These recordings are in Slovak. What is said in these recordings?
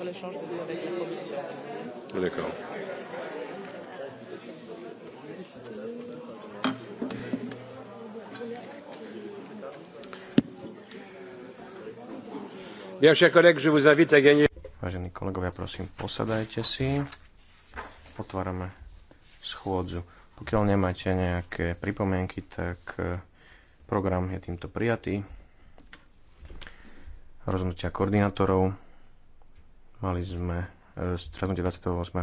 sur l'échange de vues avec la Commission. D'accord. Bien, chers collègues, je vous invite à gagner. Vážení kolegovia, prosím, posadajte si. Otvárame schôdzu. Pokiaľ nemáte nejaké pripomienky, tak e, program je týmto prijatý. Rozhodnutia koordinátorov. Mali sme e, stretnutie 28.6.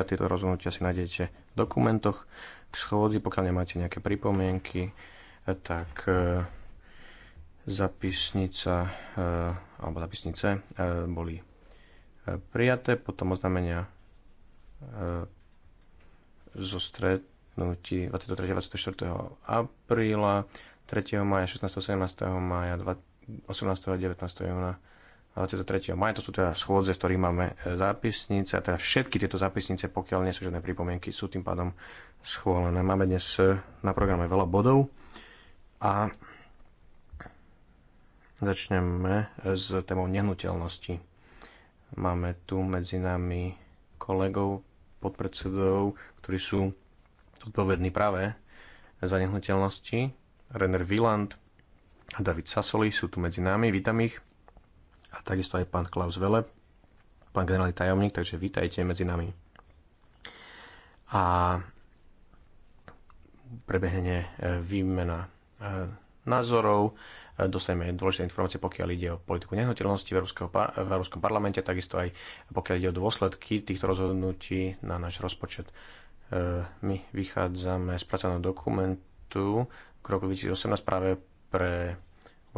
a tieto rozhodnutia si nájdete v dokumentoch k schôdzi, pokiaľ nemáte nejaké pripomienky, e, tak e, zapisnica alebo zapisnice boli prijaté, potom oznámenia zo stretnutí 23. 24. apríla, 3. maja, 16. 17. maja, 18. a 19. júna 23. maja. To sú teda schôdze, z ktorých máme e, zápisnice. A teda všetky tieto zápisnice, pokiaľ nie sú žiadne pripomienky, sú tým pádom schválené. Máme dnes e, na programe veľa bodov a začneme e, s témou nehnuteľnosti. Máme tu medzi nami kolegov, podpredsedov, ktorí sú zodpovední práve za nehnuteľnosti. Renner Wieland a David Sasoli sú tu medzi nami. Vítam ich a takisto aj pán Klaus Vele, pán generálny tajomník, takže vítajte medzi nami. A prebehne e, výmena e, názorov, e, dostaneme dôležité informácie, pokiaľ ide o politiku nehnuteľnosti v, v Európskom parlamente, takisto aj pokiaľ ide o dôsledky týchto rozhodnutí na náš rozpočet. My vychádzame z pracovného dokumentu k roku 2018 práve pre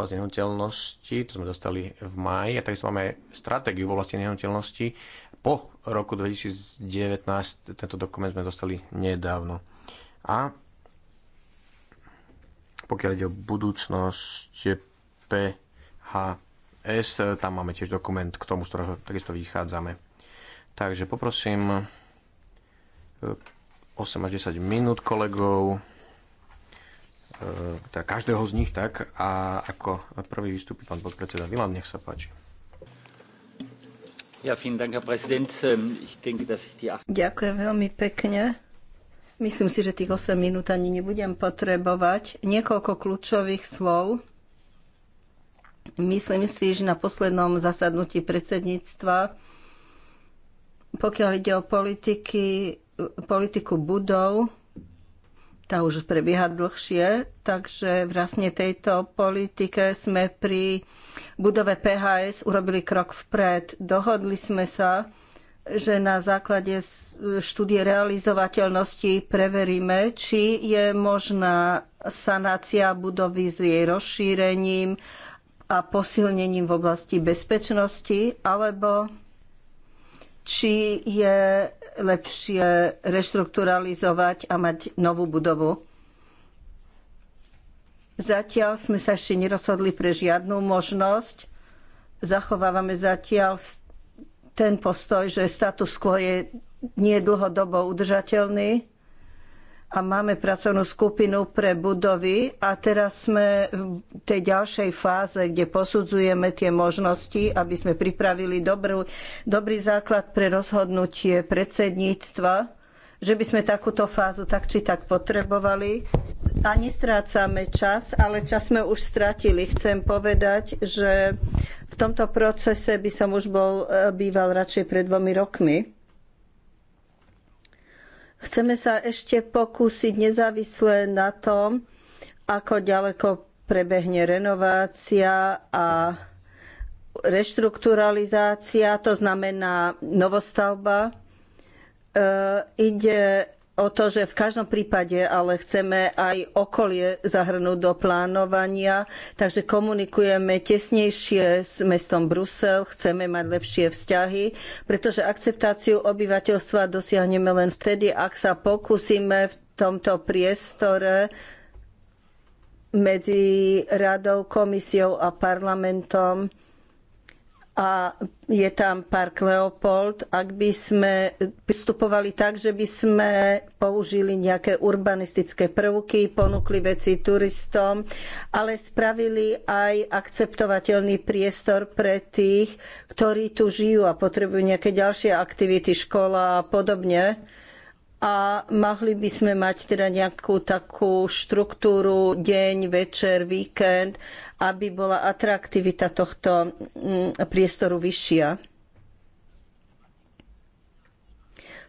oblasti nehnuteľnosti, to sme dostali v máji, a takisto máme stratégiu v oblasti nehnuteľnosti. Po roku 2019 tento dokument sme dostali nedávno. A pokiaľ ide o budúcnosť PHS, tam máme tiež dokument k tomu, z ktorého takisto vychádzame. Takže poprosím 8 až 10 minút kolegov E, teda každého z nich tak a ako prvý vystúpi pán podpredseda Milan, nech sa páči. Ja, Dank, Herr ähm, ich denke, dass ich die... Ďakujem veľmi pekne. Myslím si, že tých 8 minút ani nebudem potrebovať. Niekoľko kľúčových slov. Myslím si, že na poslednom zasadnutí predsedníctva, pokiaľ ide o politiky, politiku budov, tá už prebieha dlhšie, takže vlastne tejto politike sme pri budove PHS urobili krok vpred. Dohodli sme sa, že na základe štúdie realizovateľnosti preveríme, či je možná sanácia budovy s jej rozšírením a posilnením v oblasti bezpečnosti, alebo či je lepšie reštrukturalizovať a mať novú budovu. Zatiaľ sme sa ešte nerozhodli pre žiadnu možnosť. Zachovávame zatiaľ ten postoj, že status quo je nie dlhodobo udržateľný a máme pracovnú skupinu pre budovy a teraz sme v tej ďalšej fáze, kde posudzujeme tie možnosti, aby sme pripravili dobrú, dobrý základ pre rozhodnutie predsedníctva, že by sme takúto fázu tak či tak potrebovali. A nestrácame čas, ale čas sme už stratili. Chcem povedať, že v tomto procese by som už bol e, býval radšej pred dvomi rokmi Chceme sa ešte pokúsiť nezávisle na tom, ako ďaleko prebehne renovácia a reštrukturalizácia, to znamená novostavba. E, ide o to, že v každom prípade ale chceme aj okolie zahrnúť do plánovania, takže komunikujeme tesnejšie s mestom Brusel, chceme mať lepšie vzťahy, pretože akceptáciu obyvateľstva dosiahneme len vtedy, ak sa pokúsime v tomto priestore medzi radou, komisiou a parlamentom a je tam park Leopold. Ak by sme pristupovali tak, že by sme použili nejaké urbanistické prvky, ponúkli veci turistom, ale spravili aj akceptovateľný priestor pre tých, ktorí tu žijú a potrebujú nejaké ďalšie aktivity, škola a podobne, a mohli by sme mať teda nejakú takú štruktúru, deň, večer, víkend, aby bola atraktivita tohto mm, priestoru vyššia.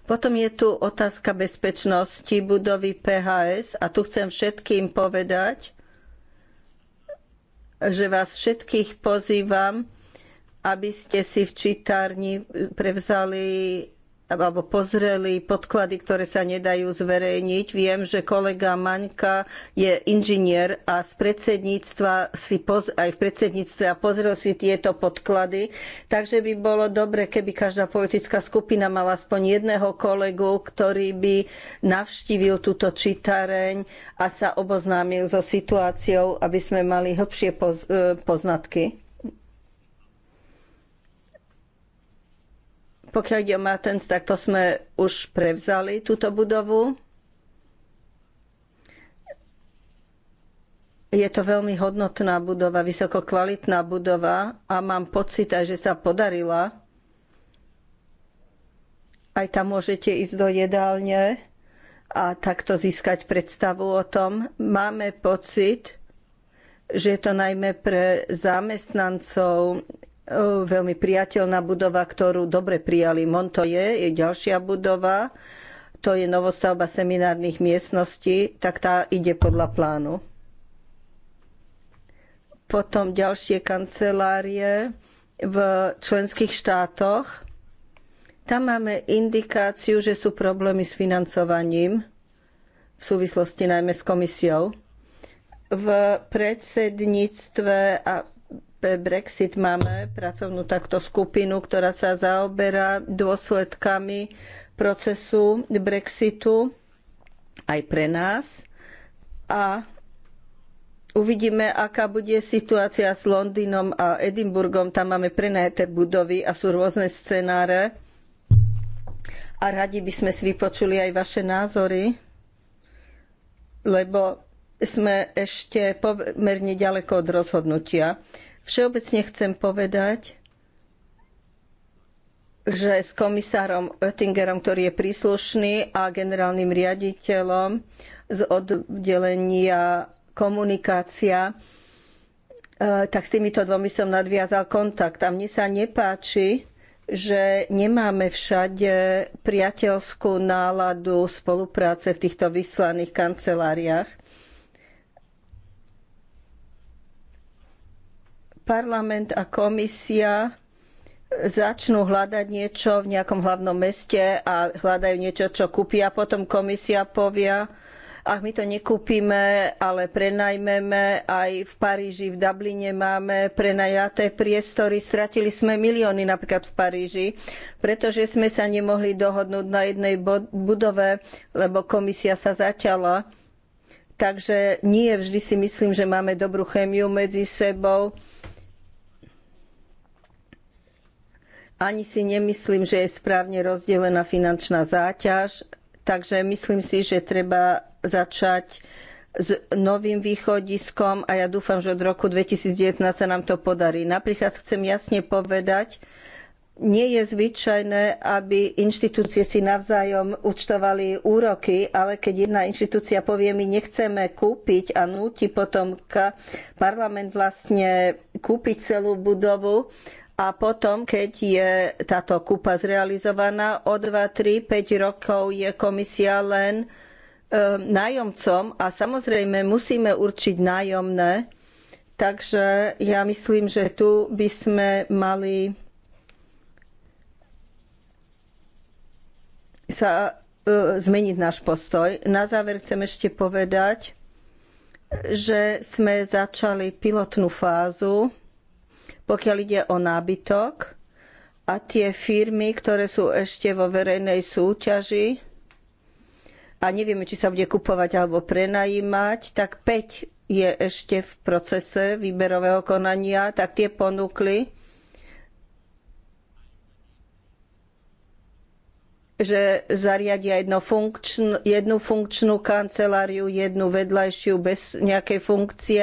Potom je tu otázka bezpečnosti budovy PHS a tu chcem všetkým povedať, že vás všetkých pozývam, aby ste si v čítarni prevzali alebo pozreli podklady, ktoré sa nedajú zverejniť. Viem, že kolega Maňka je inžinier a z predsedníctva si poz, aj v predsedníctve a pozrel si tieto podklady. Takže by bolo dobre, keby každá politická skupina mala aspoň jedného kolegu, ktorý by navštívil túto čitareň a sa oboznámil so situáciou, aby sme mali hĺbšie poz, e, poznatky. Pokiaľ ide o Matens, tak to sme už prevzali túto budovu. Je to veľmi hodnotná budova, vysoko kvalitná budova a mám pocit aj, že sa podarila. Aj tam môžete ísť do jedálne a takto získať predstavu o tom. Máme pocit, že je to najmä pre zamestnancov E, veľmi priateľná budova, ktorú dobre prijali Montoje, je ďalšia budova, to je novostavba seminárnych miestností, tak tá ide podľa plánu. Potom ďalšie kancelárie v členských štátoch. Tam máme indikáciu, že sú problémy s financovaním v súvislosti najmä s komisiou. V predsedníctve a Brexit máme pracovnú takto skupinu, ktorá sa zaoberá dôsledkami procesu Brexitu aj pre nás. A uvidíme, aká bude situácia s Londýnom a Edinburghom. Tam máme prenajaté budovy a sú rôzne scenáre. A radi by sme si vypočuli aj vaše názory, lebo sme ešte pomerne ďaleko od rozhodnutia. Všeobecne chcem povedať, že s komisárom Oettingerom, ktorý je príslušný, a generálnym riaditeľom z oddelenia komunikácia, e, tak s týmito dvomi som nadviazal kontakt. A mne sa nepáči, že nemáme všade priateľskú náladu spolupráce v týchto vyslaných kanceláriách. parlament a komisia začnú hľadať niečo v nejakom hlavnom meste a hľadajú niečo, čo kúpia. Potom komisia povia, ach my to nekúpime, ale prenajmeme. Aj v Paríži, v Dubline máme prenajaté priestory. Stratili sme milióny napríklad v Paríži, pretože sme sa nemohli dohodnúť na jednej budove, lebo komisia sa zaťala. Takže nie vždy si myslím, že máme dobrú chémiu medzi sebou Ani si nemyslím, že je správne rozdelená finančná záťaž, takže myslím si, že treba začať s novým východiskom a ja dúfam, že od roku 2019 sa nám to podarí. Napríklad chcem jasne povedať, nie je zvyčajné, aby inštitúcie si navzájom účtovali úroky, ale keď jedna inštitúcia povie, my nechceme kúpiť a núti potom parlament vlastne kúpiť celú budovu, a potom, keď je táto kúpa zrealizovaná, o 2, 3, 5 rokov je komisia len e, nájomcom a samozrejme musíme určiť nájomné. Takže ja myslím, že tu by sme mali sa e, zmeniť náš postoj. Na záver chcem ešte povedať, že sme začali pilotnú fázu pokiaľ ide o nábytok a tie firmy, ktoré sú ešte vo verejnej súťaži a nevieme, či sa bude kupovať alebo prenajímať, tak 5 je ešte v procese výberového konania, tak tie ponúkli, že zariadia funkčn jednu funkčnú kanceláriu, jednu vedľajšiu bez nejakej funkcie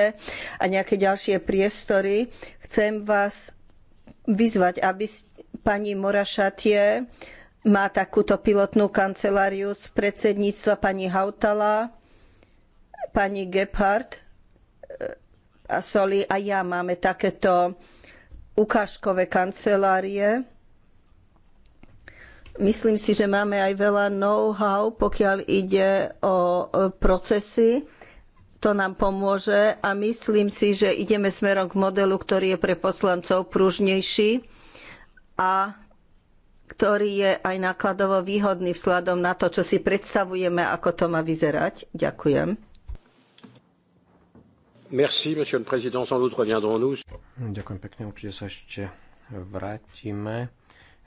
a nejaké ďalšie priestory, Chcem vás vyzvať, aby pani Morašatie má takúto pilotnú kanceláriu z predsedníctva pani Hautala, pani Gebhardt e, a Soli a ja máme takéto ukážkové kancelárie. Myslím si, že máme aj veľa know-how, pokiaľ ide o e, procesy to nám pomôže a myslím si, že ideme smerom k modelu, ktorý je pre poslancov pružnejší a ktorý je aj nákladovo výhodný vzhľadom na to, čo si predstavujeme, ako to má vyzerať. Ďakujem. Merci, monsieur le président. Sans doute reviendrons-nous. Ďakujem pekne, určite sa ešte vrátime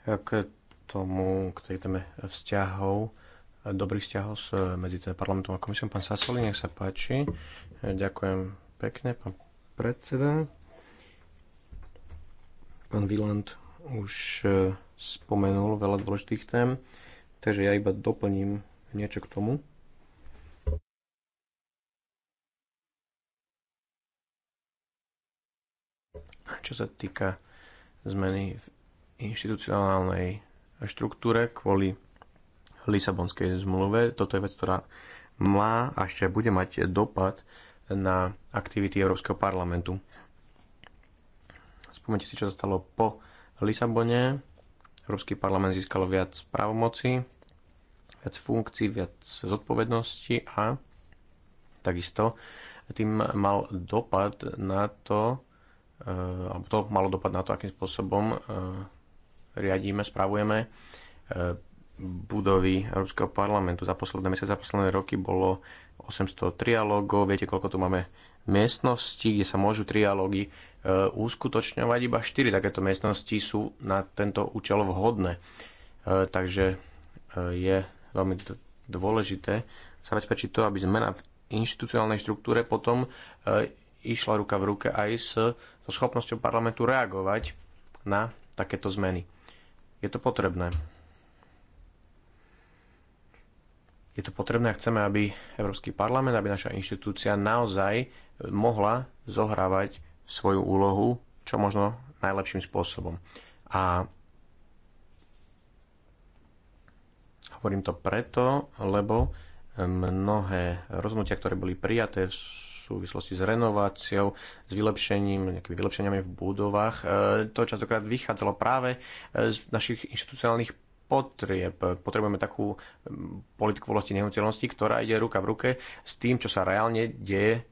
k tomu, k tej téme vzťahov dobrých vzťahov eh, medzi teda parlamentom a komisiou. Pán Sasoli, nech sa páči. Eh, ďakujem pekne, pán predseda. Pán Viland už eh, spomenul veľa dôležitých tém, takže ja iba doplním niečo k tomu. Čo sa týka zmeny v inštitucionálnej štruktúre kvôli Lisabonskej zmluve. Toto je vec, ktorá má a ešte bude mať dopad na aktivity Európskeho parlamentu. Spomnite si, čo sa stalo po Lisabone. Európsky parlament získal viac právomoci, viac funkcií, viac zodpovednosti a takisto tým mal dopad na to, eh, alebo to malo dopad na to, akým spôsobom eh, riadíme, spravujeme eh, budovy Európskeho parlamentu. Za posledné mesiace, za posledné roky bolo 800 trialógov. Viete, koľko tu máme miestnosti, kde sa môžu trialógy e, uskutočňovať. Iba 4 takéto miestnosti sú na tento účel vhodné. E, takže e, je veľmi dôležité zabezpečiť to, aby zmena v inštitucionálnej štruktúre potom e, išla ruka v ruke aj s, so schopnosťou parlamentu reagovať na takéto zmeny. Je to potrebné. je to potrebné a chceme, aby Európsky parlament, aby naša inštitúcia naozaj mohla zohrávať svoju úlohu čo možno najlepším spôsobom. A hovorím to preto, lebo mnohé rozhodnutia, ktoré boli prijaté v súvislosti s renováciou, s vylepšením, nejakými vylepšeniami v budovách, e, to častokrát vychádzalo práve z našich inštitucionálnych potrieb. Potrebujeme takú politiku v oblasti nehnuteľnosti, ktorá ide ruka v ruke s tým, čo sa reálne deje e,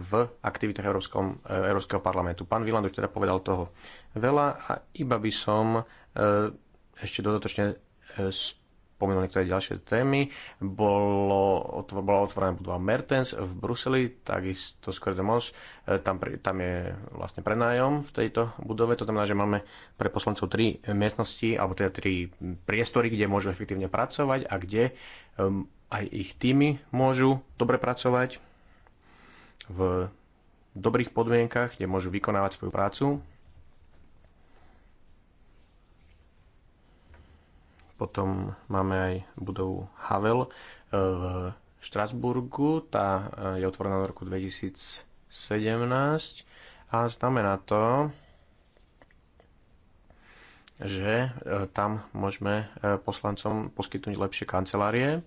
v aktivitách Európskom, e, Európskeho parlamentu. Pán Viland už teda povedal toho veľa a iba by som e, ešte dodatočne spomenul niektoré ďalšie témy. Bolo, bola otvorená budova Mertens v Bruseli, takisto Square de Mons. E, tam, tam je vlastne prenájom v tejto budove. To znamená, že máme pre poslancov tri miestnosti, alebo teda tri priestory, kde môžu efektívne pracovať a kde um, aj ich týmy môžu dobre pracovať v dobrých podmienkach, kde môžu vykonávať svoju prácu Potom máme aj budovu Havel e, v Štrasburgu. Tá e, je otvorená v roku 2017 a znamená to, že e, tam môžeme poslancom poskytnúť lepšie kancelárie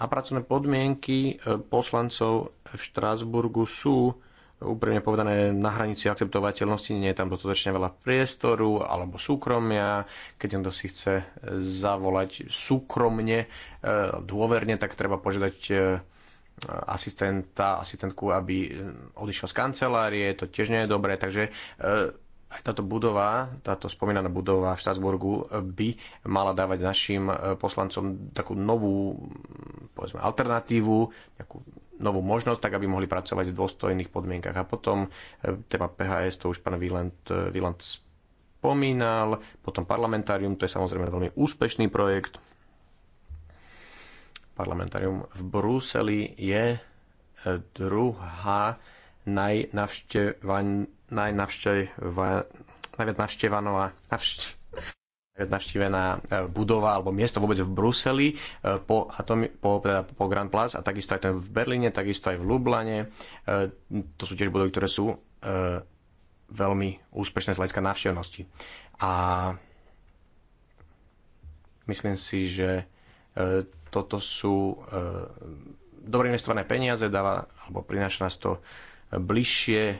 a pracovné podmienky poslancov v Štrásburgu sú úprimne povedané na hranici akceptovateľnosti, nie je tam dostatočne veľa priestoru alebo súkromia. Keď niekto si chce zavolať súkromne, e, dôverne, tak treba požiadať e, asistenta, asistentku, aby e, odišiel z kancelárie, to tiež nie je dobré, takže aj táto budova, táto spomínaná budova v Štrasburgu by mala dávať našim poslancom takú novú, povedzme, alternatívu, nejakú novú možnosť, tak aby mohli pracovať v dôstojných podmienkach. A potom e, téma PHS, to už pán Wieland, e, spomínal, potom parlamentárium, to je samozrejme veľmi úspešný projekt. Parlamentárium v Bruseli je e, druhá najnavštevaná najnavštevan, najviac navštevanová, navštev, navštívená e, budova alebo miesto vôbec v Bruseli e, po, atomi, po, teda po Grand Place a takisto aj ten v Berlíne, takisto aj v Lublane. E, to sú tiež budovy, ktoré sú veľmi úspešné z hľadiska návštevnosti. A myslím si, že toto sú dobre investované peniaze, dáva, alebo prináša nás to bližšie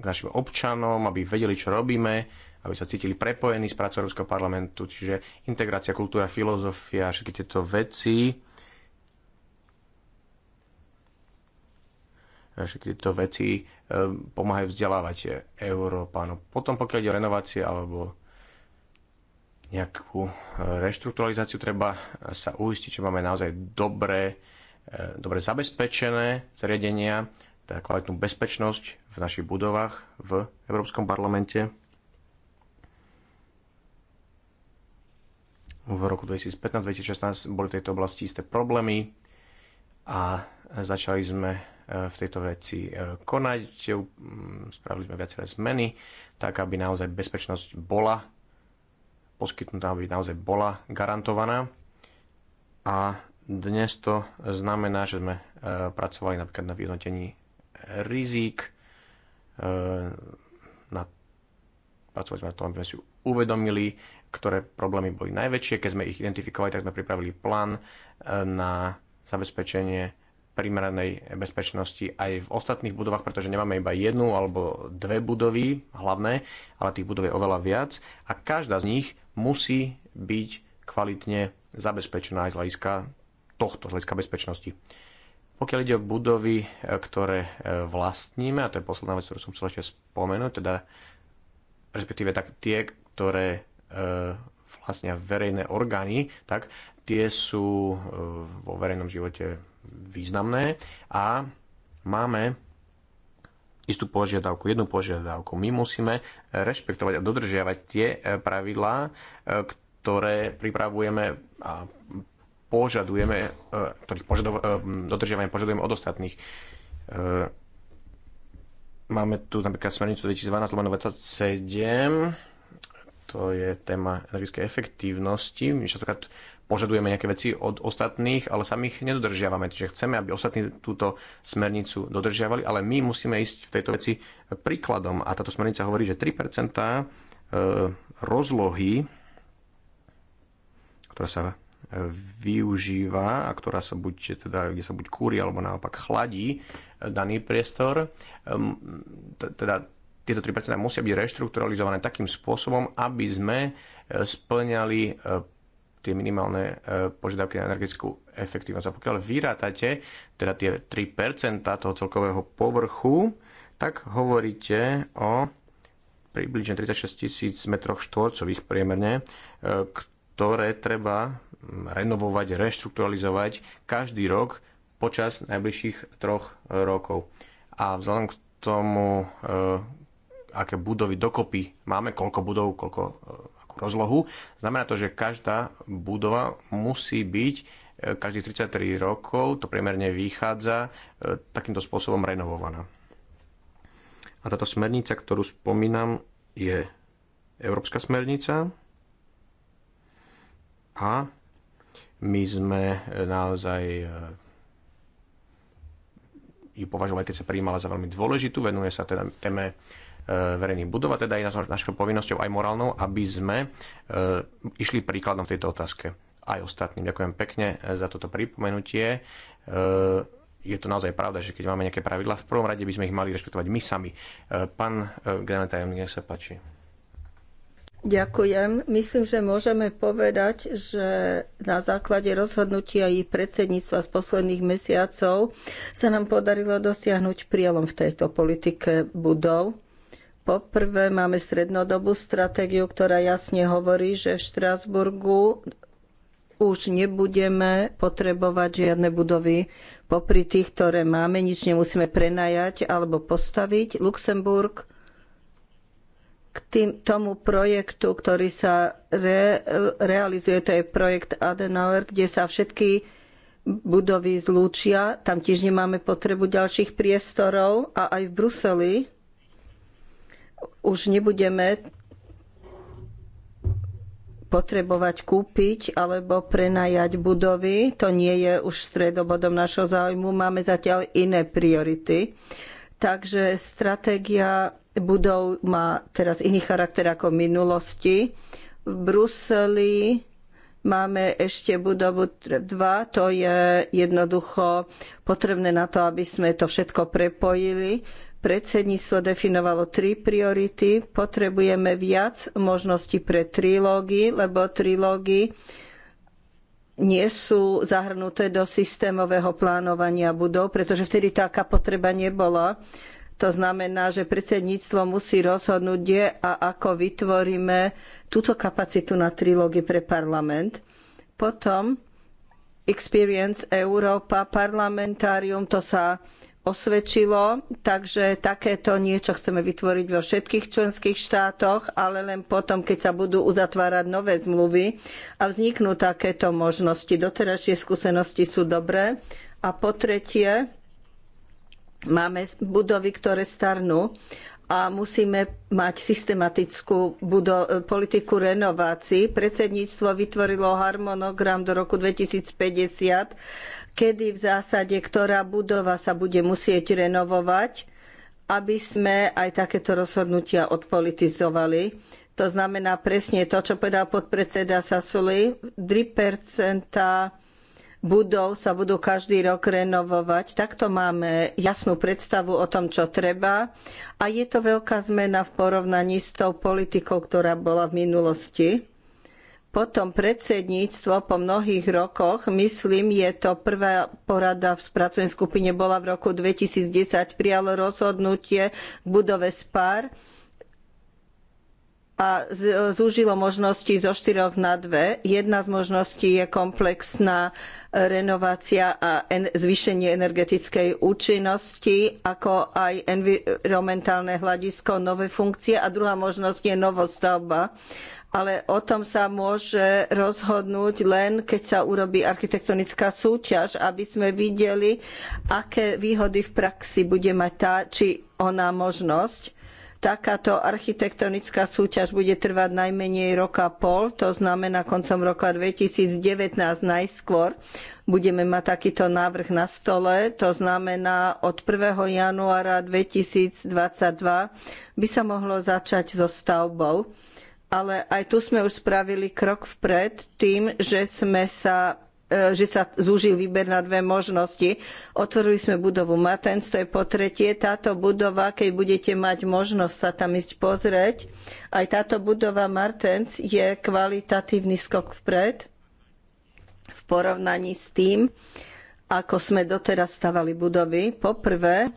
k našim občanom, aby vedeli, čo robíme, aby sa cítili prepojení s prácou Európskeho parlamentu, čiže integrácia, kultúra, filozofia, všetky tieto veci, všetky tieto veci e, pomáhajú vzdelávať No Potom pokiaľ ide o renovácie alebo nejakú e, reštrukturalizáciu, treba sa uistiť, že máme naozaj dobre, dobre zabezpečené zariadenia, teda kvalitnú bezpečnosť v našich budovách v Európskom parlamente. v roku 2015-2016 boli v tejto oblasti isté problémy a začali sme e, v tejto veci e, konať. E, spravili sme viaceré zmeny, tak aby naozaj bezpečnosť bola poskytnutá, aby naozaj bola garantovaná. A dnes to znamená, že sme pracovali napríklad na vyhodnotení rizík, na, pracovali sme na tom, aby sme si uvedomili, ktoré problémy boli najväčšie. Keď sme ich identifikovali, tak sme pripravili plán e, na zabezpečenie primeranej bezpečnosti aj v ostatných budovách, pretože nemáme iba jednu alebo dve budovy hlavné, ale tých budov je oveľa viac a každá z nich musí byť kvalitne zabezpečená aj z hľadiska tohto, z hľadiska bezpečnosti. Pokiaľ ide o budovy, e, ktoré e, vlastníme, a to je posledná vec, ktorú som chcel ešte spomenúť, teda respektíve tak tie, ktoré E, vlastne verejné orgány, tak tie sú e, vo verejnom živote významné a máme istú požiadavku, jednu požiadavku. My musíme rešpektovať a dodržiavať tie e, pravidlá, ktoré pripravujeme a požadujeme, ktorých požadov, dodržiavame, požadujeme od ostatných. Máme tu napríklad smernicu 2012 27 to je téma energetickej efektívnosti. My častokrát požadujeme nejaké veci od ostatných, ale sami ich nedodržiavame. Čiže chceme, aby ostatní túto smernicu dodržiavali, ale my musíme ísť v tejto veci príkladom. A táto smernica hovorí, že 3% e, rozlohy, ktorá sa e, využíva a ktorá sa buď, teda, kde sa buď kúri alebo naopak chladí e, daný priestor, teda tieto 3% musia byť reštrukturalizované takým spôsobom, aby sme e, splňali e, tie minimálne e, požiadavky na energetickú efektívnosť. A pokiaľ vyrátate teda tie 3% toho celkového povrchu, tak hovoríte o približne 36 tisíc metroch štvorcových priemerne, ktoré treba renovovať, reštrukturalizovať každý rok počas najbližších troch rokov. A vzhľadom k tomu aké budovy dokopy máme, koľko budov, koľko e, akú rozlohu. Znamená to, že každá budova musí byť e, každých 33 rokov, to priemerne vychádza, e, takýmto spôsobom renovovaná. A táto smernica, ktorú spomínam, je Európska smernica a my sme naozaj ju považovali, keď sa prijímala za veľmi dôležitú, venuje sa teda téme E, verejných budov a teda je našou povinnosťou aj morálnou, aby sme e, išli príkladom v tejto otázke aj ostatným. Ďakujem pekne e, za toto pripomenutie. Je to naozaj pravda, že keď máme nejaké pravidla. v prvom rade by sme ich mali rešpektovať my sami. Pán generálny nech sa páči. Ďakujem. Myslím, že môžeme povedať, že na základe rozhodnutia jej predsedníctva z posledných mesiacov sa nám podarilo dosiahnuť prielom v tejto politike budov. Poprvé máme strednodobú stratégiu, ktorá jasne hovorí, že v Štrásburgu už nebudeme potrebovať žiadne budovy. Popri tých, ktoré máme, nič nemusíme prenajať alebo postaviť. Luxemburg k tým, tomu projektu, ktorý sa re, realizuje, to je projekt Adenauer, kde sa všetky budovy zlúčia. Tam tiež nemáme potrebu ďalších priestorov a aj v Bruseli už nebudeme potrebovať kúpiť alebo prenajať budovy. To nie je už stredobodom našho záujmu. Máme zatiaľ iné priority. Takže stratégia budov má teraz iný charakter ako v minulosti. V Bruseli máme ešte budovu 2, to je jednoducho potrebné na to, aby sme to všetko prepojili. Predsedníctvo definovalo tri priority. Potrebujeme viac možností pre trilógy, lebo trilógy nie sú zahrnuté do systémového plánovania budov, pretože vtedy taká potreba nebola. To znamená, že predsedníctvo musí rozhodnúť, kde a ako vytvoríme túto kapacitu na trilógy pre parlament. Potom Experience Európa, parlamentárium, to sa osvedčilo, takže takéto niečo chceme vytvoriť vo všetkých členských štátoch, ale len potom, keď sa budú uzatvárať nové zmluvy a vzniknú takéto možnosti. Doterajšie skúsenosti sú dobré. A po tretie, máme budovy, ktoré starnú a musíme mať systematickú politiku renovácií. Predsedníctvo vytvorilo harmonogram do roku 2050 kedy v zásade ktorá budova sa bude musieť renovovať, aby sme aj takéto rozhodnutia odpolitizovali. To znamená presne to, čo povedal podpredseda Sasuli, 3 budov sa budú každý rok renovovať. Takto máme jasnú predstavu o tom, čo treba. A je to veľká zmena v porovnaní s tou politikou, ktorá bola v minulosti. Potom predsedníctvo po mnohých rokoch, myslím, je to prvá porada v pracovnej skupine bola v roku 2010, prijalo rozhodnutie k budove SPAR a zúžilo možnosti zo štyroch na dve. Jedna z možností je komplexná renovácia a zvýšenie energetickej účinnosti, ako aj environmentálne hľadisko, nové funkcie a druhá možnosť je novostavba ale o tom sa môže rozhodnúť len, keď sa urobí architektonická súťaž, aby sme videli, aké výhody v praxi bude mať tá či ona možnosť. Takáto architektonická súťaž bude trvať najmenej roka pol, to znamená koncom roka 2019 najskôr budeme mať takýto návrh na stole, to znamená od 1. januára 2022 by sa mohlo začať so stavbou ale aj tu sme už spravili krok vpred tým, že sme sa e, že sa zúžil výber na dve možnosti. Otvorili sme budovu Matens, to je po tretie. Táto budova, keď budete mať možnosť sa tam ísť pozrieť, aj táto budova Martens je kvalitatívny skok vpred v porovnaní s tým, ako sme doteraz stavali budovy. Poprvé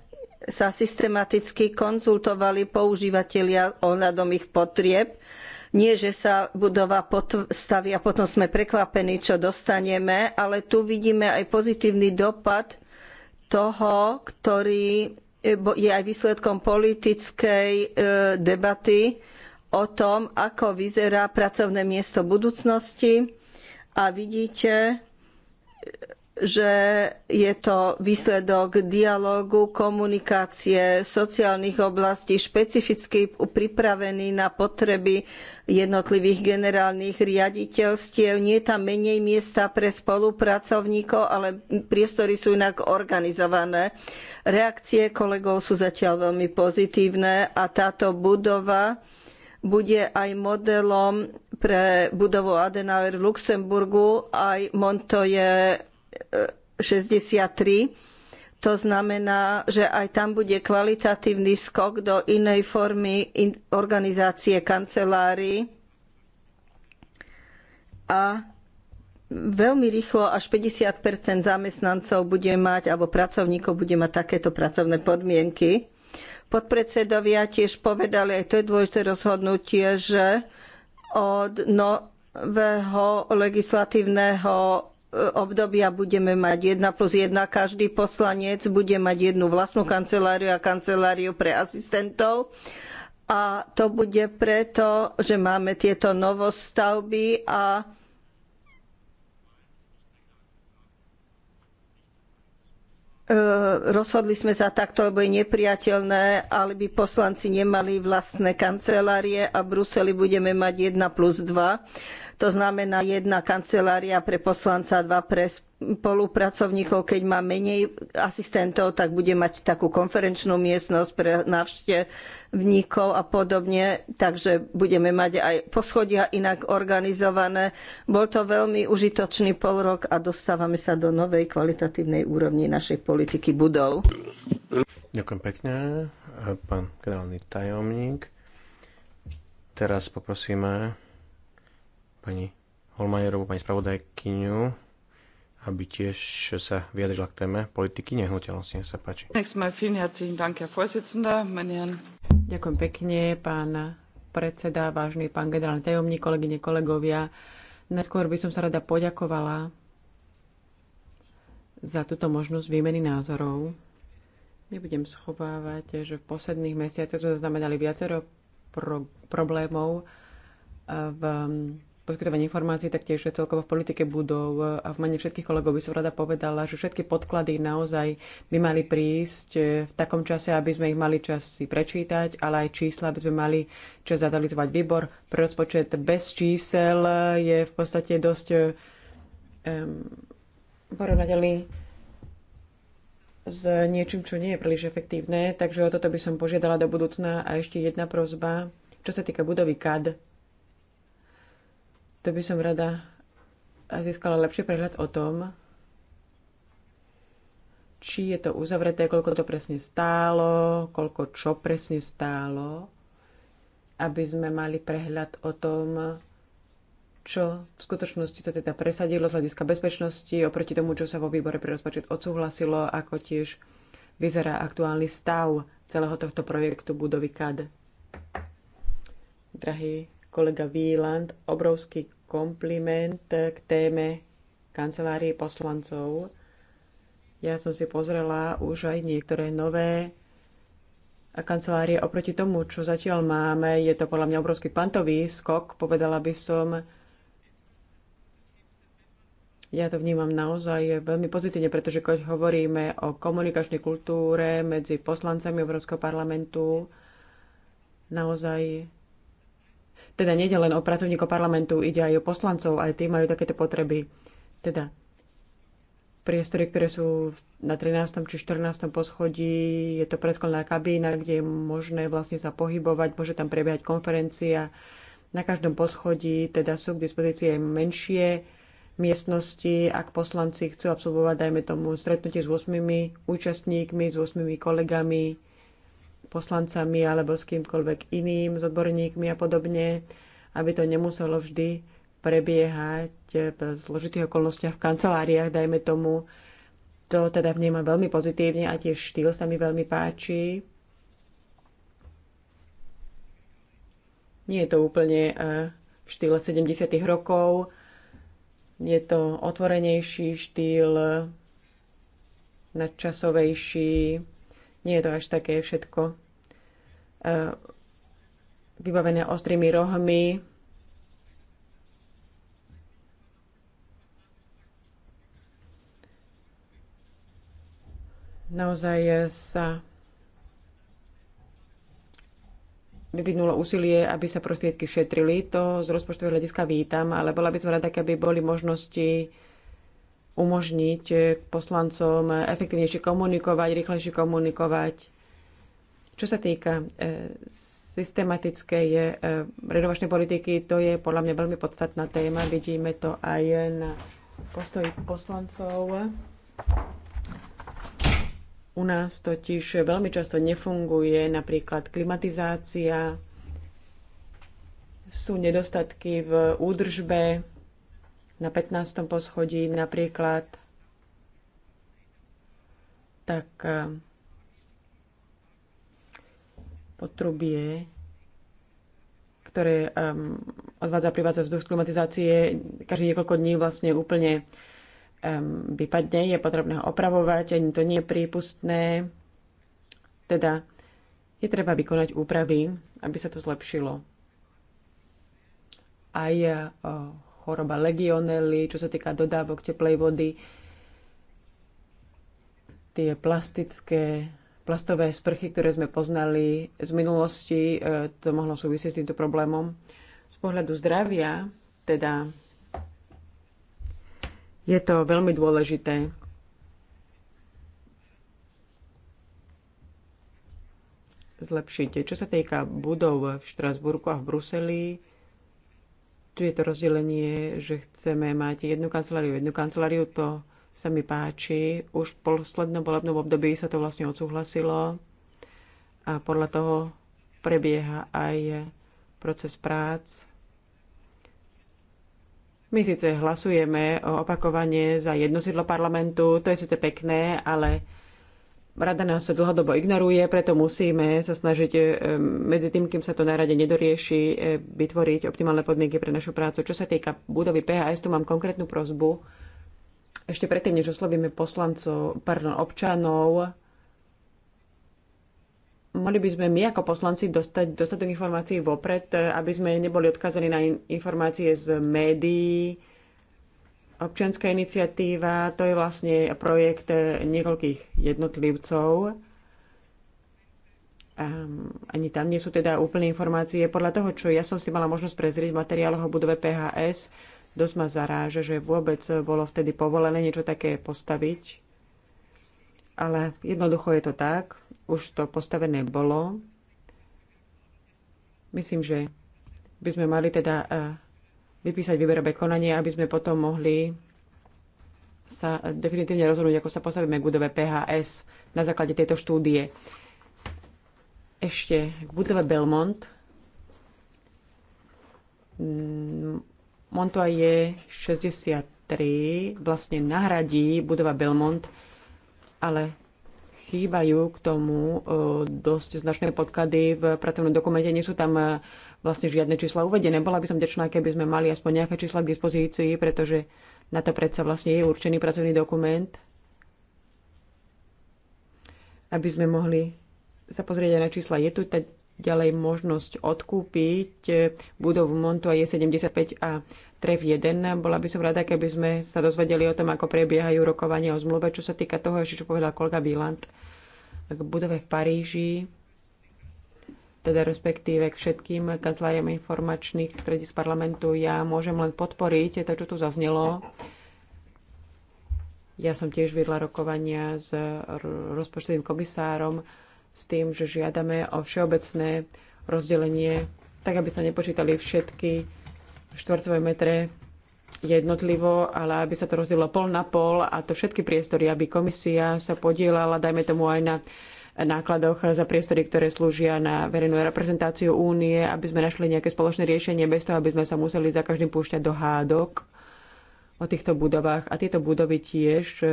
sa systematicky konzultovali používatelia ohľadom ich potrieb nie, že sa budova staví a potom sme prekvapení, čo dostaneme, ale tu vidíme aj pozitívny dopad toho, ktorý e, je aj výsledkom politickej e, debaty o tom, ako vyzerá pracovné miesto budúcnosti. A vidíte, že je to výsledok dialógu, komunikácie sociálnych oblastí, špecificky pripravený na potreby jednotlivých generálnych riaditeľstiev. Nie je tam menej miesta pre spolupracovníkov, ale priestory sú inak organizované. Reakcie kolegov sú zatiaľ veľmi pozitívne a táto budova bude aj modelom pre budovu Adenauer v Luxemburgu, aj je. 63 to znamená, že aj tam bude kvalitatívny skok do inej formy organizácie kancelárií. A veľmi rýchlo až 50 zamestnancov bude mať, alebo pracovníkov bude mať takéto pracovné podmienky. Podpredsedovia tiež povedali, aj to je dôležité rozhodnutie, že od nového legislatívneho obdobia budeme mať 1 plus 1. Každý poslanec bude mať jednu vlastnú kanceláriu a kanceláriu pre asistentov. A to bude preto, že máme tieto novostavby a e, rozhodli sme sa takto, lebo je nepriateľné, aby poslanci nemali vlastné kancelárie a v Bruseli budeme mať 1 plus 2 to znamená jedna kancelária pre poslanca, dva pre spolupracovníkov. Keď má menej asistentov, tak bude mať takú konferenčnú miestnosť pre návštevníkov a podobne. Takže budeme mať aj poschodia inak organizované. Bol to veľmi užitočný pol rok a dostávame sa do novej kvalitatívnej úrovni našej politiky budov. Ďakujem pekne, pán generálny tajomník. Teraz poprosíme pani Holmajerovú, pani spravodajkyňu, aby tiež sa vyjadrila k téme politiky nehnuteľnosti. Nech sa páči. Ďakujem pekne, pán predseda, vážny pán generálny tajomník, kolegyne, kolegovia. Najskôr by som sa rada poďakovala za túto možnosť výmeny názorov. Nebudem schovávať, že v posledných mesiacoch sme zaznamenali viacero pro- problémov v poskytovanie informácií, tak tiež celkovo v politike budov a v mene všetkých kolegov by som rada povedala, že všetky podklady naozaj by mali prísť v takom čase, aby sme ich mali čas si prečítať, ale aj čísla, aby sme mali čas zadalizovať výbor. Pre rozpočet bez čísel je v podstate dosť um, porovnateľný s niečím, čo nie je príliš efektívne, takže o toto by som požiadala do budúcna. A ešte jedna prozba, čo sa týka budovy CAD, to by som rada získala lepší prehľad o tom, či je to uzavreté, koľko to presne stálo, koľko čo presne stálo, aby sme mali prehľad o tom, čo v skutočnosti to teda presadilo z hľadiska bezpečnosti oproti tomu, čo sa vo výbore pre rozpočet odsúhlasilo, ako tiež vyzerá aktuálny stav celého tohto projektu budovy KAD. Drahý kolega Wieland, obrovský kompliment k téme kancelárie poslancov. Ja som si pozrela už aj niektoré nové kancelárie oproti tomu, čo zatiaľ máme. Je to podľa mňa obrovský pantový skok, povedala by som. Ja to vnímam naozaj veľmi pozitívne, pretože keď hovoríme o komunikačnej kultúre medzi poslancami Európskeho parlamentu, naozaj teda nejde len o pracovníkov parlamentu, ide aj o poslancov, aj tí majú takéto potreby. Teda priestory, ktoré sú na 13. či 14. poschodí, je to preskolná kabína, kde je možné vlastne sa pohybovať, môže tam prebiehať konferencia. Na každom poschodí teda sú k dispozícii aj menšie miestnosti, ak poslanci chcú absolvovať, dajme tomu, stretnutie s 8 účastníkmi, s 8 kolegami, poslancami alebo s kýmkoľvek iným, s odborníkmi a podobne, aby to nemuselo vždy prebiehať v zložitých okolnostiach v kanceláriách, dajme tomu. To teda vnímam veľmi pozitívne a tiež štýl sa mi veľmi páči. Nie je to úplne eh, v štýle 70. rokov, je to otvorenejší štýl, nadčasovejší, nie je to až také všetko E, vybavené ostrými rohmi. Naozaj sa vyvinulo úsilie, aby sa prostriedky šetrili. To z rozpočtového hľadiska vítam, ale bola by som rada, keby boli možnosti umožniť poslancom efektívnejšie komunikovať, rýchlejšie komunikovať čo sa týka e, systematickej e, renovačnej politiky, to je podľa mňa veľmi podstatná téma. Vidíme to aj na postoji poslancov. U nás totiž veľmi často nefunguje napríklad klimatizácia, sú nedostatky v údržbe na 15. poschodí napríklad. Tak e, potrubie, ktoré um, odvádza privádza vzduch z klimatizácie, každých niekoľko dní vlastne úplne um, vypadne, je potrebné ho opravovať, ani to nie je prípustné. Teda je treba vykonať úpravy, aby sa to zlepšilo. Aj o, uh, choroba legionely, čo sa týka dodávok teplej vody, tie plastické plastové sprchy, ktoré sme poznali z minulosti, e, to mohlo súvisieť s týmto problémom. Z pohľadu zdravia, teda je to veľmi dôležité. Zlepšite. Čo sa týka budov v Štrasburku a v Bruseli, tu je to rozdelenie, že chceme mať jednu kanceláriu, jednu kanceláriu, to sa mi páči. Už v poslednom volebnom období sa to vlastne odsúhlasilo a podľa toho prebieha aj proces prác. My síce hlasujeme o opakovanie za jedno sídlo parlamentu, to je síce pekné, ale rada nás dlhodobo ignoruje, preto musíme sa snažiť e, medzi tým, kým sa to na rade nedorieši, e, vytvoriť optimálne podmienky pre našu prácu. Čo sa týka budovy PHS, tu mám konkrétnu prozbu ešte predtým, než oslovíme poslancov, pardon, občanov, mohli by sme my ako poslanci dostať dostatok informácií vopred, aby sme neboli odkazaní na informácie z médií. Občianská iniciatíva, to je vlastne projekt niekoľkých jednotlivcov. Um, ani tam nie sú teda úplné informácie. Podľa toho, čo ja som si mala možnosť prezrieť v materiáloch o budove PHS, Dosť ma zaráža, že vôbec bolo vtedy povolené niečo také postaviť. Ale jednoducho je to tak. Už to postavené bolo. Myslím, že by sme mali teda e, vypísať výberové konanie, aby sme potom mohli sa definitívne rozhodnúť, ako sa postavíme k budove PHS na základe tejto štúdie. Ešte k budove Belmont mm, je 63 vlastne nahradí budova Belmont, ale chýbajú k tomu e, dosť značné podklady v pracovnom dokumente. Nie sú tam e, vlastne žiadne čísla uvedené. Bola by som vďačná, keby sme mali aspoň nejaké čísla k dispozícii, pretože na to predsa vlastne je určený pracovný dokument, aby sme mohli sa pozrieť aj na čísla. Je tu Ďalej možnosť odkúpiť budovu Montu je 75 a TREF 1. Bola by som rada, keby sme sa dozvedeli o tom, ako prebiehajú rokovania o zmluve. Čo sa týka toho, ešte čo povedal kolega Vilant, k budove v Paríži, teda respektíve k všetkým kanceláriám informačných stredí z parlamentu. Ja môžem len podporiť to, čo tu zaznelo. Ja som tiež vedla rokovania s rozpočtovým komisárom s tým, že žiadame o všeobecné rozdelenie, tak aby sa nepočítali všetky štvorcové metre jednotlivo, ale aby sa to rozdelilo pol na pol a to všetky priestory, aby komisia sa podielala, dajme tomu aj na nákladoch za priestory, ktoré slúžia na verejnú reprezentáciu únie, aby sme našli nejaké spoločné riešenie bez toho, aby sme sa museli za každým púšťať do hádok o týchto budovách. A tieto budovy tiež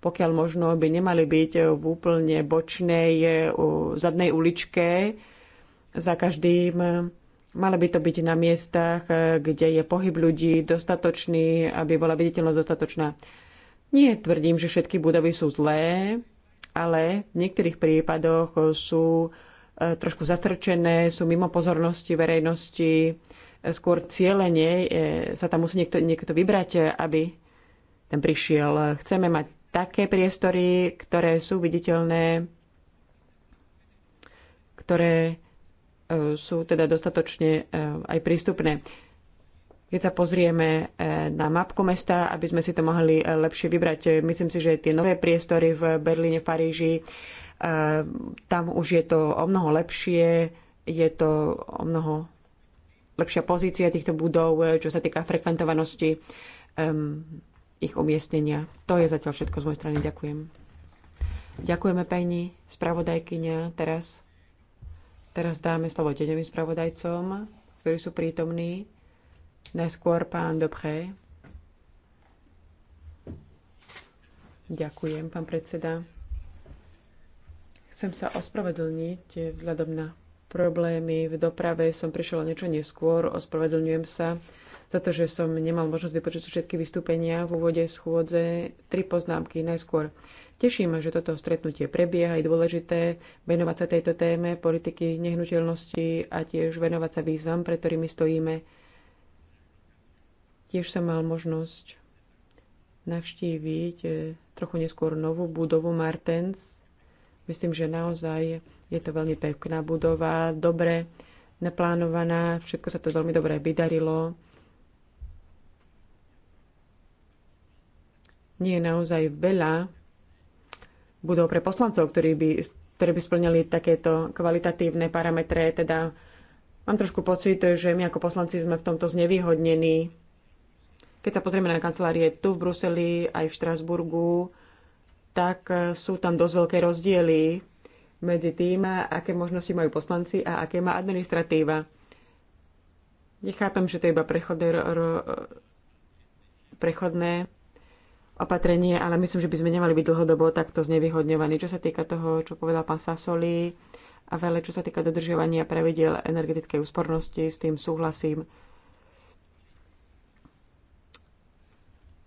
pokiaľ možno by nemali byť v úplne bočnej e, zadnej uličke za každým. Mali by to byť na miestach, e, kde je pohyb ľudí dostatočný, aby bola viditeľnosť dostatočná. Nie tvrdím, že všetky budovy sú zlé, ale v niektorých prípadoch sú e, trošku zastrčené, sú mimo pozornosti verejnosti, skôr cieľenie sa tam musí niekto, niekto vybrať, aby ten prišiel. Chceme mať také priestory, ktoré sú viditeľné, ktoré e, sú teda dostatočne e, aj prístupné. Keď sa pozrieme e, na mapku mesta, aby sme si to mohli lepšie vybrať, myslím si, že tie nové priestory v Berlíne, v Paríži, tam už je to o mnoho lepšie, je to o mnoho lepšia pozícia týchto budov, čo sa týka frekventovanosti ich umiestnenia. To je zatiaľ všetko z mojej strany. Ďakujem. Ďakujeme pani spravodajkyňa. Teraz, teraz dáme slovo tedevým spravodajcom, ktorí sú prítomní. Najskôr pán Dobré. Ďakujem, pán predseda. Chcem sa ospravedlniť vzhľadom na problémy v doprave. Som prišiel niečo neskôr, ospravedlňujem sa za to, že som nemal možnosť vypočuť všetky vystúpenia v úvode schôdze. Tri poznámky najskôr. Teší ma, že toto stretnutie prebieha. Je dôležité venovať sa tejto téme politiky nehnuteľnosti a tiež venovať sa význam, pre ktorými stojíme. Tiež som mal možnosť navštíviť eh, trochu neskôr novú budovu Martens. Myslím, že naozaj je to veľmi pekná budova, dobre naplánovaná, všetko sa to veľmi dobre vydarilo. nie je naozaj veľa budov pre poslancov, ktorí by, ktorí by splňali takéto kvalitatívne parametre. Teda mám trošku pocit, že my ako poslanci sme v tomto znevýhodnení. Keď sa pozrieme na kancelárie tu v Bruseli, aj v Štrasburgu, tak sú tam dosť veľké rozdiely medzi tým, aké možnosti majú poslanci a aké má administratíva. Nechápem, že to je iba prechodné, prechodné opatrenie, ale myslím, že by sme nemali byť dlhodobo takto znevýhodňovaní. Čo sa týka toho, čo povedal pán Sasoli a veľa, čo sa týka dodržiavania pravidiel energetickej úspornosti, s tým súhlasím.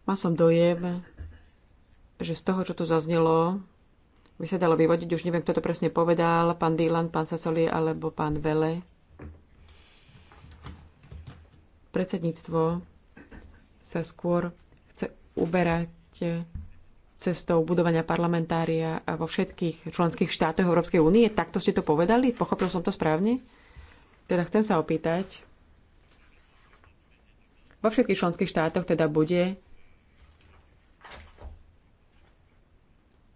Mal som dojem, že z toho, čo tu zaznelo, by sa dalo vyvodiť, už neviem, kto to presne povedal, pán Dylan, pán Sasoli alebo pán Vele. Predsedníctvo sa skôr chce uberať cestou budovania parlamentária vo všetkých členských štátoch Európskej únie. Takto ste to povedali? Pochopil som to správne? Teda chcem sa opýtať. Vo všetkých členských štátoch teda bude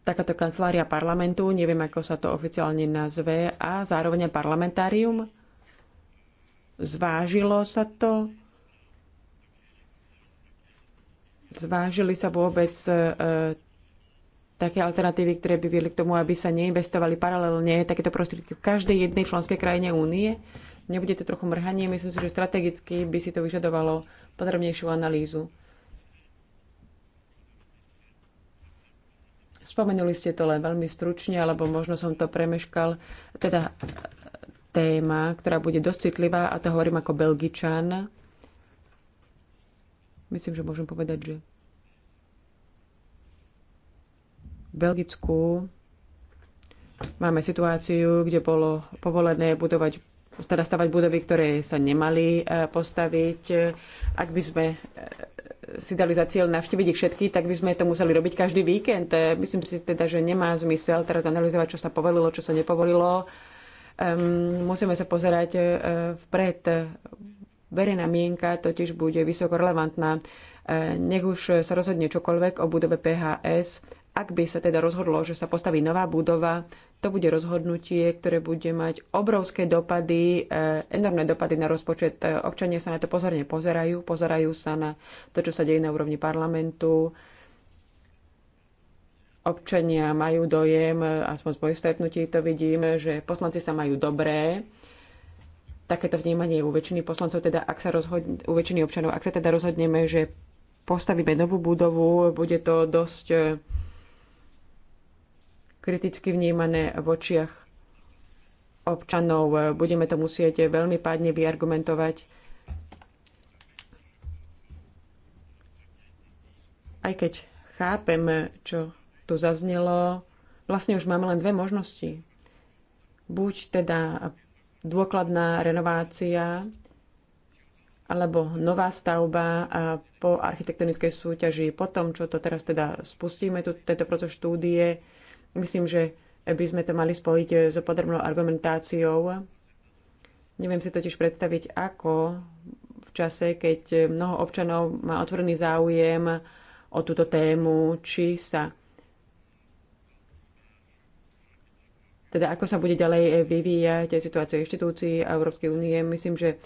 takáto kancelária parlamentu, neviem, ako sa to oficiálne nazve, a zároveň parlamentárium. Zvážilo sa to? Zvážili sa vôbec e, také alternatívy, ktoré by viedli k tomu, aby sa neinvestovali paralelne takéto prostriedky v každej jednej členskej krajine únie. Nebude to trochu mrhanie, myslím si, že strategicky by si to vyžadovalo podrobnejšiu analýzu. Spomenuli ste to len veľmi stručne, alebo možno som to premeškal. Teda e, téma, ktorá bude dosť citlivá, a to hovorím ako belgičan, Myslím, že môžem povedať, že v Belgicku máme situáciu, kde bolo povolené budovať teda stavať budovy, ktoré sa nemali e, postaviť. E, ak by sme e, si dali za cieľ navštíviť ich všetky, tak by sme to museli robiť každý víkend. Myslím si teda, že nemá zmysel teraz analyzovať, čo sa povolilo, čo sa nepovolilo. musíme sa pozerať vpred. Verejná mienka totiž bude vysoko relevantná. E, nech už sa rozhodne čokoľvek o budove PHS, ak by sa teda rozhodlo, že sa postaví nová budova, to bude rozhodnutie, ktoré bude mať obrovské dopady, e, enormné dopady na rozpočet. E, občania sa na to pozorne pozerajú, pozerajú sa na to, čo sa deje na úrovni parlamentu. Občania majú dojem, aspoň z mojich stretnutí to vidím, že poslanci sa majú dobré, takéto vnímanie je u väčšiny poslancov, teda ak sa rozhodne, u väčšiny občanov, ak sa teda rozhodneme, že postavíme novú budovu, bude to dosť e, kriticky vnímané v očiach občanov. E, budeme to musieť veľmi pádne vyargumentovať. Aj keď chápem, čo tu zaznelo, vlastne už máme len dve možnosti. Buď teda dôkladná renovácia alebo nová stavba po architektonickej súťaži. Po tom, čo to teraz teda spustíme, tu, tento proces štúdie, myslím, že by sme to mali spojiť s podrobnou argumentáciou. Neviem si totiž predstaviť, ako v čase, keď mnoho občanov má otvorený záujem o túto tému, či sa teda ako sa bude ďalej eh, vyvíjať situácia inštitúcií a Európskej únie. Myslím, že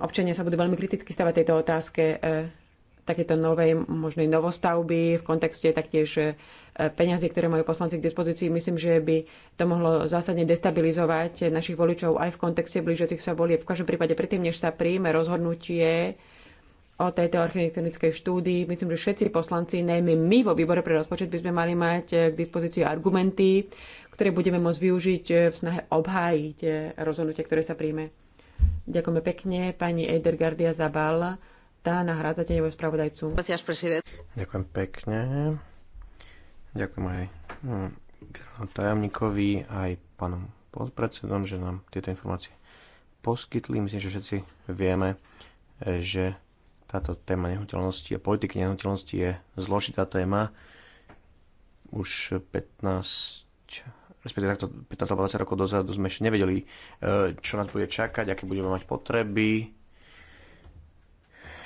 občania sa budú veľmi kriticky stavať tejto otázke eh, takéto novej možnej novostavby v kontexte taktiež eh, peňazí, ktoré majú poslanci k dispozícii. Myslím, že by to mohlo zásadne destabilizovať našich voličov aj v kontexte blížiacich sa volieb. V každom prípade predtým, než sa príjme rozhodnutie o tejto architektonickej štúdii, myslím, že všetci poslanci, najmä my vo výbore pre rozpočet, by sme mali mať k dispozícii argumenty, ktoré budeme môcť využiť e, v snahe obhájiť e, rozhodnutie, ktoré sa príjme. Ďakujeme pekne pani Eidergardia Zabal, tá nahrádza teňového spravodajcu. Ďakujem pekne. Ďakujem aj no, tajomníkovi, aj pánom podpredsedom, že nám tieto informácie poskytli. Myslím, že všetci vieme, e, že táto téma nehnuteľnosti a politiky nehnuteľnosti je zložitá téma. Už 15 respektíve takto 15 alebo 20 rokov dozadu sme ešte nevedeli, e, čo nás bude čakať, aké budeme mať potreby.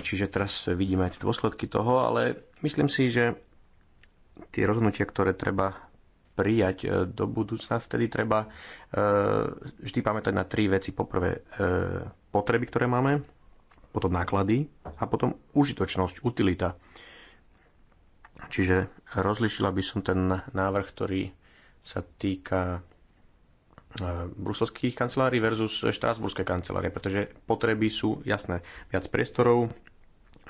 Čiže teraz vidíme aj tie dôsledky toho, ale myslím si, že tie rozhodnutia, ktoré treba prijať e, do budúcna, vtedy treba e, vždy pamätať na tri veci. Poprvé potreby, ktoré máme, potom náklady a potom užitočnosť, utilita. Čiže rozlišila by som ten návrh, ktorý sa týka e, bruselských kancelárií versus štrásburské kancelárie, pretože potreby sú jasné. Viac priestorov,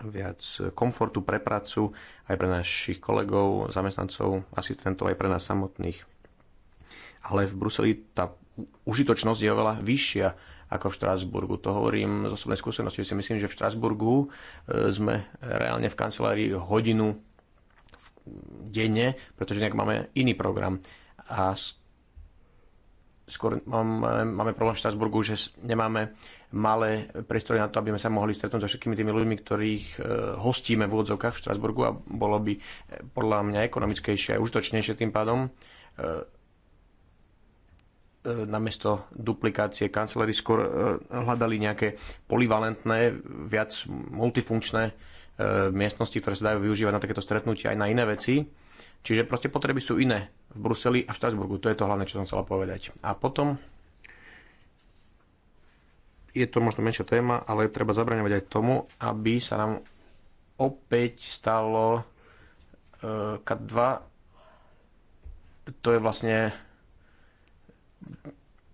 viac komfortu pre prácu, aj pre našich kolegov, zamestnancov, asistentov, aj pre nás samotných. Ale v Bruseli tá užitočnosť je oveľa vyššia ako v Štrásburgu. To hovorím z osobnej skúsenosti. Si myslím, že v Štrásburgu e, sme reálne v kancelárii hodinu denne, pretože nejak máme iný program a skôr máme, máme problém v Štrasburgu, že nemáme malé priestory na to, aby sme sa mohli stretnúť so všetkými tými ľuďmi, ktorých e, hostíme v úvodzovkách v Štrasburgu a bolo by e, podľa mňa ekonomickejšie a užitočnejšie tým pádom e, namiesto duplikácie kancelári skôr hľadali nejaké polivalentné, viac multifunkčné miestnosti, ktoré sa dajú využívať na takéto stretnutia aj na iné veci. Čiže proste potreby sú iné v Bruseli a v Štrasburgu. To je to hlavné, čo som chcela povedať. A potom je to možno menšia téma, ale treba zabraňovať aj tomu, aby sa nám opäť stalo e, kat 2 to je vlastne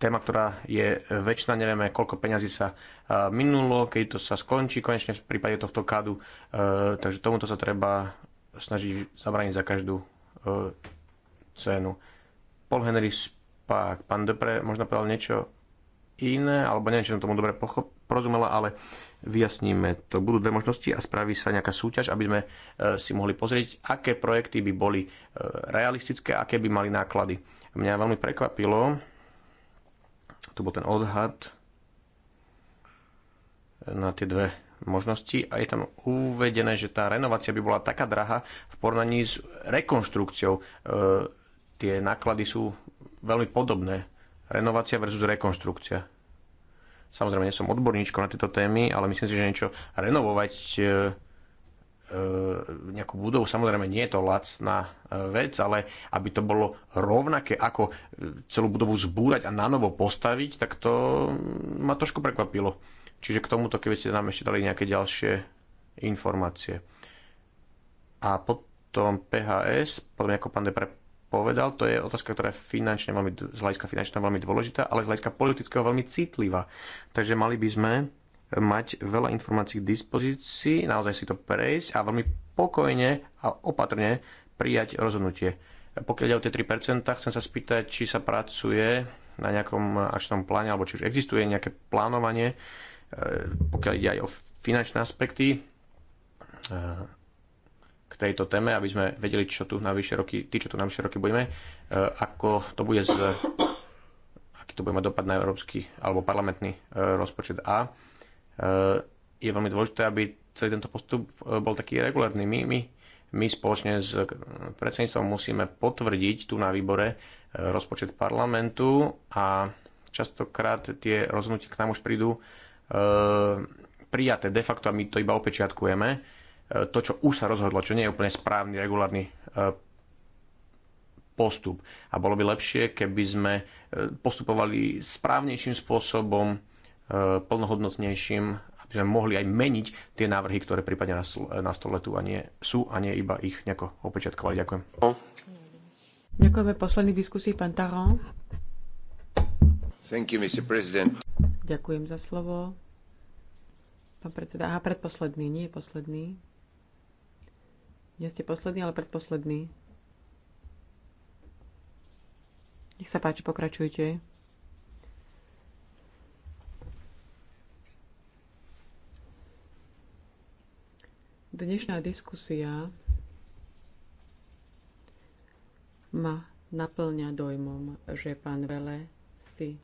téma, ktorá je väčšina, nevieme, koľko peňazí sa e, minulo, keď to sa skončí konečne v prípade tohto kádu. E, takže tomuto sa treba snažiť zabraniť za každú scénu. Paul Henry Spák, pán Depre možno povedal niečo iné, alebo neviem, či som tomu dobre porozumela, ale vyjasníme to. Budú dve možnosti a spraví sa nejaká súťaž, aby sme e, si mohli pozrieť, aké projekty by boli e, realistické, aké by mali náklady. Mňa veľmi prekvapilo, to bol ten odhad na tie dve možnosti a je tam uvedené, že tá renovácia by bola taká drahá v porovnaní s rekonštrukciou e, tie náklady sú veľmi podobné. Renovácia versus rekonštrukcia. Samozrejme, nie som odborníčkom na tieto témy, ale myslím si, že niečo renovovať e, e nejakú budovu. Samozrejme, nie je to lacná e, vec, ale aby to bolo rovnaké ako e, celú budovu zbúrať a nanovo postaviť, tak to ma trošku prekvapilo. Čiže k tomuto, keby ste nám ešte dali nejaké ďalšie informácie. A potom PHS, potom ako pán Depre povedal, to je otázka, ktorá je finančne veľmi, z hľadiska finančného veľmi dôležitá, ale z hľadiska politického veľmi citlivá. Takže mali by sme mať veľa informácií k dispozícii, naozaj si to prejsť a veľmi pokojne a opatrne prijať rozhodnutie. Pokiaľ ide o tie 3%, chcem sa spýtať, či sa pracuje na nejakom akčnom pláne, alebo či už existuje nejaké plánovanie, e, pokiaľ ide aj o finančné aspekty e, k tejto téme, aby sme vedeli, čo tu na vyššie roky, tí, čo tu na vyššie roky budeme, e, ako to bude z, aký to bude mať dopad na európsky alebo parlamentný e, rozpočet. A e, je veľmi dôležité, aby celý tento postup bol taký regulárny. My, my, my spoločne s predsedníctvom musíme potvrdiť tu na výbore rozpočet parlamentu a častokrát tie rozhodnutia k nám už prídu e, prijaté de facto a my to iba opečiatkujeme to, čo už sa rozhodlo, čo nie je úplne správny, regulárny e, postup. A bolo by lepšie, keby sme e, postupovali správnejším spôsobom, e, plnohodnotnejším, aby sme mohli aj meniť tie návrhy, ktoré prípadne na stole tu a nie sú a nie iba ich nejako opečiatkovali. Ďakujem. Ďakujeme posledných diskusí, pán Taron. Thank you, Mr. President. Ďakujem za slovo. Pán predseda, aha, predposledný, nie posledný. Nie ste posledný, ale predposledný. Nech sa páči, pokračujte. Dnešná diskusia ma naplňa dojmom, že pán Vele si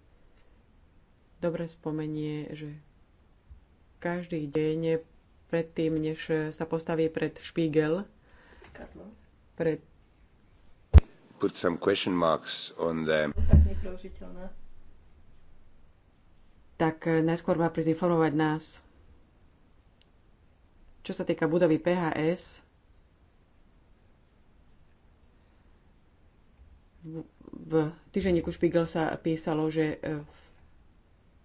dobre spomenie, že každý deň predtým, než sa postaví pred špígel, zrkadlo. Pre... Put some question marks on the... Tak Tak eh, najskôr má prísť informovať nás. Čo sa týka budovy PHS, v týždenníku Špigel sa písalo, že eh,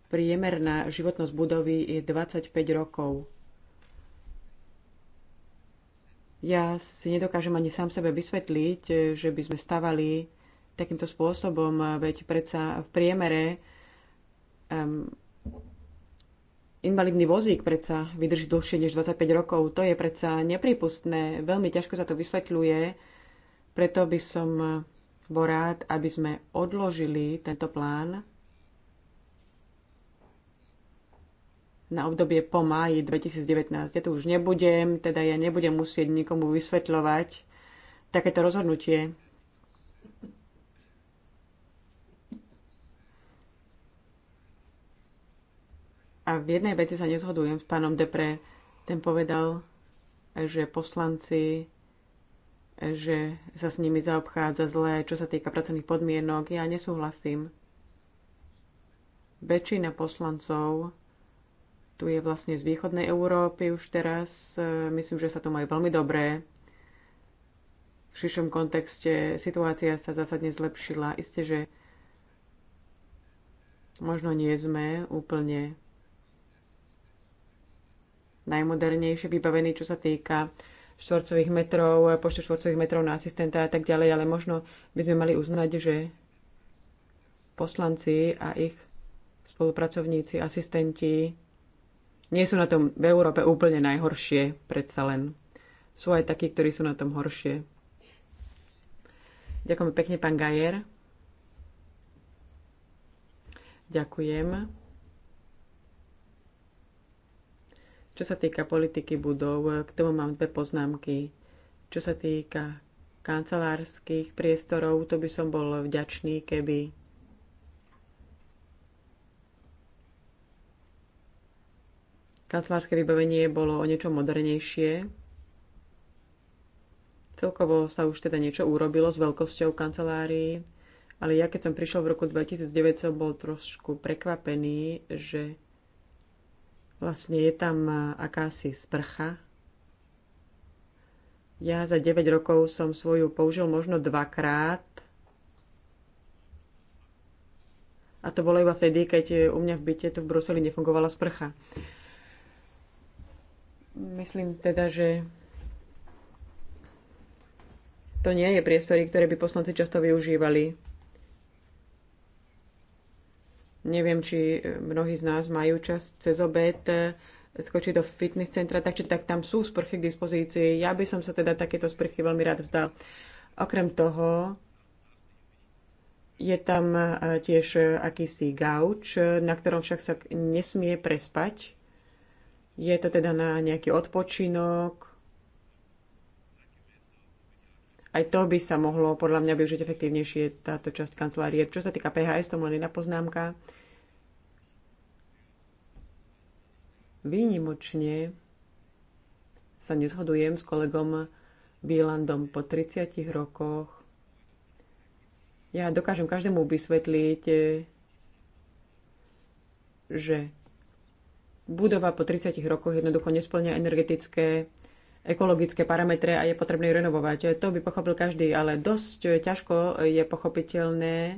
priemerná životnosť budovy je 25 rokov. Ja si nedokážem ani sám sebe vysvetliť, e, že by sme stavali takýmto spôsobom, e, veď predsa v priemere um, invalidný vozík predsa vydrží dlhšie než 25 rokov. To je predsa nepripustné. Veľmi ťažko sa to vysvetľuje. Preto by som e, bol rád, aby sme odložili tento plán na obdobie po máji 2019. Ja tu už nebudem, teda ja nebudem musieť nikomu vysvetľovať takéto rozhodnutie. A v jednej veci sa nezhodujem s pánom Depre. Ten povedal, že poslanci, že sa s nimi zaobchádza zle, čo sa týka pracovných podmienok. Ja nesúhlasím. Väčšina poslancov tu je vlastne z východnej Európy už teraz. E, myslím, že sa to majú veľmi dobré. V širšom kontexte situácia sa zásadne zlepšila. Isté, že možno nie sme úplne najmodernejšie vybavení, čo sa týka štvorcových metrov, počtu štvorcových metrov na asistenta a tak ďalej, ale možno by sme mali uznať, že poslanci a ich spolupracovníci, asistenti nie sú na tom v Európe úplne najhoršie, predsa len. Sú aj takí, ktorí sú na tom horšie. Ďakujem pekne, pán Gajer. Ďakujem. Čo sa týka politiky budov, k tomu mám dve poznámky. Čo sa týka kancelárskych priestorov, to by som bol vďačný, keby kancelárske vybavenie bolo o niečo modernejšie. Celkovo sa už teda niečo urobilo s veľkosťou kancelárií, ale ja keď som prišiel v roku 2009, som bol trošku prekvapený, že vlastne je tam e, akási sprcha. Ja za 9 rokov som svoju použil možno dvakrát, a to bolo iba vtedy, keď e, u mňa v byte tu v Bruseli nefungovala sprcha. Myslím teda, že to nie je priestory, ktoré by poslanci často využívali. Neviem, či mnohí z nás majú čas cez obed eh, skočiť do fitness centra, takže tak tam sú sprchy k dispozícii. Ja by som sa teda takéto sprchy veľmi rád vzdal. Okrem toho je tam eh, tiež eh, akýsi gauč, na ktorom však sa nesmie prespať. Je to teda na nejaký odpočinok. Aj to by sa mohlo podľa mňa využiť efektívnejšie táto časť kancelárie. Čo sa týka PHS, tomu len jedna poznámka. Výnimočne sa nezhodujem s kolegom Bielandom po 30 rokoch. Ja dokážem každému vysvetliť, že budova po 30 rokoch jednoducho nesplňa energetické, ekologické parametre a je potrebné ju renovovať. To by pochopil každý, ale dosť ťažko je pochopiteľné, e,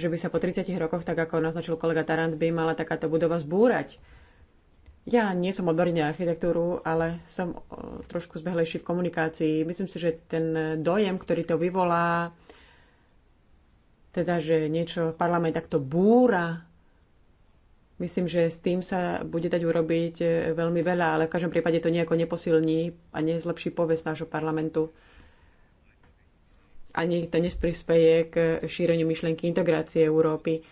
že by sa po 30 rokoch, tak ako naznačil kolega Tarant, by mala takáto budova zbúrať. Ja nie som odborný na architektúru, ale som e, trošku zbehlejší v komunikácii. Myslím si, že ten dojem, ktorý to vyvolá, teda, že niečo parlament takto búra, Myslím, že s tým sa bude dať urobiť e, veľmi veľa, ale v každom prípade to nejako neposilní a nezlepší povesť nášho parlamentu. Ani to nesprispeje k šíreniu myšlenky integrácie Európy.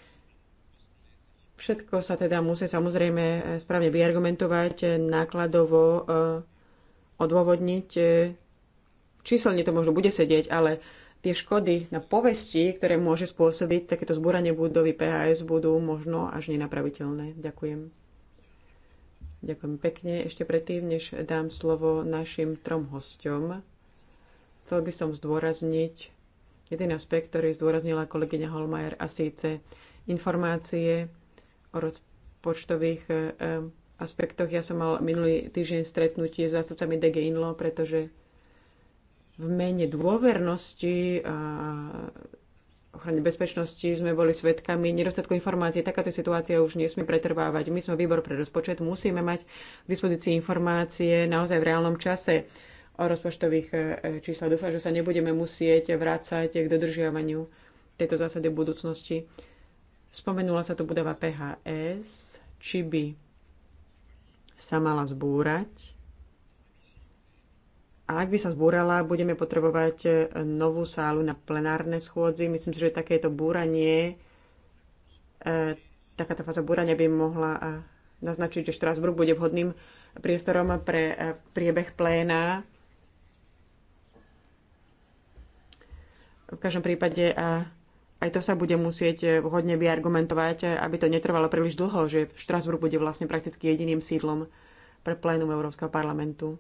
Všetko sa teda musí samozrejme e, správne vyargumentovať, e, nákladovo odôvodniť. Číselne to možno bude sedieť, ale tie škody na povesti, ktoré môže spôsobiť takéto zbúranie budovy PHS, budú možno až nenapraviteľné. Ďakujem. Ďakujem pekne. Ešte predtým, než dám slovo našim trom hosťom, chcel by som zdôrazniť jeden aspekt, ktorý zdôraznila kolegyňa Holmajer, a síce informácie o rozpočtových eh, aspektoch. Ja som mal minulý týždeň stretnutie s zástupcami DG Inlo, pretože v mene dôvernosti a ochrane bezpečnosti sme boli svedkami nedostatku informácií. Takáto situácia už nesmie pretrvávať. My sme výbor pre rozpočet, musíme mať k dispozícii informácie naozaj v reálnom čase o rozpočtových e, číslach. Dúfam, že sa nebudeme musieť vrácať k dodržiavaniu tejto zásady v budúcnosti. Spomenula sa tu budova PHS, či by sa mala zbúrať a ak by sa zbúrala, budeme potrebovať e, novú sálu na plenárne schôdzi. Myslím si, že takéto búranie, e, takáto fáza búrania by mohla e, naznačiť, že Štrásburg bude vhodným priestorom pre priebeh pléna. V každom prípade aj to sa bude musieť vhodne vyargumentovať, aby to netrvalo príliš dlho, že Štrásburg bude vlastne prakticky jediným sídlom pre plénum Európskeho parlamentu.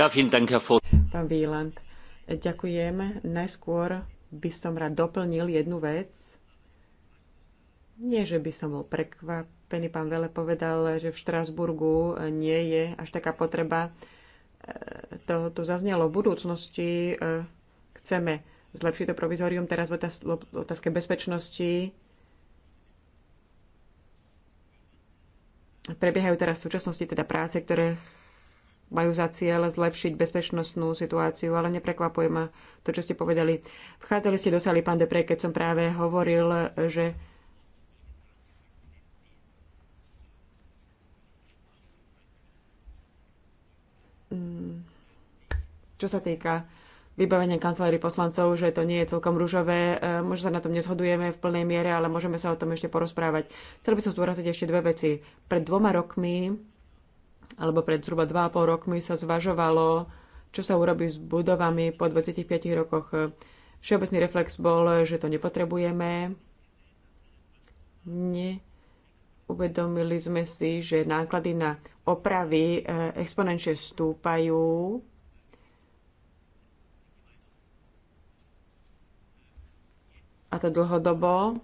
Pán Wieland, ďakujem. Najskôr by som rád doplnil jednu vec. Nie, že by som bol prekvapený. Pán Vele povedal, že v Štrásburgu nie je až taká potreba. E, to tu zaznelo v budúcnosti. E, chceme zlepšiť to provizorium teraz v otázke bezpečnosti. Prebiehajú teraz v súčasnosti teda práce, ktoré majú za cieľ zlepšiť bezpečnostnú situáciu, ale neprekvapuje ma to, čo ste povedali. Vchádzali ste do sály, pán Depre, keď som práve hovoril, že mm, čo sa týka vybavenia kancelári poslancov, že to nie je celkom rúžové. E, možno sa na tom nezhodujeme v plnej miere, ale môžeme sa o tom ešte porozprávať. Chcel by som zdôraziť ešte dve veci. Pred dvoma rokmi alebo pred zhruba 2,5 rokmi sa zvažovalo, čo sa urobí s budovami po 25 rokoch. Všeobecný reflex bol, že to nepotrebujeme. Nie. Uvedomili sme si, že náklady na opravy eh, exponenčne stúpajú. A to dlhodobo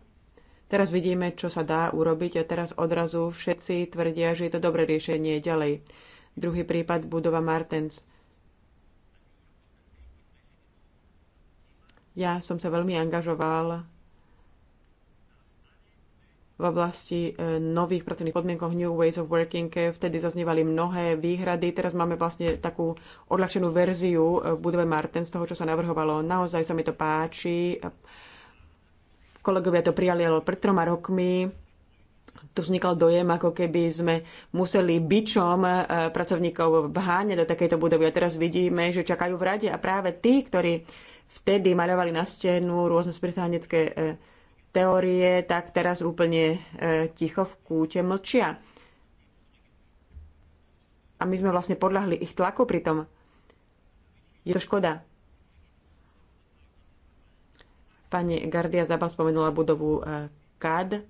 Teraz vidíme, čo sa dá urobiť a teraz odrazu všetci tvrdia, že je to dobré riešenie ďalej. Druhý prípad budova Martens. Ja som sa veľmi angažoval v oblasti e, nových pracovných podmienkov, New Ways of Working. Vtedy zaznievali mnohé výhrady. Teraz máme vlastne takú odľahčenú verziu e, budove Martens, z toho, čo sa navrhovalo. Naozaj sa mi to páči. Kolegovia to prijali ale pred troma rokmi. Tu vznikal dojem, ako keby sme museli byčom e, pracovníkov vháňať do takejto budovy. A teraz vidíme, že čakajú v rade a práve tí, ktorí vtedy maľovali na stenu rôzne spritánecké e, teórie, tak teraz úplne e, ticho v kúte mlčia. A my sme vlastne podľahli ich tlaku pritom. Je to škoda. Pani Gardia Zabal spomenula budovu e, KAD.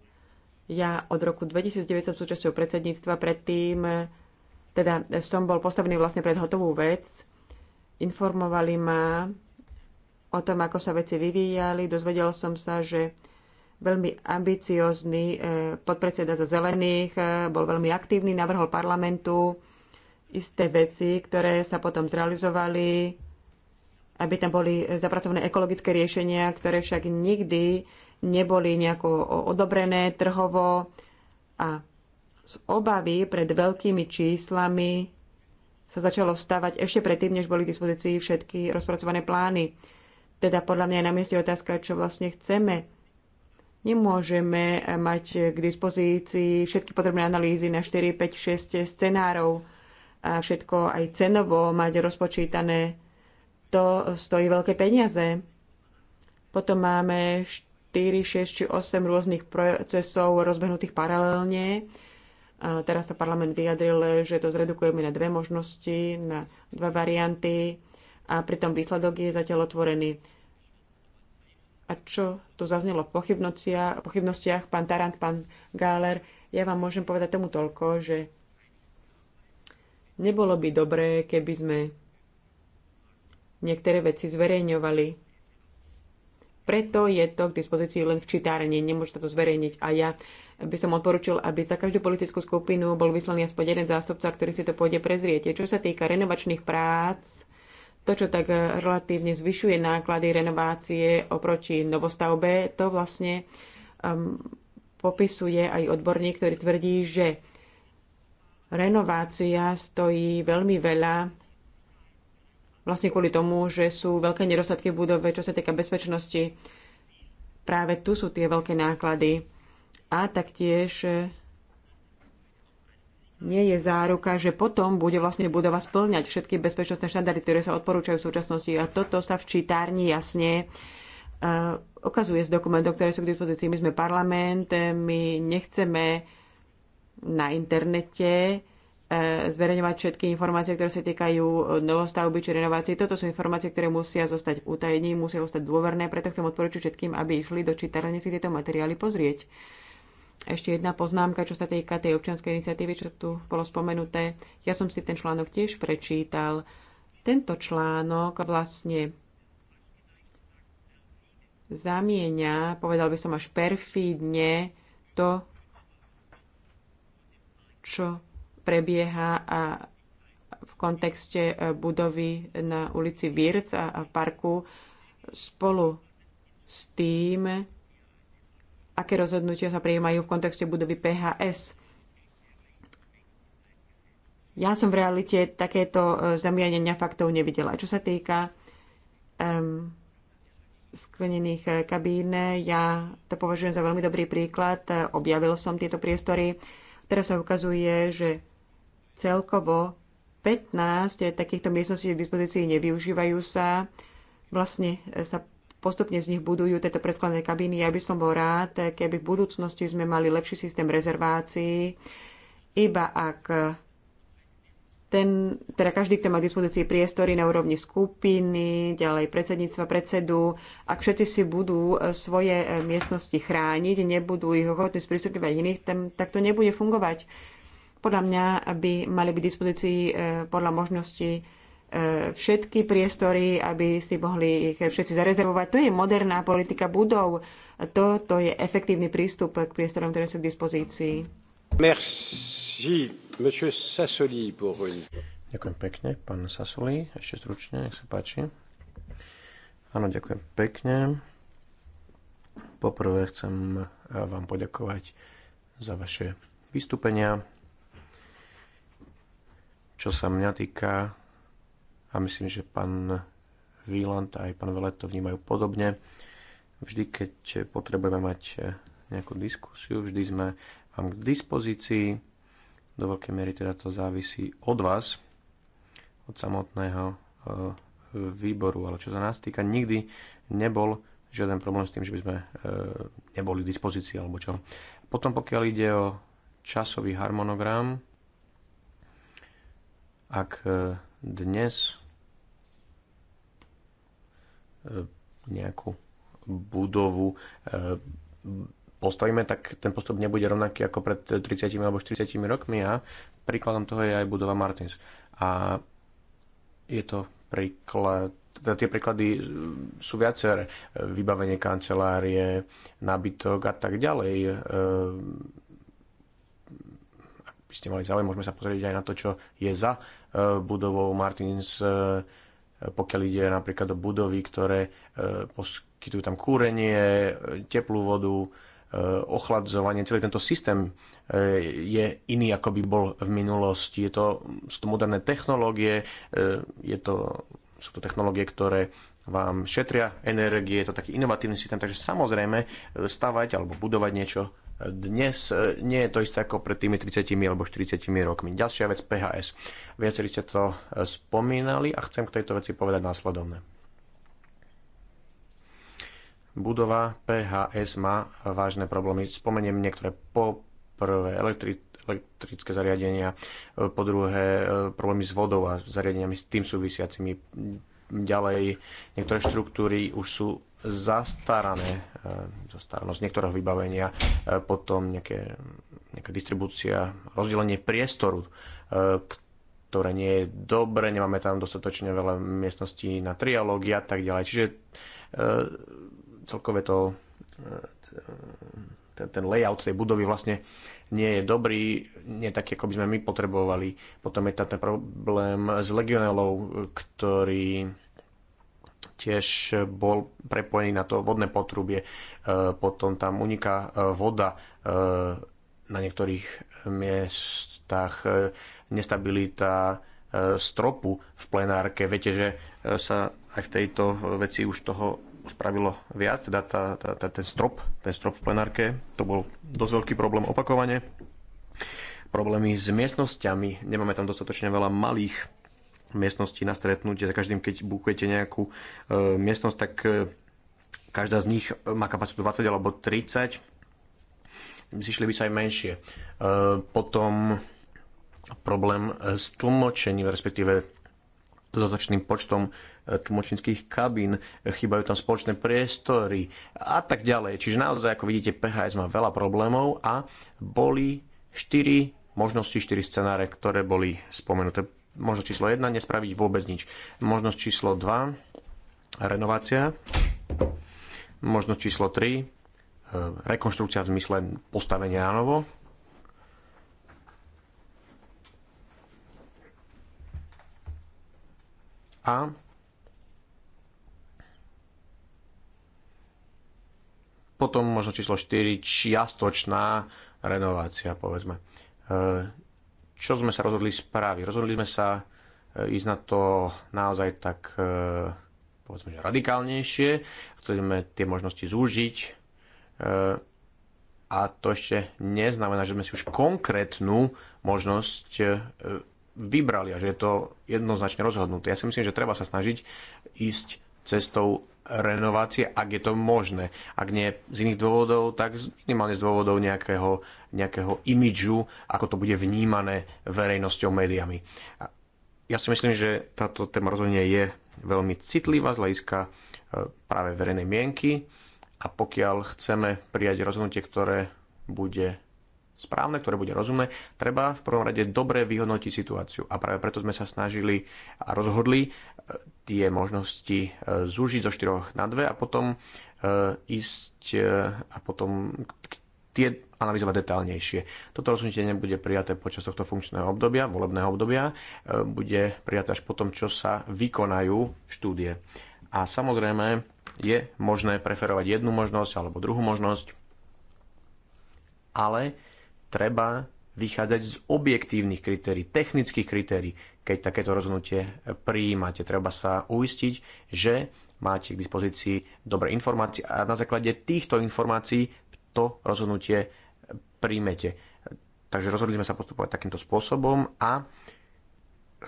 Ja od roku 2009 som súčasťou predsedníctva, predtým e, teda e, som bol postavený vlastne pred hotovú vec. Informovali ma o tom, ako sa veci vyvíjali. Dozvedel som sa, že veľmi ambiciózny podpredseda za zelených, bol veľmi aktívny, navrhol parlamentu isté veci, ktoré sa potom zrealizovali aby tam boli zapracované ekologické riešenia, ktoré však nikdy neboli nejako odobrené trhovo a z obavy pred veľkými číslami sa začalo stavať ešte predtým, než boli k dispozícii všetky rozpracované plány. Teda podľa mňa je na mieste otázka, čo vlastne chceme. Nemôžeme mať k dispozícii všetky potrebné analýzy na 4, 5, 6 scenárov a všetko aj cenovo mať rozpočítané to stojí veľké peniaze. Potom máme 4, 6 či 8 rôznych procesov rozbehnutých paralelne. A teraz sa parlament vyjadril, že to zredukujeme na dve možnosti, na dva varianty a pritom výsledok je zatiaľ otvorený. A čo tu zaznelo v pochybnostiach, pán Tarant, pán Gáler, ja vám môžem povedať tomu toľko, že nebolo by dobré, keby sme niektoré veci zverejňovali. Preto je to k dispozícii len v čítárni, nemôžete to zverejniť. A ja by som odporučil, aby za každú politickú skupinu bol vyslaný aspoň jeden zástupca, ktorý si to pôjde prezrieť. Čo sa týka renovačných prác, to, čo tak relatívne zvyšuje náklady renovácie oproti novostavbe, to vlastne um, popisuje aj odborník, ktorý tvrdí, že renovácia stojí veľmi veľa vlastne kvôli tomu, že sú veľké nedostatky v budove, čo sa týka bezpečnosti. Práve tu sú tie veľké náklady. A taktiež eh, nie je záruka, že potom bude vlastne budova splňať všetky bezpečnostné štandardy, ktoré sa odporúčajú v súčasnosti. A toto sa v čítárni jasne eh, ukazuje okazuje z dokumentov, ktoré sú k dispozícii. My sme parlament, eh, my nechceme na internete E, zverejňovať všetky informácie, ktoré sa týkajú e, novostavby či renovácií. Toto sú informácie, ktoré musia zostať utajení, musia zostať dôverné, preto chcem odporučiť všetkým, aby išli do čítarne si tieto materiály pozrieť. Ešte jedna poznámka, čo sa týka tej občianskej iniciatívy, čo tu bolo spomenuté. Ja som si ten článok tiež prečítal. Tento článok vlastne zamieňa, povedal by som až perfídne, to, čo prebieha a v kontexte e, budovy na ulici Virc a v parku spolu s tým, aké rozhodnutia sa prijímajú v kontexte budovy PHS. Ja som v realite takéto e, zamienenia faktov nevidela. Čo sa týka um, sklenených e, kabín, ja to považujem za veľmi dobrý príklad. Objavil som tieto priestory. Teraz sa ukazuje, že Celkovo 15 takýchto miestností v dispozícii nevyužívajú sa. Vlastne sa postupne z nich budujú tieto predkladné kabíny. Ja by som bol rád, keby v budúcnosti sme mali lepší systém rezervácií, iba ak ten, teda každý, kto má k dispozícii priestory na úrovni skupiny, ďalej predsedníctva, predsedu, ak všetci si budú e, svoje e, miestnosti chrániť, nebudú ich ochotní sprístupňovať iných, tam, tak to nebude fungovať. Podľa mňa by mali byť dispozícii e, podľa možnosti e, všetky priestory, aby si mohli ich všetci zarezervovať. To je moderná politika budov. Toto je efektívny prístup k priestorom, ktoré sú k dispozícii. Merci, monsieur Sassoli, pour Ďakujem pekne, pán Sasoli. Ešte stručne, nech sa páči. Áno, ďakujem pekne. Poprvé chcem e, vám poďakovať za vaše vystúpenia, čo sa mňa týka, a myslím, že pán Wieland a aj pán Velet to vnímajú podobne, vždy keď potrebujeme mať nejakú diskusiu, vždy sme vám k dispozícii, do veľkej miery teda to závisí od vás, od samotného e, výboru, ale čo sa nás týka, nikdy nebol žiaden problém s tým, že by sme e, neboli k dispozícii alebo čo. Potom pokiaľ ide o časový harmonogram, ak e, dnes e, nejakú budovu e, postavíme, tak ten postup nebude rovnaký ako pred 30 alebo 40 rokmi a príkladom toho je aj budova Martins. A je to príklad teda tie príklady sú viaceré. Vybavenie kancelárie, nábytok a tak ďalej by ste mali záujem, môžeme sa pozrieť aj na to, čo je za e, budovou Martins, e, e, pokiaľ ide napríklad o budovy, ktoré poskytujú tam kúrenie, teplú vodu, ochladzovanie, celý tento systém je iný, ako by bol v minulosti. Je to, sú to moderné technológie, je to, sú to technológie, ktoré vám šetria energie, je to taký inovatívny systém, takže samozrejme stavať alebo budovať niečo dnes e, nie je to isté ako pred tými 30 alebo 40 rokmi. Ďalšia vec PHS. Viacerí ste to e, spomínali a chcem k tejto veci povedať následovné. Budova PHS má vážne problémy. Spomeniem niektoré. Po prvé, elektri- elektrické zariadenia, e, po druhé problémy s vodou a zariadeniami s tým súvisiacimi. Ďalej, niektoré štruktúry už sú zastarané, e, zastaranosť niektorého vybavenia, e, potom nejaké, nejaká distribúcia, rozdelenie priestoru, e, ktoré nie je dobre, nemáme tam dostatočne veľa miestností na trialógy a tak ďalej. Čiže celkové to ten, ten layout tej budovy vlastne nie je dobrý, nie taký, ako by sme my potrebovali. Potom je tam ten problém s legionelou, ktorý tiež bol prepojený na to vodné potrubie. E, potom tam uniká e, voda e, na niektorých miestach, nestabilita stropu v plenárke. Viete, že sa aj v tejto veci už toho spravilo viac, teda tá, tá, tá, ten strop, ten strop v plenárke, to bol dosť veľký problém opakovane. Problémy s miestnosťami, nemáme tam dostatočne veľa malých miestnosti na stretnutie. Za každým, keď bukujete nejakú e, miestnosť, tak e, každá z nich má kapacitu 20 alebo 30. Zišli by sa aj menšie. E, potom problém s tlmočením, respektíve dodatočným počtom e, tlmočníckých kabín, chýbajú tam spoločné priestory a tak ďalej. Čiže naozaj, ako vidíte, PHS má veľa problémov a boli 4 možnosti, 4 scenáre, ktoré boli spomenuté. Možnosť číslo 1, nespraviť vôbec nič. Možnosť číslo 2, renovácia. Možnosť číslo 3, e, rekonštrukcia v zmysle postavenia na novo. A potom možno číslo 4, čiastočná renovácia, povedzme. E, čo sme sa rozhodli spraviť? Rozhodli sme sa e, ísť na to naozaj tak e, povedzme, že radikálnejšie. Chceli sme tie možnosti zúžiť e, a to ešte neznamená, že sme si už konkrétnu možnosť vybrali a že je to jednoznačne rozhodnuté. Ja si myslím, že treba sa snažiť ísť cestou renovácie, ak je to možné. Ak nie z iných dôvodov, tak minimálne z dôvodov nejakého, nejakého imidžu, ako to bude vnímané verejnosťou, médiami. Ja si myslím, že táto téma rozhodne je veľmi citlivá z hľadiska e, práve verejnej mienky a pokiaľ chceme prijať rozhodnutie, ktoré bude správne, ktoré bude rozumné, treba v prvom rade dobre vyhodnotiť situáciu. A práve preto sme sa snažili a rozhodli tie možnosti e, zúžiť zo 4 na 2 a potom e, ísť e, a potom tie analyzovať detálnejšie. Toto rozhodnutie nebude prijaté počas tohto funkčného obdobia, volebného obdobia, bude prijaté až potom, čo sa vykonajú štúdie. A samozrejme je možné preferovať jednu možnosť alebo druhú možnosť, ale treba vychádzať z objektívnych kritérií, technických kritérií, keď takéto rozhodnutie prijímate. Treba sa uistiť, že máte k dispozícii dobré informácie a na základe týchto informácií to rozhodnutie príjmete. Takže rozhodli sme sa postupovať takýmto spôsobom a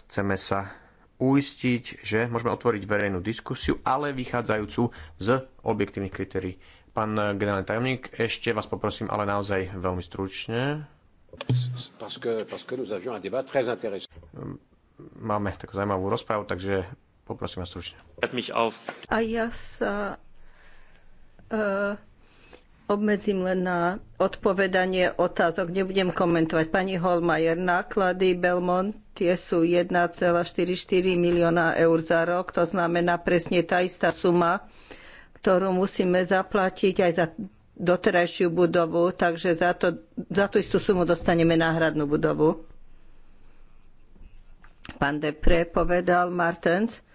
chceme sa uistiť, že môžeme otvoriť verejnú diskusiu, ale vychádzajúcu z objektívnych kritérií. Pán generálny tajomník, ešte vás poprosím, ale naozaj veľmi stručne. Máme takú zaujímavú rozprávu, takže poprosím vás stručne. A ja sa uh, obmedzím len na odpovedanie otázok. Nebudem komentovať. Pani Holmajer, náklady Belmont tie sú 1,44 milióna eur za rok. To znamená presne tá istá suma, ktorú musíme zaplatiť aj za doterajšiu budovu, takže za, to, za tú istú sumu dostaneme náhradnú budovu. Pán Depre povedal Martens,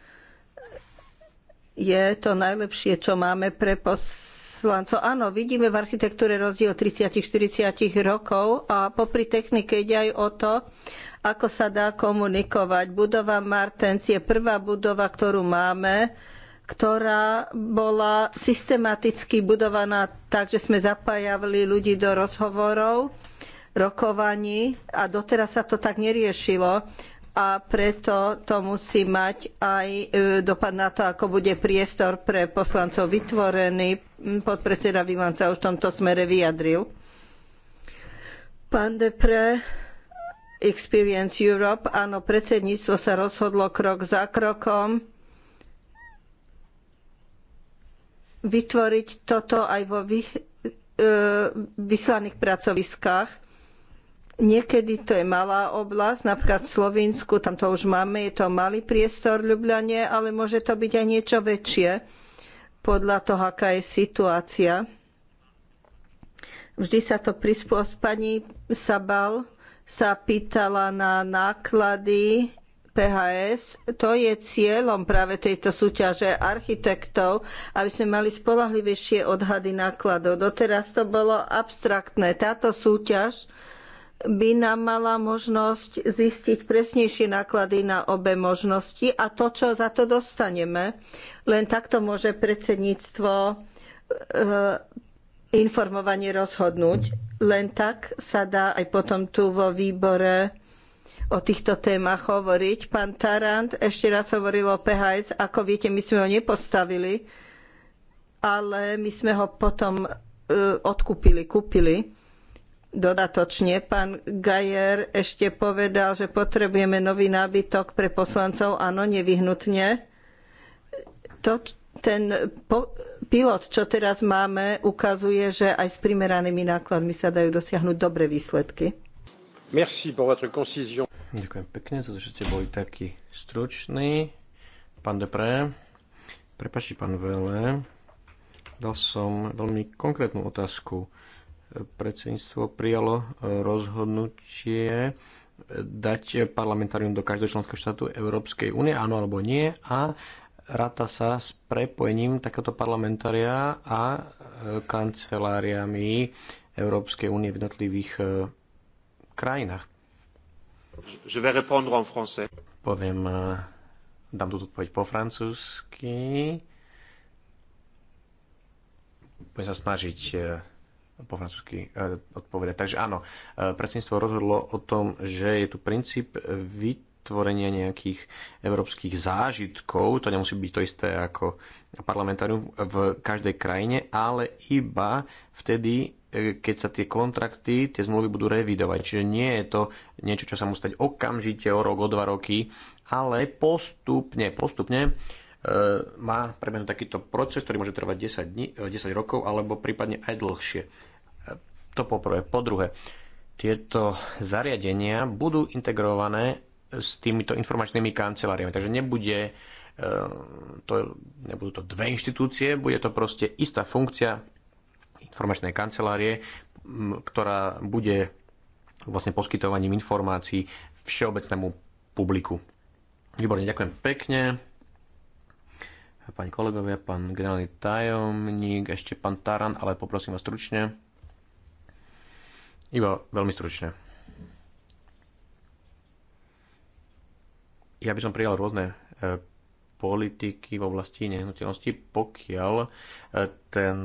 je to najlepšie, čo máme pre poslancov. Áno, vidíme v architektúre rozdiel 30-40 rokov a popri technike ide aj o to, ako sa dá komunikovať. Budova Martens je prvá budova, ktorú máme, ktorá bola systematicky budovaná tak, že sme zapájali ľudí do rozhovorov, rokovaní a doteraz sa to tak neriešilo a preto to musí mať aj e, dopad na to, ako bude priestor pre poslancov vytvorený. Podpredseda Vilanca sa už v tomto smere vyjadril. Pán Depre, Experience Europe, áno, predsedníctvo sa rozhodlo krok za krokom vytvoriť toto aj vo vy, e, vyslaných pracoviskách. Niekedy to je malá oblasť, napríklad v Slovensku, tam to už máme, je to malý priestor Ljubljane, ale môže to byť aj niečo väčšie podľa toho, aká je situácia. Vždy sa to prispôsobí. Pani Sabal sa pýtala na náklady PHS. To je cieľom práve tejto súťaže architektov, aby sme mali spolahlivejšie odhady nákladov. Doteraz to bolo abstraktné. Táto súťaž by nám mala možnosť zistiť presnejšie náklady na obe možnosti a to, čo za to dostaneme. Len takto môže predsedníctvo e, informovanie rozhodnúť. Len tak sa dá aj potom tu vo výbore o týchto témach hovoriť. Pán Tarant ešte raz hovoril o PHS. Ako viete, my sme ho nepostavili, ale my sme ho potom e, odkúpili, kúpili. Dodatočne pán Gajer ešte povedal, že potrebujeme nový nábytok pre poslancov. Áno, nevyhnutne. To, ten pilot, čo teraz máme, ukazuje, že aj s primeranými nákladmi sa dajú dosiahnuť dobré výsledky. Merci pour votre concision. Ďakujem pekne za to, že ste boli takí stručný. Pán Depré, prepačte pán Vele, dal som veľmi konkrétnu otázku. Predsedníctvo prijalo rozhodnutie dať parlamentárium do každého členského štátu Európskej únie, áno alebo nie, a ráta sa s prepojením takéto parlamentária a kanceláriami Európskej únie v jednotlivých krajinách. Je vais répondre en français. Poviem, eh, dám túto odpoveď po francúzsky. Budem sa snažiť eh, po francúzsky eh, odpovedať. Takže áno, predsedníctvo rozhodlo o tom, že je tu princíp vytvorenia nejakých európskych zážitkov. To nemusí byť to isté ako parlamentárium v každej krajine, ale iba vtedy, keď sa tie kontrakty, tie zmluvy budú revidovať. Čiže nie je to niečo, čo sa musí stať okamžite o rok, o dva roky, ale postupne, postupne e, má prebehnúť takýto proces, ktorý môže trvať 10, dní, 10 e, rokov alebo prípadne aj dlhšie. E, to poprvé. Po druhé, tieto zariadenia budú integrované s týmito informačnými kanceláriami. Takže nebude e, to, nebudú to dve inštitúcie, bude to proste istá funkcia informačnej kancelárie, ktorá bude vlastne poskytovaním informácií všeobecnému publiku. Výborne, ďakujem pekne. Pani kolegovia, pán generálny tajomník, ešte pán Taran, ale poprosím vás stručne. Iba veľmi stručne. Ja by som prijal rôzne e, politiky v oblasti nehnuteľnosti, pokiaľ e, ten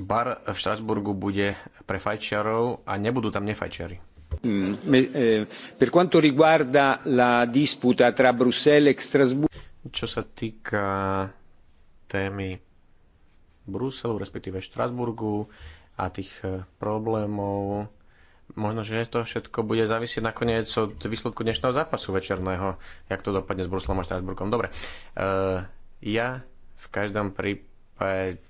bar v Štrasburgu bude pre fajčiarov a nebudú tam nefajčiari. Mm, eh, per quanto riguarda la disputa tra Bruxelles e Strasburgo... Čo sa týka témy Bruselu, respektíve Štrasburgu a tých eh, problémov, možno, že to všetko bude závisieť nakoniec od výsledku dnešného zápasu večerného, jak to dopadne s Bruselom a Štrasburgom. Dobre, eh, ja v každom prípade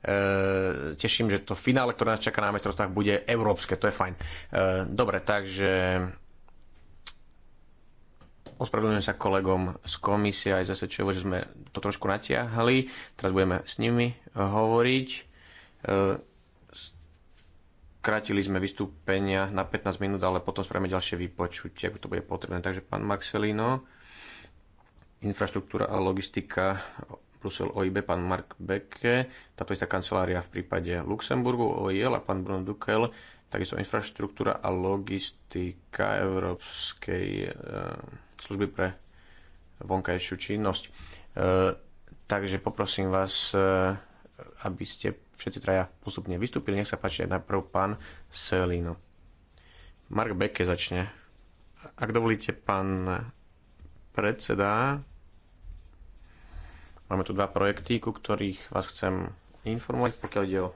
E, teším, že to finále, ktoré nás čaká na metrostách, bude európske, to je fajn. E, dobre, takže ospravedlňujem sa kolegom z komisie aj zase čo, že sme to trošku natiahli. Teraz budeme s nimi hovoriť. E, Krátili sme vystúpenia na 15 minút, ale potom spravíme ďalšie vypočutie, ak to bude potrebné. Takže pán Marcelino, infraštruktúra a logistika Brusel OIB, pán Mark Beke, táto istá kancelária v prípade Luxemburgu OIL a pán Bruno Dukel, takisto infraštruktúra a logistika Európskej e, služby pre vonkajšiu činnosť. E, takže poprosím vás, e, aby ste všetci traja postupne vystúpili. Nech sa páči najprv pán Selino. Mark Beke začne. Ak dovolíte, pán predseda, Máme tu dva projekty, ku ktorých vás chcem informovať, pokiaľ ide o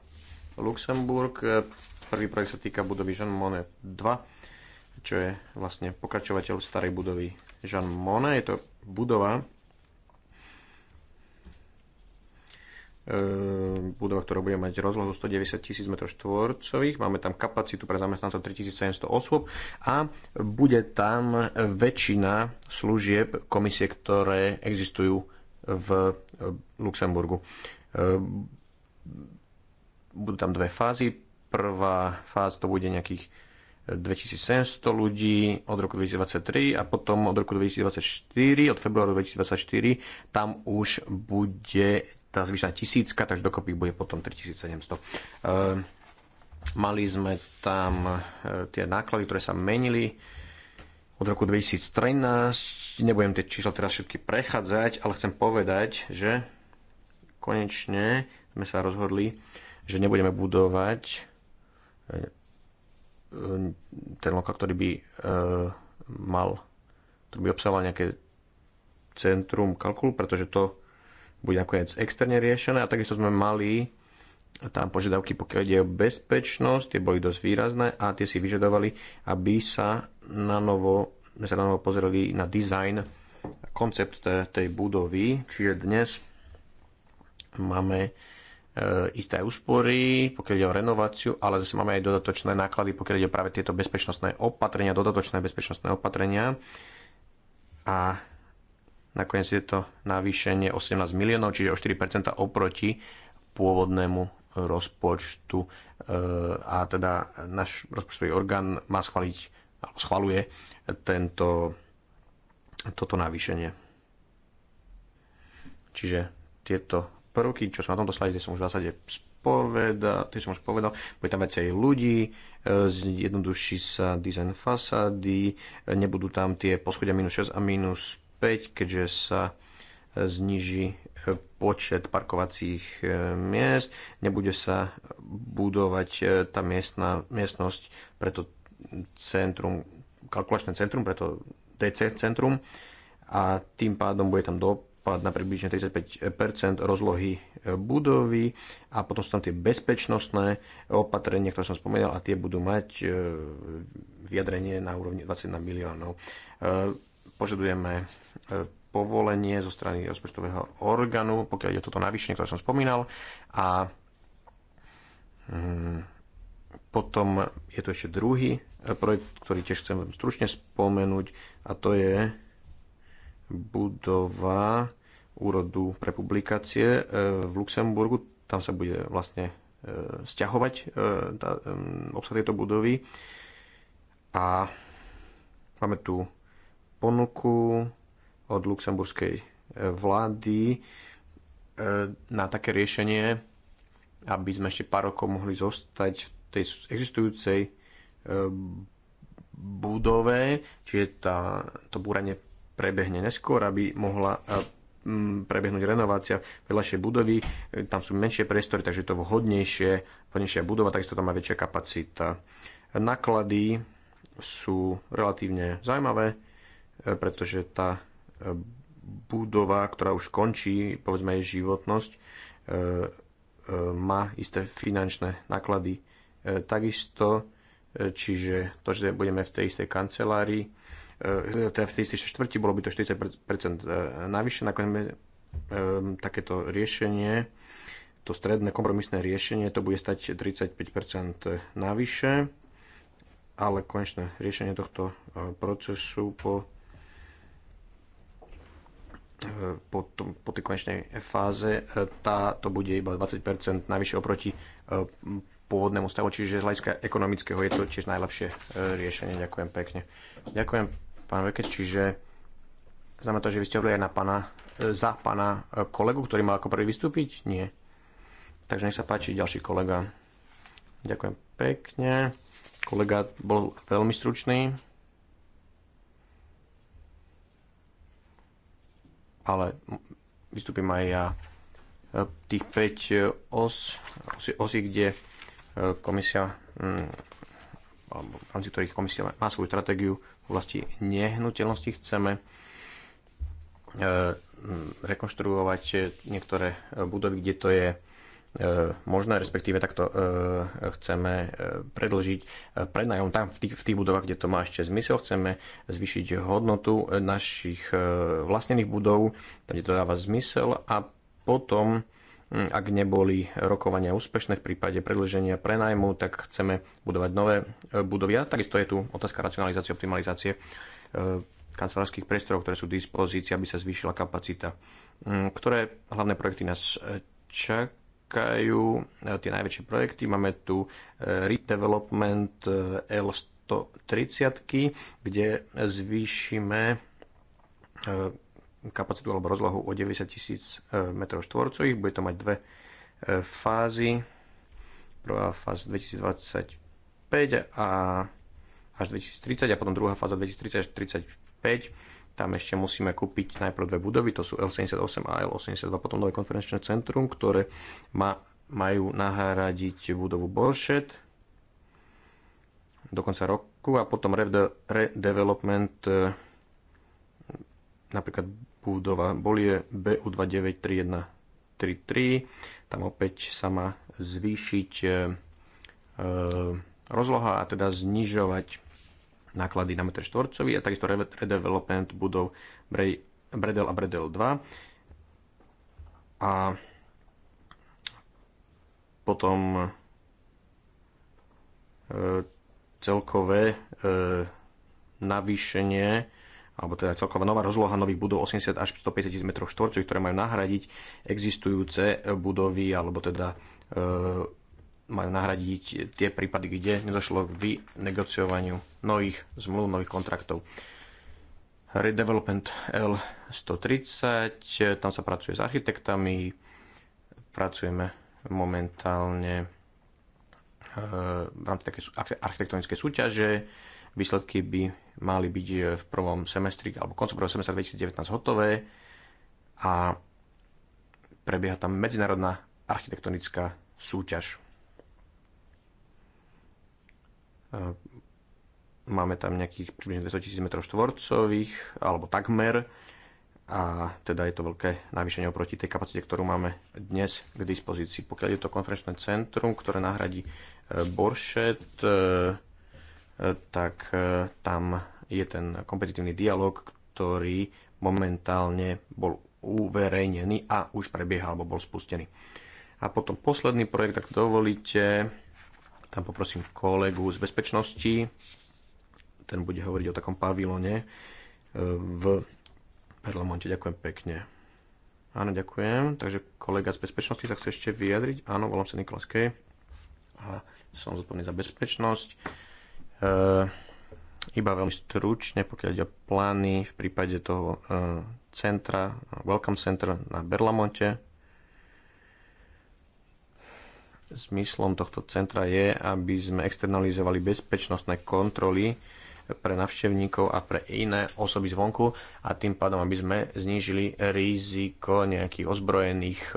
Luxemburg. Eh, prvý projekt sa týka budovy Jean Monnet 2, čo je vlastne pokračovateľ starej budovy Jean Monnet. Je to budova, eh, budova, ktorá bude mať rozlohu 190 000 m 2 Máme tam kapacitu pre zamestnancov 3700 osôb a bude tam väčšina služieb komisie, ktoré existujú v eh, Luxemburgu. Eh, budú tam dve fázy. Prvá fáza to bude nejakých 2700 eh, ľudí od roku 2023 a potom od roku 2024, od februára 2024, tam už bude tá zvyšná tisícka, takže dokopy bude potom 3700. Mali sme tam tie náklady, ktoré sa menili od roku 2013. Nebudem tie čísla teraz všetky prechádzať, ale chcem povedať, že konečne sme sa rozhodli, že nebudeme budovať eh, ten lokal, ktorý by eh, mal, ktorý by obsahoval nejaké centrum kalkulu, pretože to bude nakoniec externe riešené a takisto sme mali tam požiadavky, pokiaľ ide o bezpečnosť, tie boli dosť výrazné a tie si vyžadovali, aby sa na novo, sme sa na novo pozreli na design koncept tej budovy, čiže dnes máme e, isté úspory, pokiaľ ide o renováciu, ale zase máme aj dodatočné náklady, pokiaľ ide práve tieto bezpečnostné opatrenia, dodatočné bezpečnostné opatrenia. A nakoniec je to navýšenie 18 miliónov, čiže o 4% oproti pôvodnému rozpočtu. E, a teda náš rozpočtový orgán má schváliť alebo schvaluje tento, toto navýšenie. Čiže tieto prvky, čo som na tomto slajde, som už v zásade povedal, ty som už povedal, bude tam viacej ľudí, Jednodušší sa dizajn fasády, nebudú tam tie poschodia minus 6 a minus 5, keďže sa zniží e, počet parkovacích e, miest, nebude sa budovať e, tá miestna, miestnosť, preto centrum, kalkulačné centrum, preto DC centrum a tým pádom bude tam dopad na približne 35 rozlohy e, budovy a potom sú tam tie bezpečnostné opatrenia, ktoré som spomínal a tie budú mať e, vyjadrenie na úrovni 21 miliónov. E, požadujeme povolenie zo strany rozpočtového orgánu, pokiaľ je toto navýšenie, ktoré som spomínal a mm, potom je tu ešte druhý e, projekt, ktorý tiež chcem stručne spomenúť a to je budova úrodu pre publikácie e, v Luxemburgu. Tam sa bude vlastne e, stiahovať tá, obsah tejto budovy. A máme tu ponuku od luxemburskej vlády na také riešenie, aby sme ešte pár rokov mohli zostať v tej existujúcej e, budove, čiže tá, to búranie prebehne neskôr, aby mohla e, prebehnúť renovácia vedľajšej budovy. E, tam sú menšie priestory, takže je to vhodnejšie, vhodnejšia budova, takisto tam má väčšia kapacita. Náklady sú relatívne zaujímavé, pretože tá budova, ktorá už končí, povedzme jej životnosť, má isté finančné náklady E, takisto, e, čiže to, že budeme v tej istej kancelárii, e, teda v tej istej štvrti, bolo by to 40% navyše, nakoniec sme takéto riešenie, to stredné kompromisné riešenie, to bude stať 35% navyše, ale konečné riešenie tohto procesu po, po, tom, po tej konečnej fáze, tá to bude iba 20% navyše oproti pôvodnému stavu, čiže z hľadiska ekonomického je to tiež najlepšie e, riešenie. Ďakujem pekne. Ďakujem, pán Vekec, čiže znamená to, že vy ste hovorili aj na pana, e, za pana e, kolegu, ktorý mal ako prvý vystúpiť? Nie. Takže nech sa páči ďalší kolega. Ďakujem pekne. Kolega bol veľmi stručný. Ale vystúpim aj ja. Tých 5 os, osí, osí kde komisia, mm, alebo v rámci ktorých komisia má svoju stratégiu v oblasti nehnuteľnosti, chceme e, mm, rekonštruovať niektoré budovy, kde to je e, možné, respektíve takto e, chceme predlžiť prednájom tam v tých, v tých budovách, kde to má ešte zmysel. Chceme zvýšiť hodnotu našich vlastnených budov, tam, kde to dáva zmysel a potom Hm, ak neboli rokovania úspešné v prípade predlženia prenajmu, tak chceme budovať nové e, budovy. A takisto je tu otázka racionalizácie, optimalizácie e, kancelárskych priestorov, ktoré sú v dispozícii, aby sa zvýšila kapacita. Hm, ktoré hlavné projekty nás e, čakajú? Tie najväčšie projekty. Máme tu redevelopment L130, kde zvýšime kapacitu alebo rozlohu o 90 tisíc m2. Bude to mať dve e, fázy. Prvá fáza 2025 a až 2030 a potom druhá fáza 2030 až 2035. Tam ešte musíme kúpiť najprv dve budovy, to sú L78 a L82, potom nové konferenčné centrum, ktoré majú nahradiť budovu Boršet do konca roku a potom redevelopment e, napríklad budova Bolie BU293133. Tam opäť sa má zvýšiť e, e, rozloha a teda znižovať náklady na meter štvorcový a takisto redevelopment budov Bredel a Bredel 2. A potom e, celkové navýšenie alebo teda celková nová rozloha nových budov 80 až 150 m štvorcových, ktoré majú nahradiť existujúce e, budovy, alebo teda e, majú nahradiť tie prípady, kde nedošlo k vynegociovaniu nových zmluv, nových kontraktov. Redevelopment L130, tam sa pracuje s architektami, pracujeme momentálne e, v rámci také architektonické súťaže, Výsledky by mali byť e, v prvom semestri alebo koncom prvého semestra 2019 hotové a prebieha tam medzinárodná architektonická súťaž. E, máme tam nejakých približne 200 tisíc m štvorcových, alebo takmer, a teda je to veľké navýšenie oproti tej kapacite, ktorú máme dnes k dispozícii. Pokiaľ je to konferenčné centrum, ktoré nahradí e, Boršet, tak e, tam je ten kompetitívny dialog, ktorý momentálne bol uverejnený a už prebieha alebo bol spustený. A potom posledný projekt, ak dovolíte, tam poprosím kolegu z bezpečnosti, ten bude hovoriť o takom pavilone e, v Perlamonte. Ďakujem pekne. Áno, ďakujem. Takže kolega z bezpečnosti sa chce ešte vyjadriť. Áno, volám sa Nikolaskej a som zodpovedný za bezpečnosť E, iba veľmi stručne, pokiaľ ide o plány v prípade toho e, centra, Welcome Center na Berlamonte. Zmyslom tohto centra je, aby sme externalizovali bezpečnostné kontroly pre navštevníkov a pre iné osoby zvonku a tým pádom, aby sme znížili riziko nejakých ozbrojených e,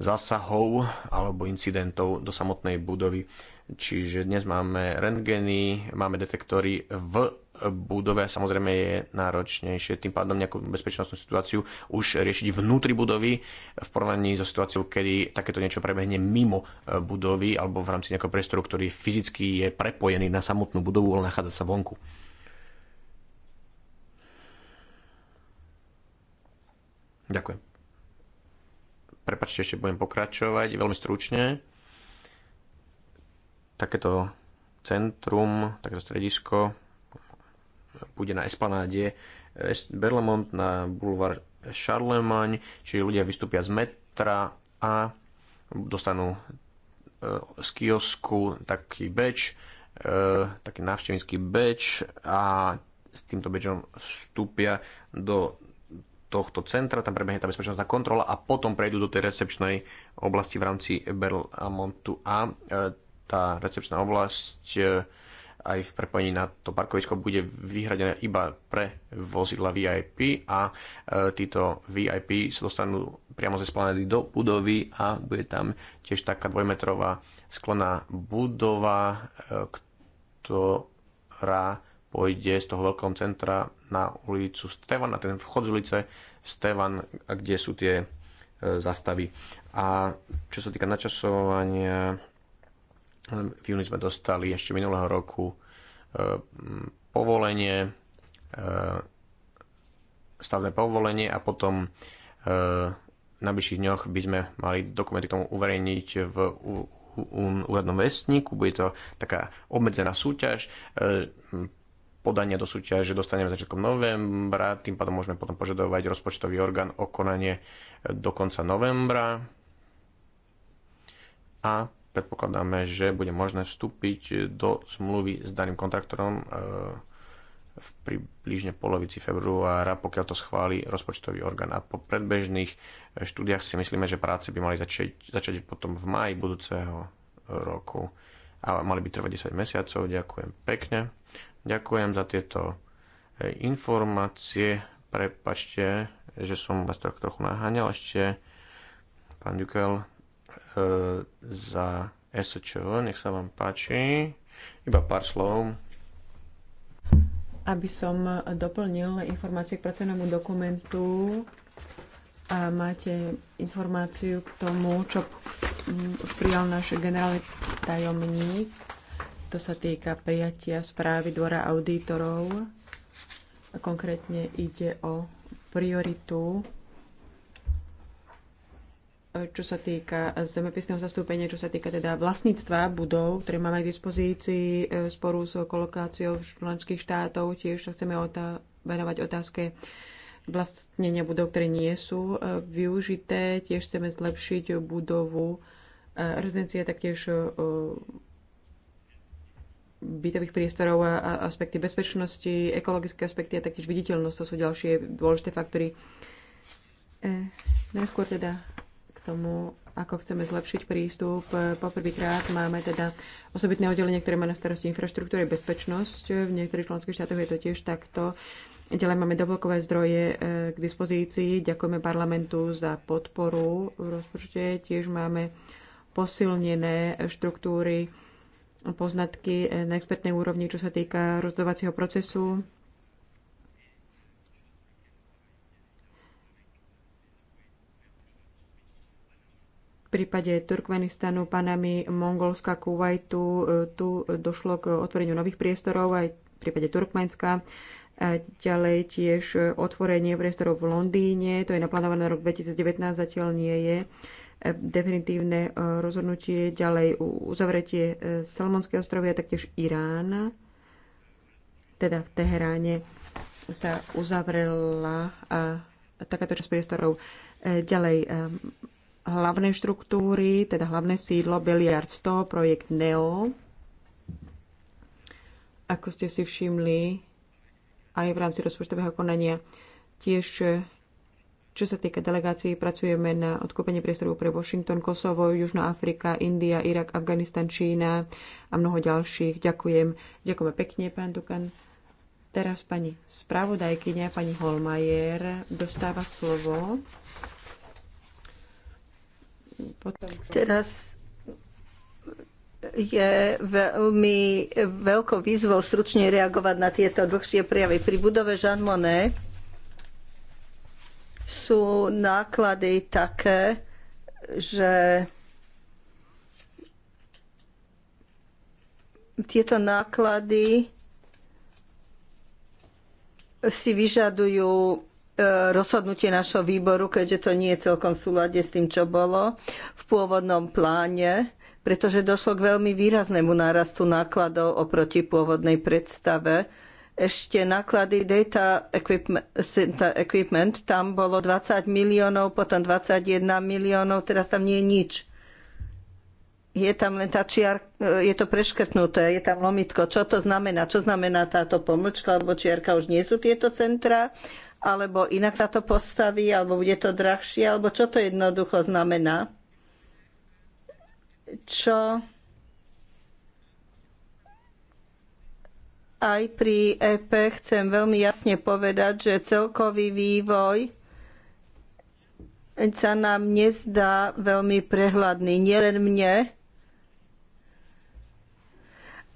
zásahov alebo incidentov do samotnej budovy. Čiže dnes máme rentgeny, máme detektory v budove samozrejme je náročnejšie. Tým pádom nejakú bezpečnostnú situáciu už riešiť vnútri budovy v porovnaní so situáciou, kedy takéto niečo prebehne mimo e, budovy alebo v rámci nejakého priestoru, ktorý fyzicky je prepojený na samotnú budovu, ale nachádza sa vonku. Ďakujem. Prepačte, ešte budem pokračovať veľmi stručne. Takéto centrum, takéto stredisko bude na Esplanáde eh, Berlemont na bulvar Charlemagne, čiže ľudia vystúpia z metra a dostanú eh, z kiosku taký beč, eh, taký návštevnícky beč a s týmto bečom vstúpia do tohto centra, tam prebehne tá bezpečnostná kontrola a potom prejdú do tej recepčnej oblasti v rámci Berlamontu a e, tá recepčná oblasť e, aj v prepojení na to parkovisko bude vyhradené iba pre vozidla VIP a e, títo VIP sa dostanú priamo ze splanedy do budovy a bude tam tiež taká dvojmetrová sklená budova, ktorá pôjde z toho veľkého centra na ulicu Stevan, na ten vchod z ulice Stevan, kde sú tie e, zastavy. A čo sa týka načasovania, v júni sme dostali ešte minulého roku e, povolenie, e, stavné povolenie a potom v najbližších dňoch by sme mali dokumenty k tomu uverejniť v úradnom vestníku. Bude to taká obmedzená súťaž podania do súťaže dostaneme začiatkom novembra, tým pádom môžeme potom požadovať rozpočtový orgán o konanie do konca novembra a predpokladáme, že bude možné vstúpiť do zmluvy s daným kontraktorom e, v približne polovici februára, pokiaľ to schváli rozpočtový orgán. A po predbežných štúdiách si myslíme, že práce by mali začať, začať potom v maji budúceho roku a mali by trvať 10 mesiacov. Ďakujem pekne. Ďakujem za tieto e, informácie. Prepačte, že som vás tak trochu naháňal ešte. Pán Dukel e, za SČO, nech sa vám páči. Iba pár slov. Aby som doplnil informácie k pracovnému dokumentu, a máte informáciu k tomu, čo už prijal náš generálny tajomník to sa týka prijatia správy Dvora auditorov. A konkrétne ide o prioritu, čo sa týka zemepisného zastúpenia, čo sa týka teda vlastníctva budov, ktoré máme k dispozícii e, sporu s kolokáciou členských štátov. Tiež sa chceme otá- venovať otázke vlastnenia budov, ktoré nie sú e, využité. Tiež chceme zlepšiť budovu e, rezidencie, taktiež bytových priestorov a aspekty bezpečnosti, ekologické aspekty a taktiež viditeľnosť to sú ďalšie dôležité faktory. E, najskôr teda k tomu, ako chceme zlepšiť prístup. E, poprvýkrát máme teda osobitné oddelenie, ktoré má na starosti infraštruktúru a bezpečnosť. V niektorých členských štátoch je to tiež takto. Ďalej máme doblokové zdroje e, k dispozícii. Ďakujeme parlamentu za podporu v rozpočte. Tiež máme posilnené štruktúry poznatky eh, na expertnej úrovni, čo sa týka rozdovacieho procesu. V prípade Turkmenistanu, Panamy, Mongolska, Kuwaitu eh, tu došlo k otvoreniu nových priestorov, aj v prípade Turkmenska. A ďalej tiež otvorenie priestorov v Londýne, to je naplánované na rok 2019, zatiaľ nie je E, definitívne e, rozhodnutie, ďalej uzavretie e, Salmonské ostrovy a taktiež Irán, teda v Teheráne sa uzavrela takáto časť priestorov. Ďalej hlavné štruktúry, teda hlavné sídlo Beliard 100, projekt NEO. Ako ste si všimli, aj v rámci rozpočtového konania tiež čo sa týka delegácií, pracujeme na odkúpenie priestorov pre Washington, Kosovo, Južná Afrika, India, Irak, Afganistan, Čína a mnoho ďalších. Ďakujem. Ďakujeme pekne, pán Dukan. Teraz pani spravodajkynia, pani Holmajer, dostáva slovo. Potom, čo... Teraz je veľmi veľkou výzvou stručne reagovať na tieto dlhšie prejavy. Pri budove Jean Monnet sú náklady také, že tieto náklady si vyžadujú e, rozhodnutie našho výboru, keďže to nie je celkom v súlade s tým, čo bolo v pôvodnom pláne, pretože došlo k veľmi výraznému nárastu nákladov oproti pôvodnej predstave ešte náklady data equipment, equipment, tam bolo 20 miliónov, potom 21 miliónov, teraz tam nie je nič. Je tam len tá čiar, e, je to preškrtnuté, je tam lomitko. Čo to znamená? Čo znamená táto pomlčka alebo čiarka? Už nie sú tieto centra? Alebo inak sa to postaví? Alebo bude to drahšie? Alebo čo to jednoducho znamená? Čo aj pri EP chcem veľmi jasne povedať, že celkový vývoj sa nám nezdá veľmi prehľadný. Nielen mne,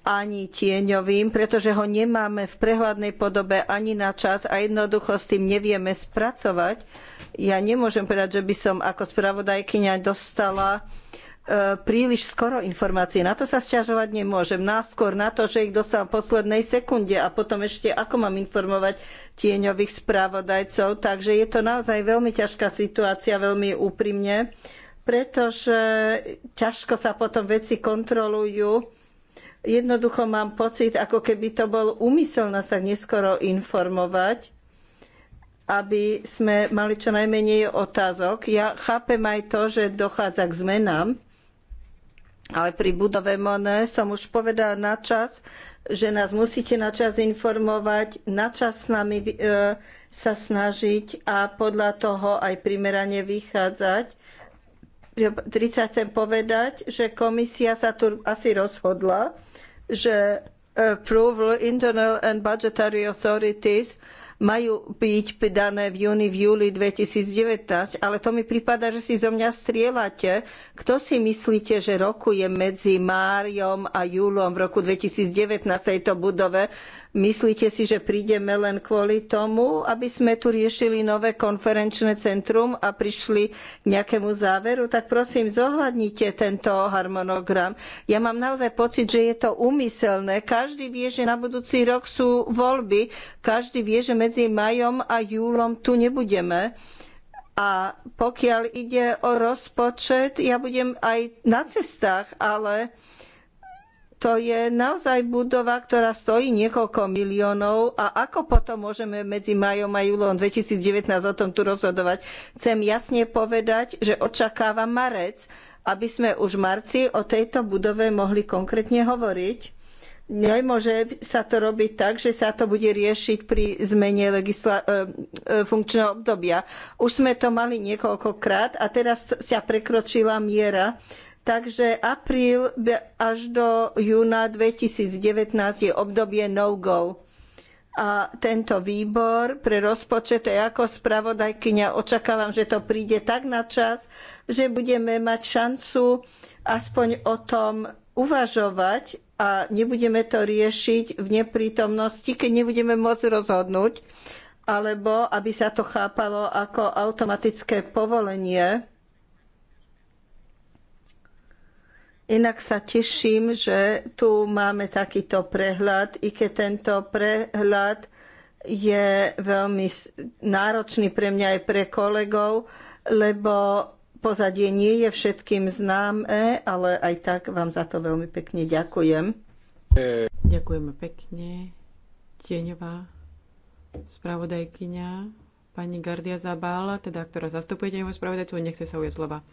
ani tieňovým, pretože ho nemáme v prehľadnej podobe ani na čas a jednoducho s tým nevieme spracovať. Ja nemôžem povedať, že by som ako spravodajkyňa dostala E, príliš skoro informácie. Na to sa sťažovať nemôžem. Náskôr na to, že ich dostávam v poslednej sekunde a potom ešte ako mám informovať tieňových spravodajcov. Takže je to naozaj veľmi ťažká situácia, veľmi úprimne, pretože ťažko sa potom veci kontrolujú. Jednoducho mám pocit, ako keby to bol úmysel nás tak neskoro informovať aby sme mali čo najmenej otázok. Ja chápem aj to, že dochádza k zmenám ale pri budove Mone som už povedala na čas, že nás musíte na čas informovať, na čas s nami e, sa snažiť a podľa toho aj primerane vychádzať. 30 chcem povedať, že komisia sa tu asi rozhodla, že e, approval internal and budgetary authorities majú byť dané v júni, v júli 2019, ale to mi prípada, že si zo mňa strieľate. Kto si myslíte, že roku je medzi Máriom a Júlom v roku 2019 v tejto budove, Myslíte si, že prídeme len kvôli tomu, aby sme tu riešili nové konferenčné centrum a prišli k nejakému záveru? Tak prosím, zohľadnite tento harmonogram. Ja mám naozaj pocit, že je to úmyselné. Každý vie, že na budúci rok sú voľby. Každý vie, že medzi majom a júlom tu nebudeme. A pokiaľ ide o rozpočet, ja budem aj na cestách, ale to je naozaj budova, ktorá stojí niekoľko miliónov a ako potom môžeme medzi majom a júlom 2019 o tom tu rozhodovať? Chcem jasne povedať, že očakávam marec, aby sme už v marci o tejto budove mohli konkrétne hovoriť. Nemôže sa to robiť tak, že sa to bude riešiť pri zmene legisla- e, e, funkčného obdobia. Už sme to mali niekoľkokrát a teraz sa prekročila miera Takže apríl až do júna 2019 je obdobie no-go. A tento výbor pre rozpočet, ako spravodajkyňa očakávam, že to príde tak na čas, že budeme mať šancu aspoň o tom uvažovať a nebudeme to riešiť v neprítomnosti, keď nebudeme môcť rozhodnúť, alebo aby sa to chápalo ako automatické povolenie Inak sa teším, že tu máme takýto prehľad, i keď tento prehľad je veľmi náročný pre mňa aj pre kolegov, lebo pozadie nie je všetkým známe, ale aj tak vám za to veľmi pekne ďakujem. Ďakujeme pekne. Tieňová spravodajkyňa, pani Gardia Zabal, teda, ktorá zastupuje tieňovú spravodajcu, nechce sa ujať slova.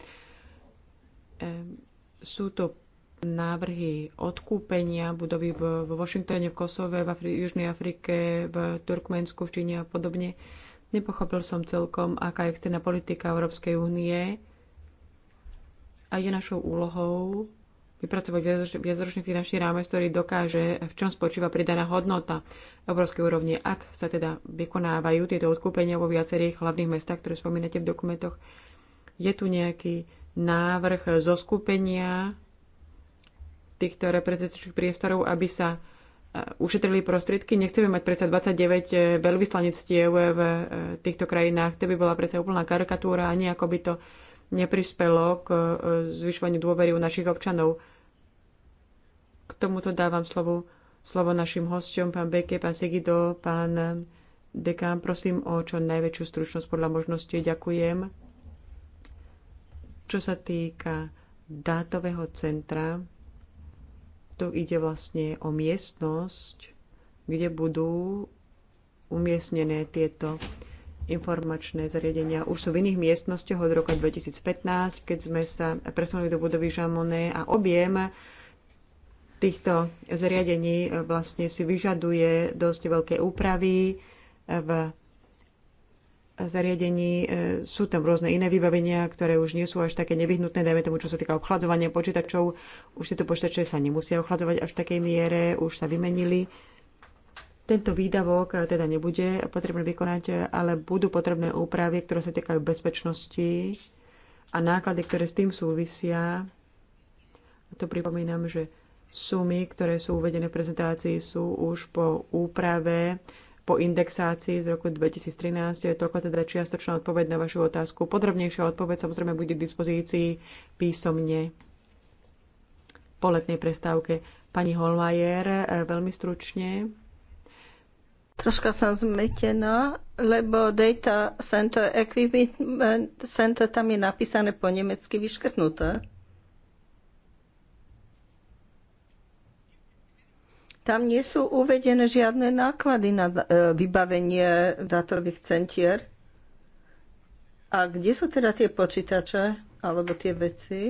Ehm sú to návrhy odkúpenia budovy vo Washingtone, v Kosove, v Afri- Južnej Afrike, v Turkmensku, v Číne a podobne. Nepochopil som celkom, aká je externá politika Európskej únie a je našou úlohou vypracovať viacročný finančný rámec, ktorý dokáže, v čom spočíva pridaná hodnota európskej úrovne, ak sa teda vykonávajú tieto odkúpenia vo viacerých hlavných mestách, ktoré spomínate v dokumentoch. Je tu nejaký návrh zo skupenia týchto reprezentačných priestorov, aby sa e, ušetrili prostriedky. Nechceme mať predsa 29 e, veľvyslanectiev v e, týchto krajinách. To by bola predsa úplná karikatúra a nejako by to neprispelo k zvyšovaniu dôvery u našich občanov. K tomuto dávam slovo, slovo našim hosťom, pán Beke, pán Segido, pán Dekán. Prosím o čo najväčšiu stručnosť podľa možnosti. Ďakujem. Čo sa týka dátového centra, tu ide vlastne o miestnosť, kde budú umiestnené tieto informačné zariadenia. Už sú v iných miestnostiach od roka 2015, keď sme sa presunuli do budovy Žamoné a objem týchto zariadení eh, vlastne si vyžaduje dosť veľké úpravy v zariadení. E, sú tam rôzne iné vybavenia, ktoré už nie sú až také nevyhnutné, dajme tomu, čo sa týka ochladzovania počítačov. Už tieto počítače sa nemusia ochladzovať až v takej miere, už sa vymenili. Tento výdavok e, teda nebude potrebné vykonať, e, ale budú potrebné úpravy, ktoré sa týkajú bezpečnosti a náklady, ktoré s tým súvisia. A to pripomínam, že sumy, ktoré sú uvedené v prezentácii, sú už po úprave po indexácii z roku 2013. je Toľko teda čiastočná odpoveď na vašu otázku. Podrobnejšia odpoveď samozrejme bude k dispozícii písomne po letnej prestávke. Pani Holmajer, e, veľmi stručne. Troška som zmetená, lebo Data Center Equipment Center tam je napísané po nemecky vyškrtnuté. Tam nie sú uvedené žiadne náklady na e, vybavenie datových centier. A kde sú teda tie počítače alebo tie veci?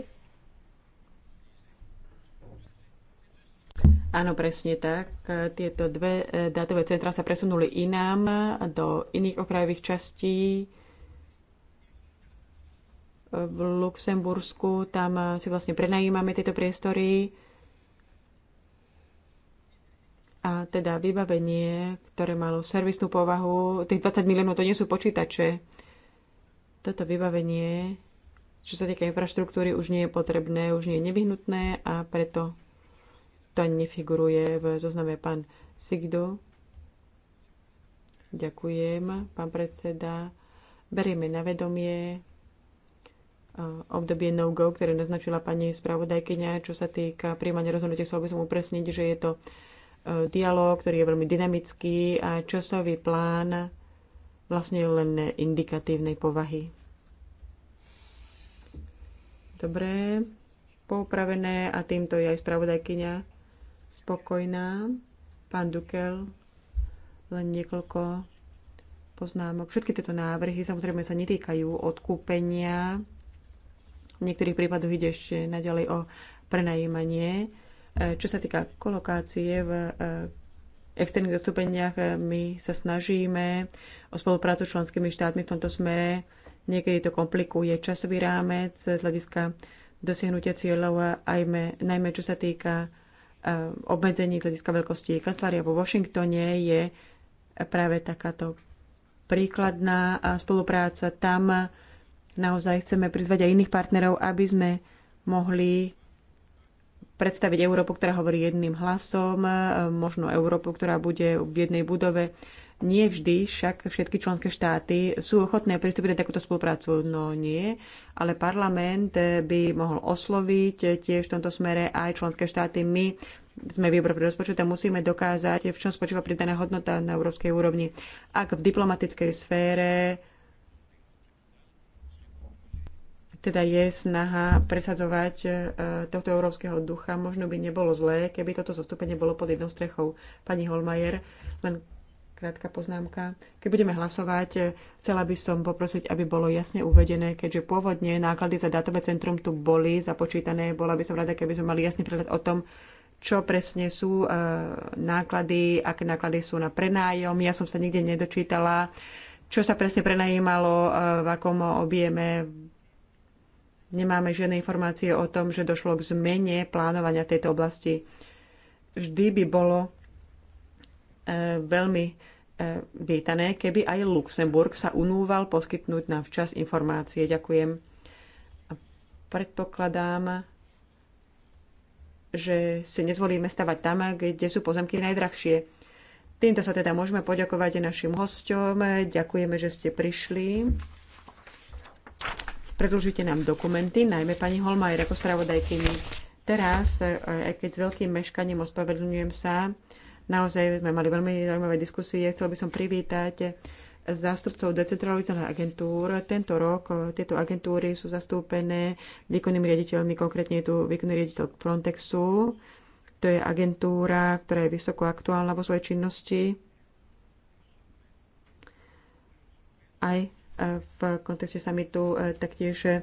Áno, presne tak. E, tieto dve e, datové centra sa presunuli inám, do iných okrajových častí. V Luxembursku tam si vlastne prenajímame tieto priestory a teda vybavenie, ktoré malo servisnú povahu, tých 20 miliónov to nie sú počítače. Toto vybavenie, čo sa týka infraštruktúry, už nie je potrebné, už nie je nevyhnutné a preto to nefiguruje v zozname pán Sigdu. Ďakujem, pán predseda. Berieme na vedomie obdobie no-go, ktoré naznačila pani spravodajkyňa, čo sa týka príjmania rozhodnutia, chcel by som upresniť, že je to Eh, dialog, ktorý je veľmi dynamický a časový plán vlastne len indikatívnej povahy. Dobre, poupravené a týmto je aj spravodajkyňa spokojná. Pán Dukel, len niekoľko poznámok. Všetky tieto návrhy samozrejme sa netýkajú odkúpenia. V niektorých prípadoch ide ešte naďalej o prenajímanie E, čo sa týka kolokácie v e, externých zastúpeniach, e, my sa snažíme o spoluprácu s členskými štátmi v tomto smere. Niekedy to komplikuje časový rámec z hľadiska dosiahnutia cieľov, ajme, najmä čo sa týka obmedzení z hľadiska veľkosti kancelária vo Washingtone je práve takáto príkladná spolupráca. Tam naozaj chceme prizvať aj iných partnerov, aby sme mohli predstaviť Európu, ktorá hovorí jedným hlasom, e, možno Európu, ktorá bude v jednej budove. Nie vždy však všetky členské štáty sú ochotné pristúpiť na takúto spoluprácu. No nie, ale parlament by mohol osloviť tiež v tomto smere aj členské štáty. My sme výbor pre rozpočet a musíme dokázať, v čom spočíva pridaná hodnota na európskej úrovni. Ak v diplomatickej sfére teda je snaha presadzovať e, tohto európskeho ducha. Možno by nebolo zlé, keby toto zastúpenie bolo pod jednou strechou. Pani Holmajer, len krátka poznámka. Keď budeme hlasovať, e, chcela by som poprosiť, aby bolo jasne uvedené, keďže pôvodne náklady za dátové centrum tu boli započítané. Bola by som rada, keby sme mali jasný prehľad o tom, čo presne sú e, náklady, aké náklady sú na prenájom. Ja som sa nikde nedočítala, čo sa presne prenajímalo, v akom objeme, Nemáme žiadne informácie o tom, že došlo k zmene plánovania tejto oblasti. Vždy by bolo e, veľmi e, vítané, keby aj Luxemburg sa unúval poskytnúť nám včas informácie. Ďakujem. A predpokladám, že si nezvolíme stavať tam, kde sú pozemky najdrahšie. Týmto sa teda môžeme poďakovať našim hosťom. Ďakujeme, že ste prišli. Predlžujte nám dokumenty, najmä pani Holmajer ako spravodajkyni. Teraz, e, aj keď s veľkým meškaním ospravedlňujem sa, naozaj sme mali veľmi zaujímavé diskusie. Chcel by som privítať zástupcov decentralizovaných agentúr. Tento rok e, tieto agentúry sú zastúpené výkonnými riaditeľmi, konkrétne je tu výkonný riaditeľ Frontexu. To je agentúra, ktorá je vysoko aktuálna vo svojej činnosti. Aj v kontexte samitu e, taktiež e,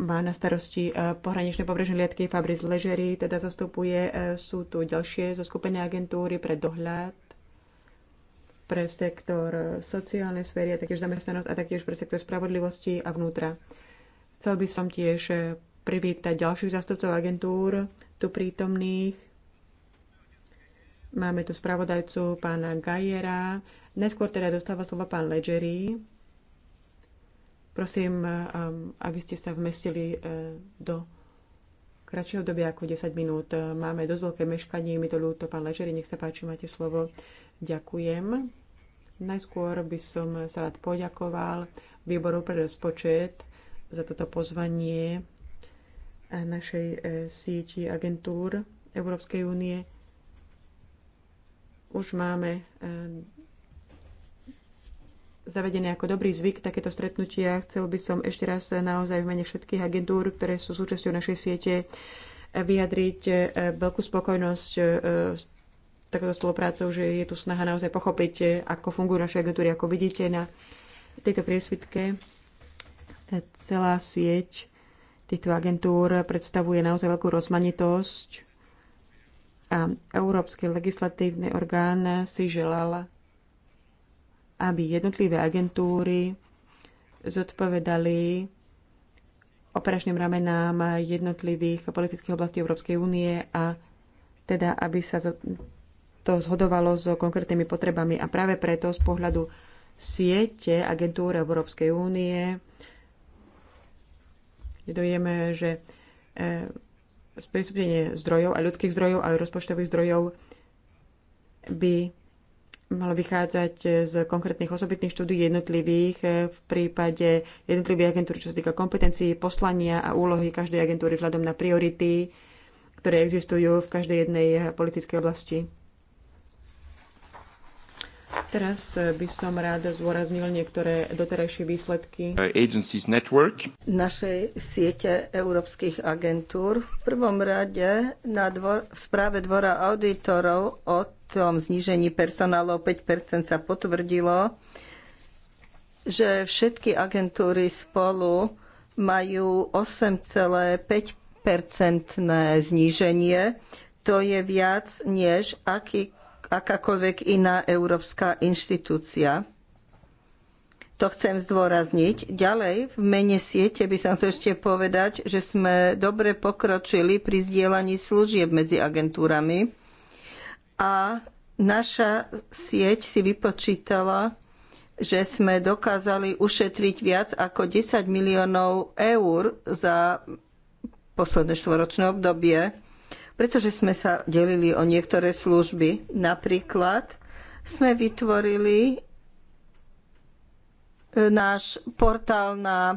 má na starosti e, pohraničné pobrežné liadky Fabrice Ležery, teda zastupuje, sú tu ďalšie zo skupiny agentúry pre dohľad, pre sektor sociálnej sféry a taktiež zamestnanosť a taktiež pre sektor spravodlivosti a vnútra. Chcel by som tiež privítať ďalších zastupcov agentúr, tu prítomných. Máme tu spravodajcu pána Gajera, Neskôr teda dostáva slova pán Ledgeri. Prosím, eh, eh, aby ste sa vmestili eh, do kratšieho dobia ako 10 minút. Máme dosť veľké meškanie, mi to ľúto, pán Ledgeri, nech sa páči, máte slovo. Ďakujem. Najskôr by som sa rád poďakoval výboru pre rozpočet za toto pozvanie našej síti agentúr Európskej únie. Už máme zavedené ako dobrý zvyk takéto stretnutia. Chcel by som ešte raz naozaj v mene všetkých agentúr, ktoré sú súčasťou našej siete, vyjadriť eh, veľkú spokojnosť eh, s takouto spoluprácou, že je tu snaha naozaj pochopiť, eh, ako fungujú naše agentúry. Ako vidíte na tejto priesvitke, celá sieť týchto agentúr predstavuje naozaj veľkú rozmanitosť a Európsky legislatívny orgán si želal aby jednotlivé agentúry zodpovedali operačným ramenám jednotlivých politických oblastí Európskej únie a teda, aby sa to zhodovalo so konkrétnymi potrebami. A práve preto z pohľadu siete agentúr Európskej únie dojeme, že e, sprístupnenie zdrojov, aj ľudských zdrojov, aj rozpočtových zdrojov by mal vychádzať z konkrétnych osobitných štúdí jednotlivých eh, v prípade jednotlivých agentúr, čo sa týka kompetencií, poslania a úlohy každej agentúry vzhľadom na priority, ktoré existujú v každej jednej eh, politickej oblasti. Teraz eh, by som rád zdôraznil niektoré doterajšie výsledky uh, našej siete európskych agentúr. V prvom rade na dvor, v správe Dvora auditorov od tom znížení personálu 5 sa potvrdilo, že všetky agentúry spolu majú 8,5 zníženie. To je viac než aký, akákoľvek iná európska inštitúcia. To chcem zdôrazniť. Ďalej, v mene siete by som chcel ešte povedať, že sme dobre pokročili pri zdieľaní služieb medzi agentúrami. A naša sieť si vypočítala, že sme dokázali ušetriť viac ako 10 miliónov eur za posledné štvoročné obdobie, pretože sme sa delili o niektoré služby. Napríklad sme vytvorili e, náš portál na e,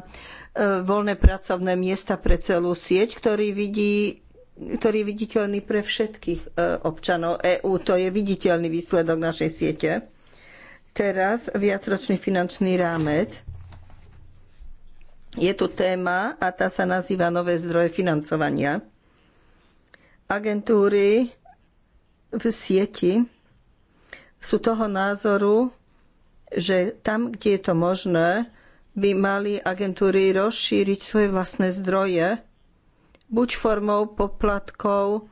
voľné pracovné miesta pre celú sieť, ktorý vidí ktorý je viditeľný pre všetkých e, občanov EÚ. To je viditeľný výsledok našej siete. Teraz viacročný finančný rámec. Je tu téma a tá sa nazýva Nové zdroje financovania. Agentúry v sieti sú toho názoru, že tam, kde je to možné, by mali agentúry rozšíriť svoje vlastné zdroje buď formou poplatkov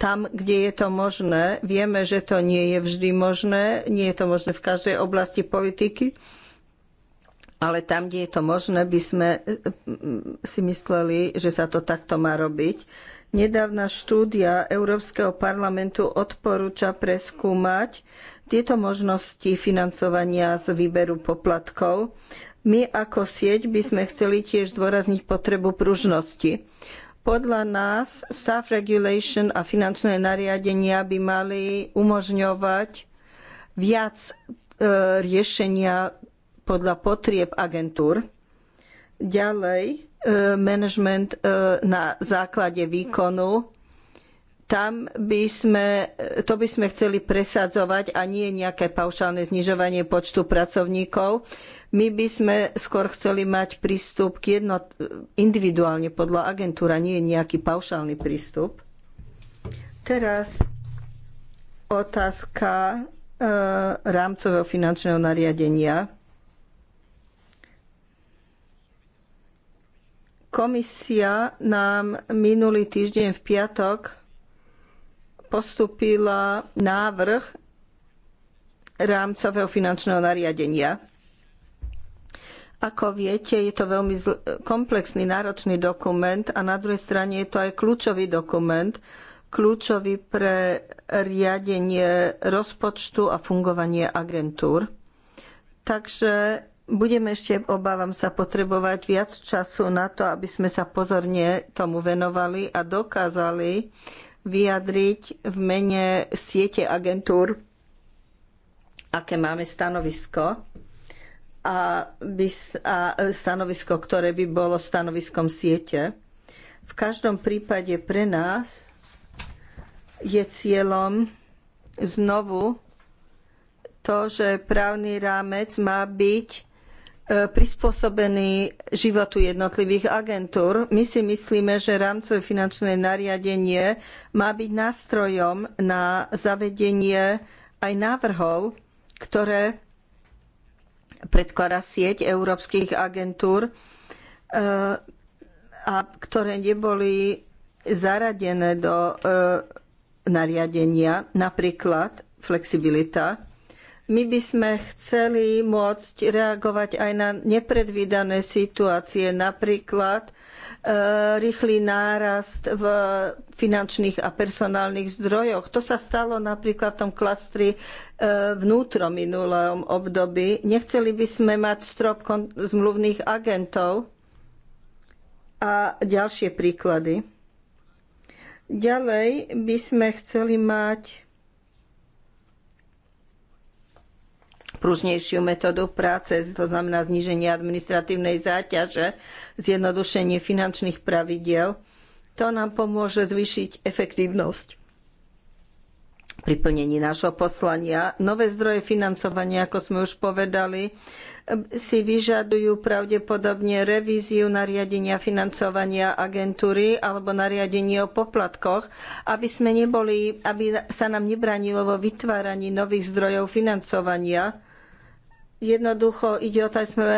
tam, kde je to možné. Vieme, že to nie je vždy možné, nie je to možné v každej oblasti politiky, ale tam, kde je to možné, by sme mm, si mysleli, že sa to takto má robiť. Nedávna štúdia Európskeho parlamentu odporúča preskúmať tieto možnosti financovania z výberu poplatkov my ako sieť by sme chceli tiež zdôrazniť potrebu pružnosti. Podľa nás staff regulation a finančné nariadenia by mali umožňovať viac e, riešenia podľa potrieb agentúr. Ďalej, e, management e, na základe výkonu. Tam by sme, e, to by sme chceli presadzovať a nie nejaké paušálne znižovanie počtu pracovníkov. My by sme skôr chceli mať prístup k individuálne podľa agentúra, nie je nejaký paušálny prístup. Teraz otázka e, rámcového finančného nariadenia. Komisia nám minulý týždeň v piatok postúpila návrh rámcového finančného nariadenia. Ako viete, je to veľmi komplexný, náročný dokument a na druhej strane je to aj kľúčový dokument, kľúčový pre riadenie rozpočtu a fungovanie agentúr. Takže budeme ešte, obávam sa, potrebovať viac času na to, aby sme sa pozorne tomu venovali a dokázali vyjadriť v mene siete agentúr, aké máme stanovisko a, by, a stanovisko, ktoré by bolo stanoviskom siete. V každom prípade pre nás je cieľom znovu to, že právny rámec má byť e, prispôsobený životu jednotlivých agentúr. My si myslíme, že rámcové finančné nariadenie má byť nástrojom na zavedenie aj návrhov, ktoré predkladá sieť európskych agentúr, e, a ktoré neboli zaradené do e, nariadenia, napríklad flexibilita. My by sme chceli môcť reagovať aj na nepredvídané situácie, napríklad E, rýchly nárast v finančných a personálnych zdrojoch. To sa stalo napríklad v tom klastri e, vnútro minulom období. Nechceli by sme mať strop zmluvných agentov a ďalšie príklady. Ďalej by sme chceli mať pružnejšiu metódu práce, to znamená zníženie administratívnej záťaže, zjednodušenie finančných pravidiel. To nám pomôže zvýšiť efektívnosť pri plnení nášho poslania. Nové zdroje financovania, ako sme už povedali, si vyžadujú pravdepodobne revíziu nariadenia financovania agentúry alebo nariadenie o poplatkoch, aby, sme neboli, aby sa nám nebránilo vo vytváraní nových zdrojov financovania Jednoducho ide o to, aby sme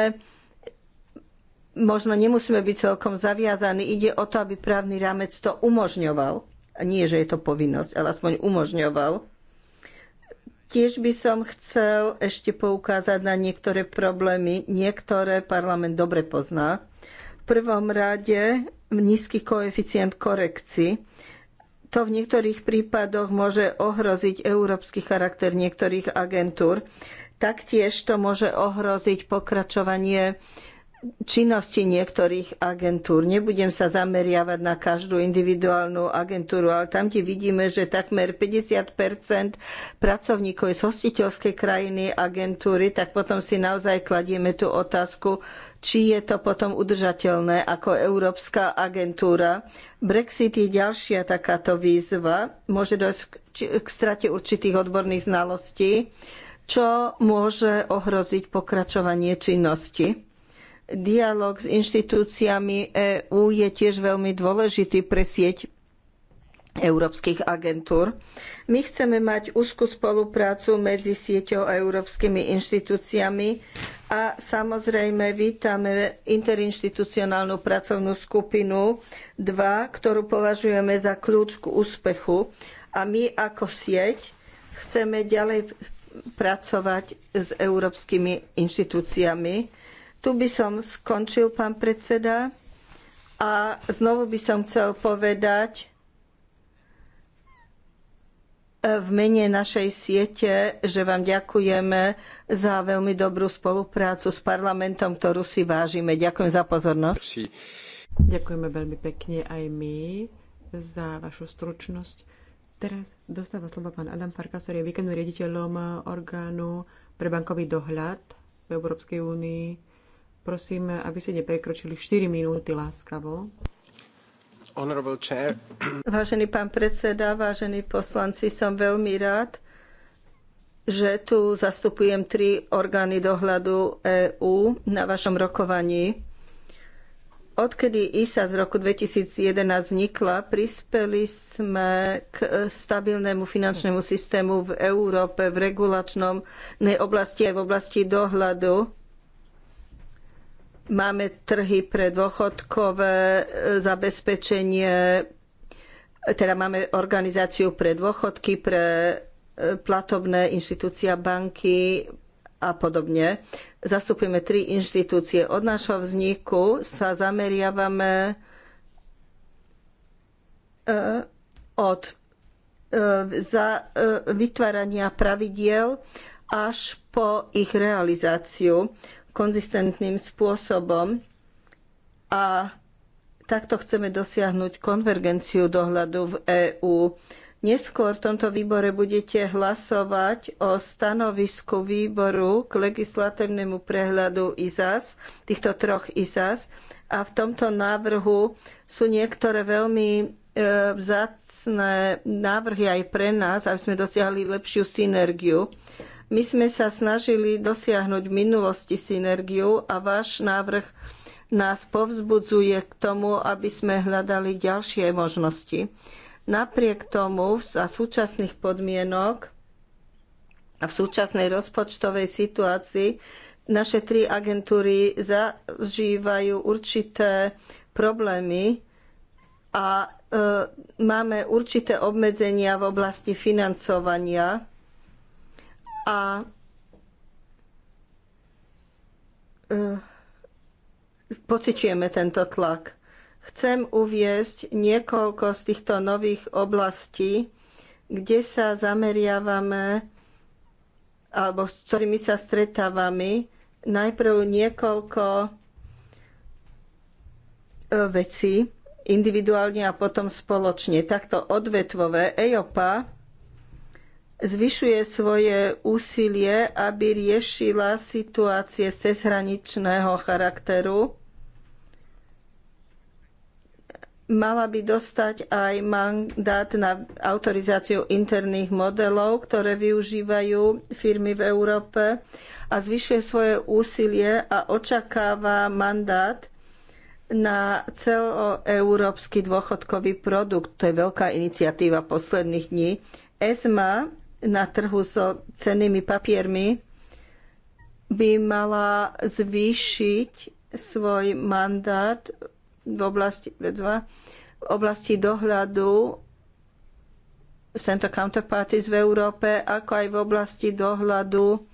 možno nemusíme byť celkom zaviazaní. Ide o to, aby právny rámec to umožňoval. A nie, že je to povinnosť, ale aspoň umožňoval. Tiež by som chcel ešte poukázať na niektoré problémy. Niektoré parlament dobre pozná. V prvom rade nízky koeficient korekcií. To v niektorých prípadoch môže ohroziť európsky charakter niektorých agentúr. Taktiež to môže ohroziť pokračovanie činnosti niektorých agentúr. Nebudem sa zameriavať na každú individuálnu agentúru, ale tam, kde vidíme, že takmer 50 pracovníkov je z hostiteľskej krajiny agentúry, tak potom si naozaj kladieme tú otázku, či je to potom udržateľné ako Európska agentúra. Brexit je ďalšia takáto výzva. Môže dojsť k strate určitých odborných znalostí čo môže ohroziť pokračovanie činnosti. Dialóg s inštitúciami EÚ je tiež veľmi dôležitý pre sieť európskych agentúr. My chceme mať úzku spoluprácu medzi sieťou a európskymi inštitúciami a samozrejme vítame interinštitucionálnu pracovnú skupinu 2, ktorú považujeme za kľúč k úspechu a my ako sieť chceme ďalej pracovať s európskymi inštitúciami. Tu by som skončil, pán predseda, a znovu by som chcel povedať e, v mene našej siete, že vám ďakujeme za veľmi dobrú spoluprácu s parlamentom, ktorú si vážime. Ďakujem za pozornosť. Ďakujeme veľmi pekne aj my za vašu stručnosť. Teraz dostáva slovo pán Adam Farkas, ktorý je výkonným riaditeľom eh, orgánu pre bankový dohľad v Európskej únii. Prosím, eh, aby ste neprekročili 4 minúty láskavo. Vážený pán predseda, vážení poslanci, som veľmi rád, že tu zastupujem tri orgány dohľadu EÚ na vašom rokovaní. Odkedy ISA z roku 2011 vznikla, prispeli sme k stabilnému finančnému systému v Európe v regulačnom oblasti aj v oblasti dohľadu. Máme trhy pre dôchodkové zabezpečenie, teda máme organizáciu pre dôchodky, pre platobné inštitúcia banky, a podobne. Zastupujeme tri inštitúcie. Od nášho vzniku sa zameriavame e, od e, e, vytvárania pravidiel až po ich realizáciu konzistentným spôsobom a takto chceme dosiahnuť konvergenciu dohľadu v EÚ. Neskôr v tomto výbore budete hlasovať o stanovisku výboru k legislatívnemu prehľadu ISAS, týchto troch ISAS. A v tomto návrhu sú niektoré veľmi e, vzácne návrhy aj pre nás, aby sme dosiahli lepšiu synergiu. My sme sa snažili dosiahnuť v minulosti synergiu a váš návrh nás povzbudzuje k tomu, aby sme hľadali ďalšie možnosti. Napriek tomu za súčasných podmienok a v súčasnej rozpočtovej situácii naše tri agentúry zažívajú určité problémy a e, máme určité obmedzenia v oblasti financovania a e, pociťujeme tento tlak. Chcem uviesť niekoľko z týchto nových oblastí, kde sa zameriavame alebo s ktorými sa stretávame. Najprv niekoľko e, vecí individuálne a potom spoločne. Takto odvetvové EOPA zvyšuje svoje úsilie, aby riešila situácie cezhraničného charakteru mala by dostať aj mandát na autorizáciu interných modelov, ktoré využívajú firmy v Európe a zvyšuje svoje úsilie a očakáva mandát na celoeurópsky dôchodkový produkt. To je veľká iniciatíva posledných dní. ESMA na trhu so cennými papiermi by mala zvýšiť svoj mandát v oblasti, vedva, v oblasti dohľadu Center Counterparties v Európe, ako aj v oblasti dohľadu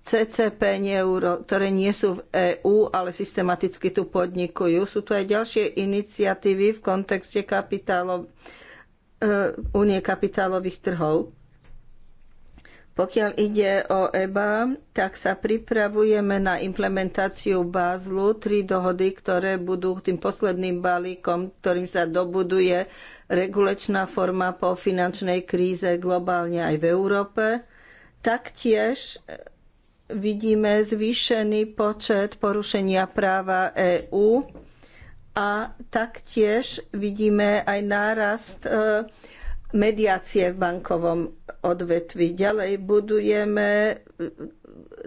CCP, euro, ktoré nie sú v EÚ, ale systematicky tu podnikujú. Sú tu aj ďalšie iniciatívy v kontexte kapitálov, únie e, kapitálových trhov. Pokiaľ ide o EBA, tak sa pripravujeme na implementáciu Bázlu, tri dohody, ktoré budú tým posledným balíkom, ktorým sa dobuduje regulačná forma po finančnej kríze globálne aj v Európe. Taktiež e, vidíme zvýšený počet porušenia práva EÚ a taktiež vidíme aj nárast e, mediácie v bankovom odvetvi. Ďalej budujeme mm,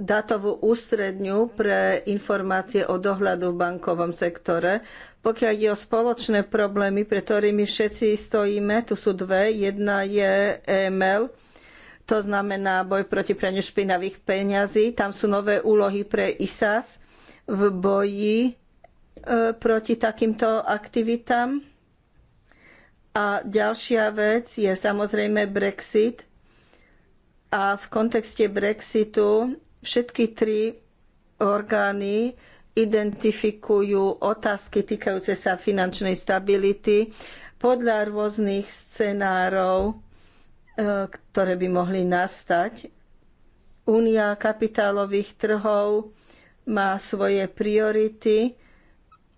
dátovú ústredňu pre informácie o dohľadu v bankovom sektore. Pokiaľ ide o spoločné problémy, pre ktorými všetci stojíme, tu sú dve. Jedna je EML, to znamená boj proti praniu špinavých peňazí. Tam sú nové úlohy pre ISAS v boji e, proti takýmto aktivitám a ďalšia vec je samozrejme Brexit. A v kontexte Brexitu všetky tri orgány identifikujú otázky týkajúce sa finančnej stability podľa rôznych scenárov, e, ktoré by mohli nastať. Únia kapitálových trhov má svoje priority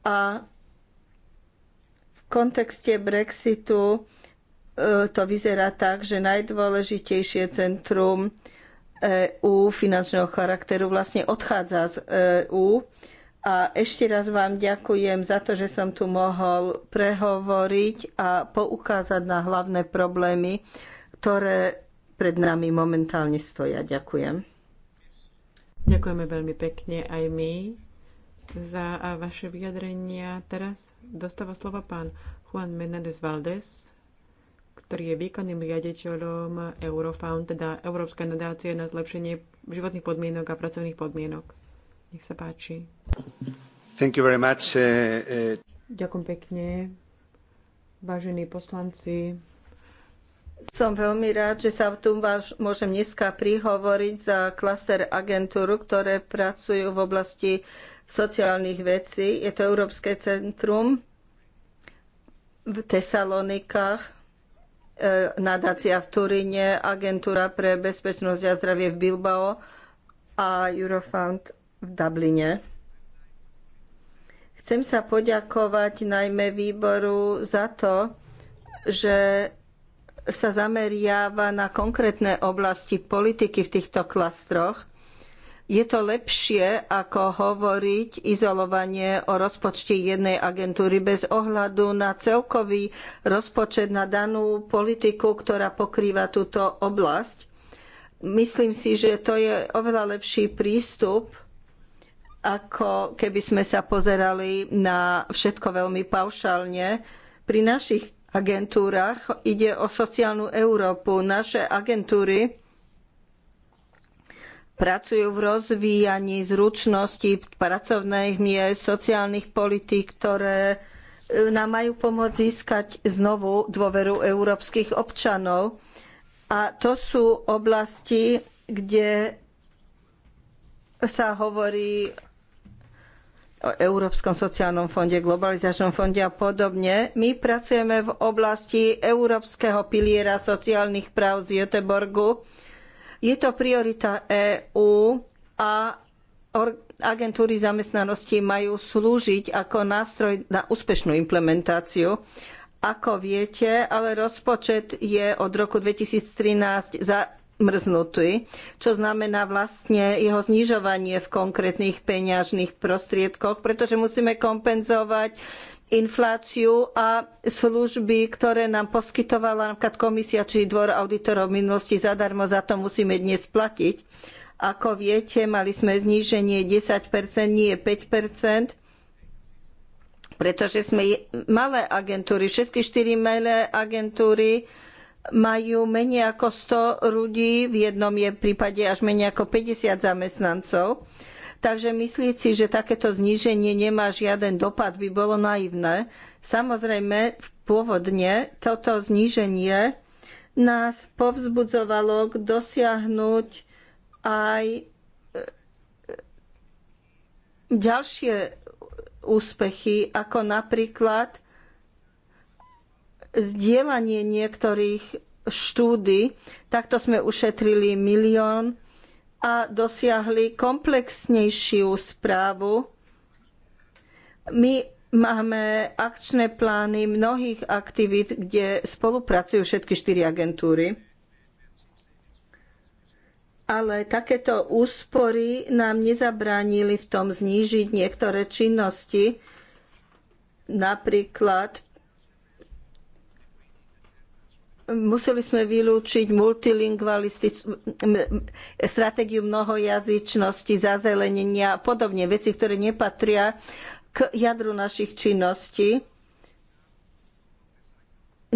a kontexte Brexitu e, to vyzerá tak, že najdôležitejšie centrum EU finančného charakteru vlastne odchádza z EU. A ešte raz vám ďakujem za to, že som tu mohol prehovoriť a poukázať na hlavné problémy, ktoré pred nami momentálne stoja. Ďakujem. Ďakujeme veľmi pekne aj my za vaše vyjadrenia. Teraz dostáva slova pán Juan Menéndez Valdez, ktorý je výkonným riaditeľom Eurofound, teda Európska nadácia na zlepšenie životných podmienok a pracovných podmienok. Nech sa páči. Thank you very much. Eh, eh. Ďakujem pekne, vážení poslanci, som veľmi rád, že sa tu váš, môžem dneska prihovoriť za klaster agentúru, ktoré pracujú v oblasti sociálnych vecí. Je to Európske centrum v Tesalonikách, e, nadácia v Turíne, agentúra pre bezpečnosť a zdravie v Bilbao a Eurofound v Dubline. Chcem sa poďakovať najmä výboru za to, že sa zameriava na konkrétne oblasti politiky v týchto klastroch je to lepšie, ako hovoriť izolovanie o rozpočte jednej agentúry bez ohľadu na celkový rozpočet na danú politiku, ktorá pokrýva túto oblasť. Myslím si, že to je oveľa lepší prístup, ako keby sme sa pozerali na všetko veľmi paušálne. Pri našich agentúrach ide o sociálnu Európu. Naše agentúry pracujú v rozvíjaní zručností pracovných miest, sociálnych politík, ktoré e, nám majú pomôcť získať znovu dôveru európskych občanov. A to sú oblasti, kde sa hovorí o Európskom sociálnom fonde, Globalizačnom fonde a podobne. My pracujeme v oblasti Európskeho piliera sociálnych práv z Göteborgu, je to priorita EÚ a agentúry zamestnanosti majú slúžiť ako nástroj na úspešnú implementáciu. Ako viete, ale rozpočet je od roku 2013 zamrznutý, čo znamená vlastne jeho znižovanie v konkrétnych peňažných prostriedkoch, pretože musíme kompenzovať infláciu a služby, ktoré nám poskytovala napríklad komisia či dvor auditorov minulosti zadarmo, za to musíme dnes platiť. Ako viete, mali sme zníženie 10%, nie 5%, pretože sme malé agentúry, všetky štyri malé agentúry majú menej ako 100 ľudí, v jednom je prípade až menej ako 50 zamestnancov. Takže myslieť si, že takéto zníženie nemá žiaden dopad, by bolo naivné. Samozrejme, pôvodne toto zníženie nás povzbudzovalo k dosiahnuť aj e, ďalšie úspechy, ako napríklad zdieľanie niektorých štúdy. Takto sme ušetrili milión a dosiahli komplexnejšiu správu. My máme akčné plány mnohých aktivít, kde spolupracujú všetky štyri agentúry. Ale takéto úspory nám nezabránili v tom znížiť niektoré činnosti, napríklad museli sme vylúčiť stratégiu mnohojazyčnosti, zazelenenia a podobne, veci, ktoré nepatria k jadru našich činností.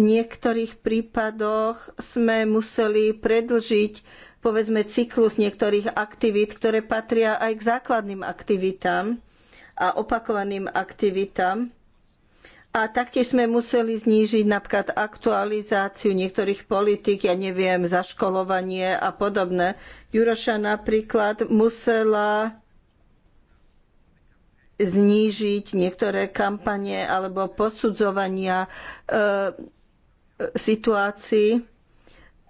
V niektorých prípadoch sme museli predlžiť povedzme cyklus niektorých aktivít, ktoré patria aj k základným aktivitám a opakovaným aktivitám a taktiež sme museli znížiť napríklad aktualizáciu niektorých politik, ja neviem, zaškolovanie a podobné. Juroša napríklad musela znížiť niektoré kampane alebo posudzovania e, e situácií.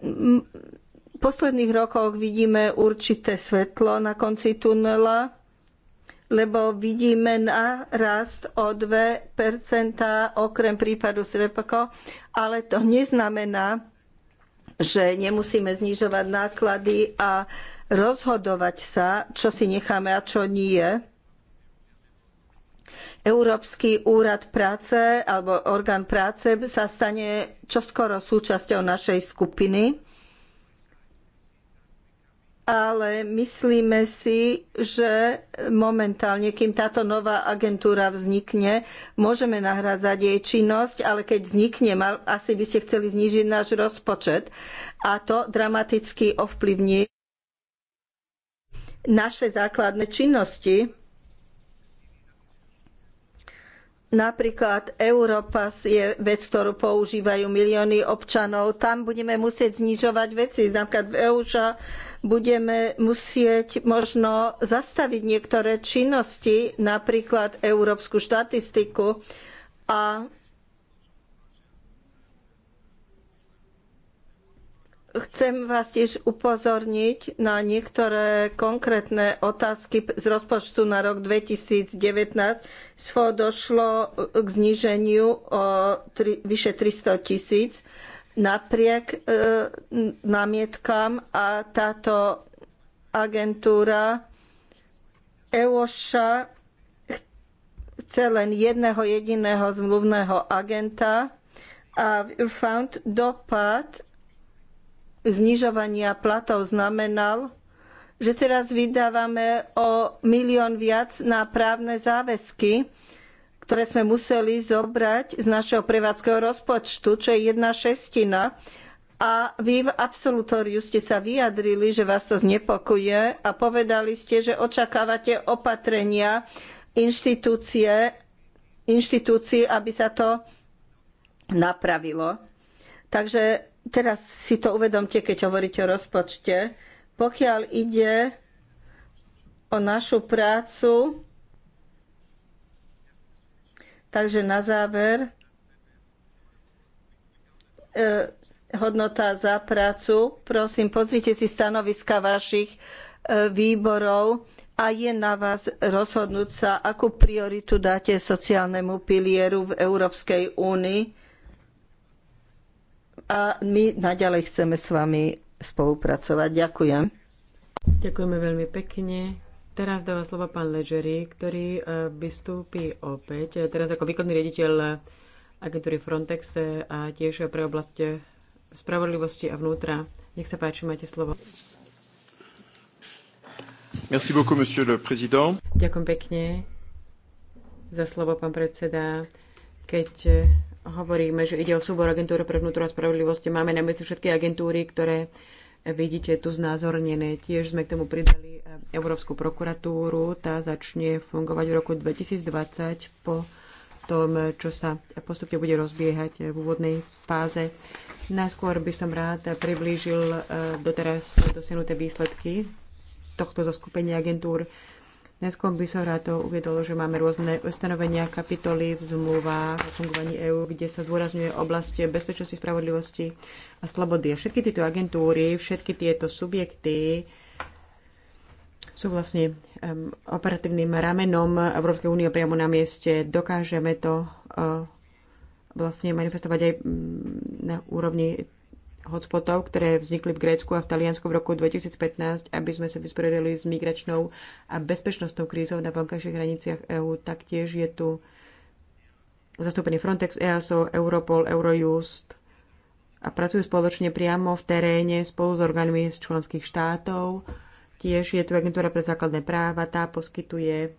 V posledných rokoch vidíme určité svetlo na konci tunela lebo vidíme rast o 2 okrem prípadu Srepko, ale to neznamená, že nemusíme znižovať náklady a rozhodovať sa, čo si necháme a čo nie. Európsky úrad práce alebo orgán práce sa stane čoskoro súčasťou našej skupiny ale myslíme si, že momentálne, kým táto nová agentúra vznikne, môžeme nahrádzať jej činnosť, ale keď vznikne, asi by ste chceli znížiť náš rozpočet a to dramaticky ovplyvní naše základné činnosti. Napríklad Europass je vec, ktorú používajú milióny občanov. Tam budeme musieť znižovať veci. Napríklad v Euša budeme musieť možno zastaviť niektoré činnosti, napríklad európsku štatistiku a Chcem vás tiež upozorniť na niektoré konkrétne otázky z rozpočtu na rok 2019. SFO došlo k zníženiu o tri, vyše 300 tisíc napriek e, námietkam a táto agentúra EOŠA chce len jedného jediného zmluvného agenta a Eurofound dopad znižovania platov znamenal, že teraz vydávame o milión viac na právne záväzky ktoré sme museli zobrať z našeho prevádzkeho rozpočtu, čo je jedna šestina. A vy v absolutóriu ste sa vyjadrili, že vás to znepokuje a povedali ste, že očakávate opatrenia inštitúcie, inštitúcií, aby sa to napravilo. Takže teraz si to uvedomte, keď hovoríte o rozpočte. Pokiaľ ide o našu prácu, Takže na záver e, hodnota za prácu. Prosím, pozrite si stanoviska vašich e, výborov a je na vás rozhodnúť sa, akú prioritu dáte sociálnemu pilieru v Európskej únii. A my naďalej chceme s vami spolupracovať. Ďakujem. Ďakujeme veľmi pekne. Teraz dáva slovo pán Ledgeri, ktorý e, vystúpi opäť, e, teraz ako výkonný riaditeľ e, agentúry Frontex a tiež pre oblasť spravodlivosti a vnútra. Nech sa páči, máte slovo. Merci beaucoup, monsieur le président. Ďakujem pekne za slovo, pán predseda. Keď hovoríme, že ide o súbor agentúry pre vnútro a spravodlivosť, máme na mysli všetky agentúry, ktoré vidíte tu znázornené. Tiež sme k tomu pridali e, Európsku prokuratúru. Tá začne fungovať v roku 2020 po tom, čo sa postupne bude rozbiehať e, v úvodnej fáze. Najskôr by som rád priblížil e, doteraz dosiahnuté výsledky tohto zoskupenia agentúr. Neskôr by som rád to uviedol, že máme rôzne ustanovenia, kapitoly v zmluvách o fungovaní EÚ, kde sa zdôrazňuje oblasti bezpečnosti, spravodlivosti a slobody. A všetky tieto agentúry, všetky tieto subjekty sú vlastne um, operatívnym ramenom Európskej únie priamo na mieste. Dokážeme to uh, vlastne manifestovať aj na úrovni hotspotov, ktoré vznikli v Grécku a v Taliansku v roku 2015, aby sme sa vysporiadali s migračnou a bezpečnostnou krízou na vonkajších hraniciach EÚ. Taktiež je tu zastúpenie Frontex, EASO, Europol, Eurojust a pracujú spoločne priamo v teréne spolu s orgánmi z členských štátov. Tiež je tu agentúra pre základné práva, tá poskytuje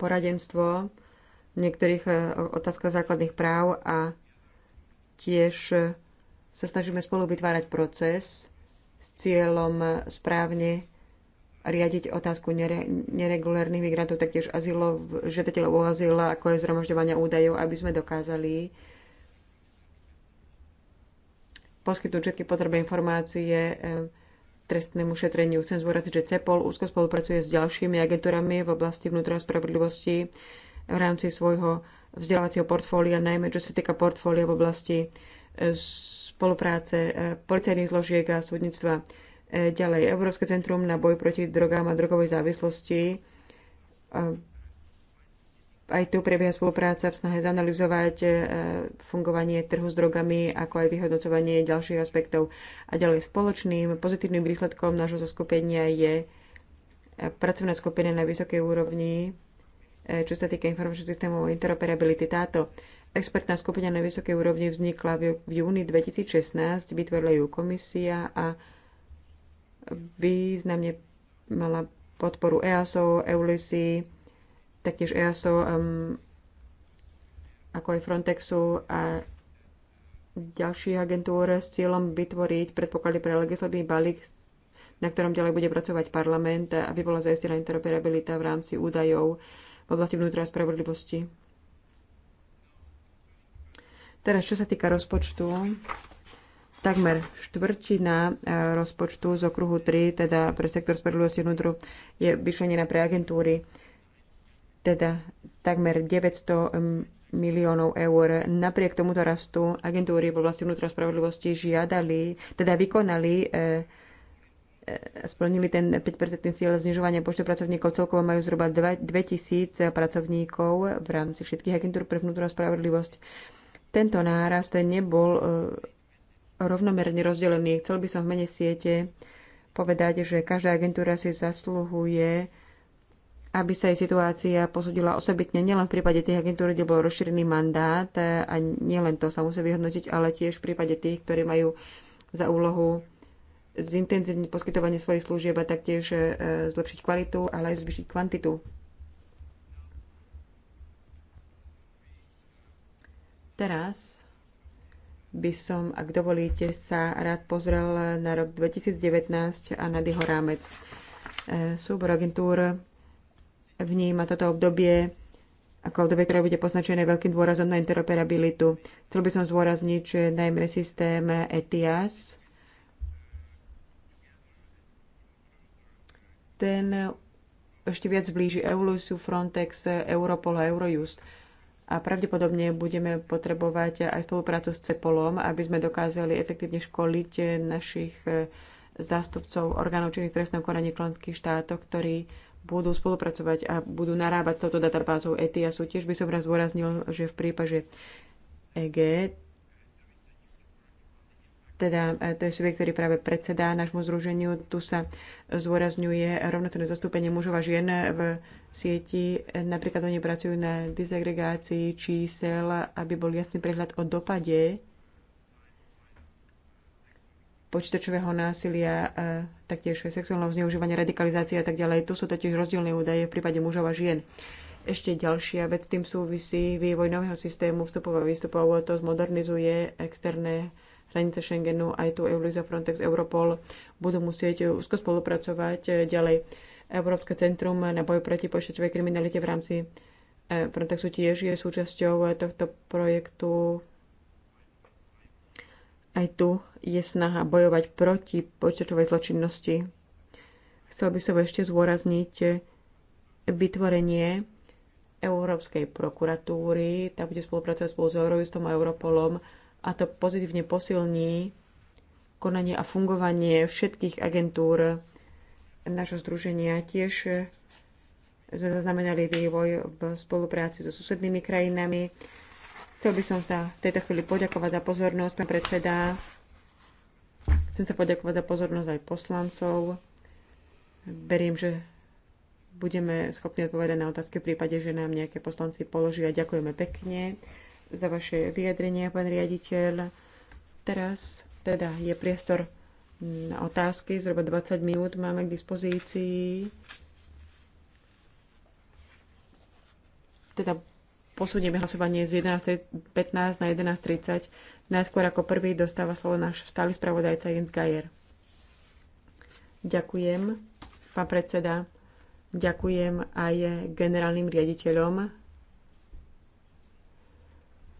poradenstvo v niektorých e, otázkach základných práv a tiež sa snažíme spolu vytvárať proces s cieľom správne riadiť otázku nere- neregulárnych migrantov, taktiež azylov, žiadateľov o azyl, ako je zhromažďovanie údajov, aby sme dokázali poskytnúť všetky potrebné informácie eh, trestnému šetreniu. Chcem zúraziť, že CEPOL úzko spolupracuje s ďalšími agentúrami v oblasti vnútra spravodlivosti v rámci svojho vzdelávacieho portfólia, najmä čo sa týka portfólia v oblasti eh, spolupráce e, policajných zložiek a súdnictva. E, ďalej, Európske centrum na boj proti drogám a drogovej závislosti. E, aj tu prebieha spolupráca v snahe zanalizovať fungovanie trhu s drogami, ako aj vyhodnocovanie ďalších aspektov. A ďalej, spoločným pozitívnym výsledkom nášho zoskupenia je pracovná skupina na vysokej úrovni, čo sa týka informačných systémov interoperability. Táto Expertná skupina na vysokej úrovni vznikla v júni 2016, vytvorila ju komisia a významne mala podporu EASO, EULISI, taktiež EASO, um, ako aj Frontexu a ďalších agentúr s cieľom vytvoriť predpoklady pre legislatívny balík, na ktorom ďalej bude pracovať parlament, aby bola zaistená interoperabilita v rámci údajov v oblasti vnútra a spravodlivosti. Teraz, čo sa týka rozpočtu, takmer štvrtina e, rozpočtu z okruhu 3, teda pre sektor spravodlivosti vnútru, je vyšlenená pre agentúry, teda takmer 900 miliónov eur. Napriek tomuto rastu agentúry v oblasti vnútra spravodlivosti žiadali, teda vykonali e, e, splnili ten 5% cieľ znižovania počtu pracovníkov. Celkovo majú zhruba 2000 pracovníkov v rámci všetkých agentúr pre vnútornú spravodlivosť tento nárast nebol e, rovnomerne rozdelený. Chcel by som v mene siete povedať, že každá agentúra si zasluhuje, aby sa jej situácia posudila osobitne nielen v prípade tých agentúr, kde bol rozšírený mandát e, a nielen to sa musí vyhodnotiť, ale tiež v prípade tých, ktorí majú za úlohu zintenzívniť poskytovanie svojich služieb a taktiež e, zlepšiť kvalitu, ale aj zvýšiť kvantitu Teraz by som, ak dovolíte, sa rád pozrel na rok 2019 a nad jeho rámec. E, súbor agentúr vníma toto obdobie ako obdobie, ktoré bude poznačené veľkým dôrazom na interoperabilitu. Chcel by som zdôrazniť, že najmä systém ETIAS ten ešte viac blíži EULUSu, Frontex, Europol a Eurojust a pravdepodobne budeme potrebovať aj spoluprácu s CEPOLom, aby sme dokázali efektívne školiť našich e, zástupcov orgánov činných trestného konaní v členských štátoch, ktorí budú spolupracovať a budú narábať s touto databázou ETIASu. Tiež by som raz zdôraznil, že v prípade EG teda e, to je subjekt, ktorý práve predsedá nášmu združeniu. Tu sa zdôrazňuje rovnocenné zastúpenie mužov a žien v sieti. Napríklad oni pracujú na disagregácii čísel, aby bol jasný prehľad o dopade počítačového násilia, e, taktiež sexuálneho zneužívania, radikalizácie a tak ďalej. Tu sú totiž rozdielne údaje v prípade mužov a žien. Ešte ďalšia vec tým súvisí vývoj nového systému vstupov a výstupov. To zmodernizuje externé hranice Schengenu, aj tu EULISA, Frontex, Europol budú musieť úzko spolupracovať eh, ďalej. Európske centrum na boj proti počítačovej kriminalite v rámci eh, Frontexu tiež je súčasťou eh, tohto projektu. Aj tu je snaha bojovať proti počtačovej zločinnosti. Chcel by som ešte zôrazniť vytvorenie Európskej prokuratúry. Tá bude spolupracovať spolu s Eurojustom a Europolom a to pozitívne posilní konanie a fungovanie všetkých agentúr našho združenia. Tiež sme zaznamenali vývoj v spolupráci so susednými krajinami. Chcel by som sa v tejto chvíli poďakovať za pozornosť, pán predseda. Chcem sa poďakovať za pozornosť aj poslancov. Verím, že budeme schopní odpovedať na otázky v prípade, že nám nejaké poslanci položia. Ďakujeme pekne za vaše vyjadrenie, pán riaditeľ. Teraz teda je priestor na otázky, zhruba 20 minút máme k dispozícii. Teda posunieme hlasovanie z 11.15 na 11.30. Najskôr ako prvý dostáva slovo náš stály spravodajca Jens Gajer. Ďakujem, pán predseda. Ďakujem aj generálnym riaditeľom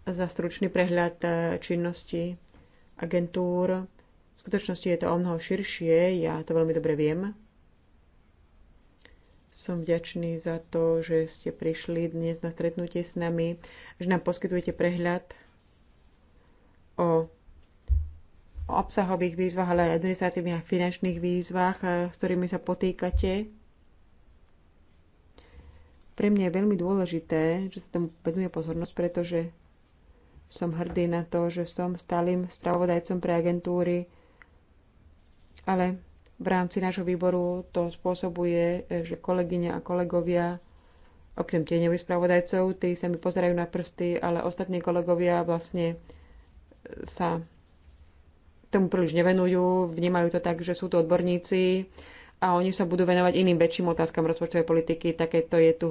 za stručný prehľad e, činnosti agentúr. V skutočnosti je to o mnoho širšie, ja to veľmi dobre viem. Som vďačný za to, že ste prišli dnes na stretnutie s nami, že nám poskytujete prehľad o obsahových výzvach, ale aj administratívnych a finančných výzvach, e, s ktorými sa potýkate. Pre mňa je veľmi dôležité, že sa tomu venuje pozornosť, pretože som hrdý na to, že som stálym spravodajcom pre agentúry, ale v rámci nášho výboru to spôsobuje, že kolegyne a kolegovia, okrem tieňových spravodajcov, tí sa mi pozerajú na prsty, ale ostatní kolegovia vlastne sa tomu príliš nevenujú, vnímajú to tak, že sú to odborníci a oni sa budú venovať iným väčším otázkam rozpočtovej politiky, také to je tu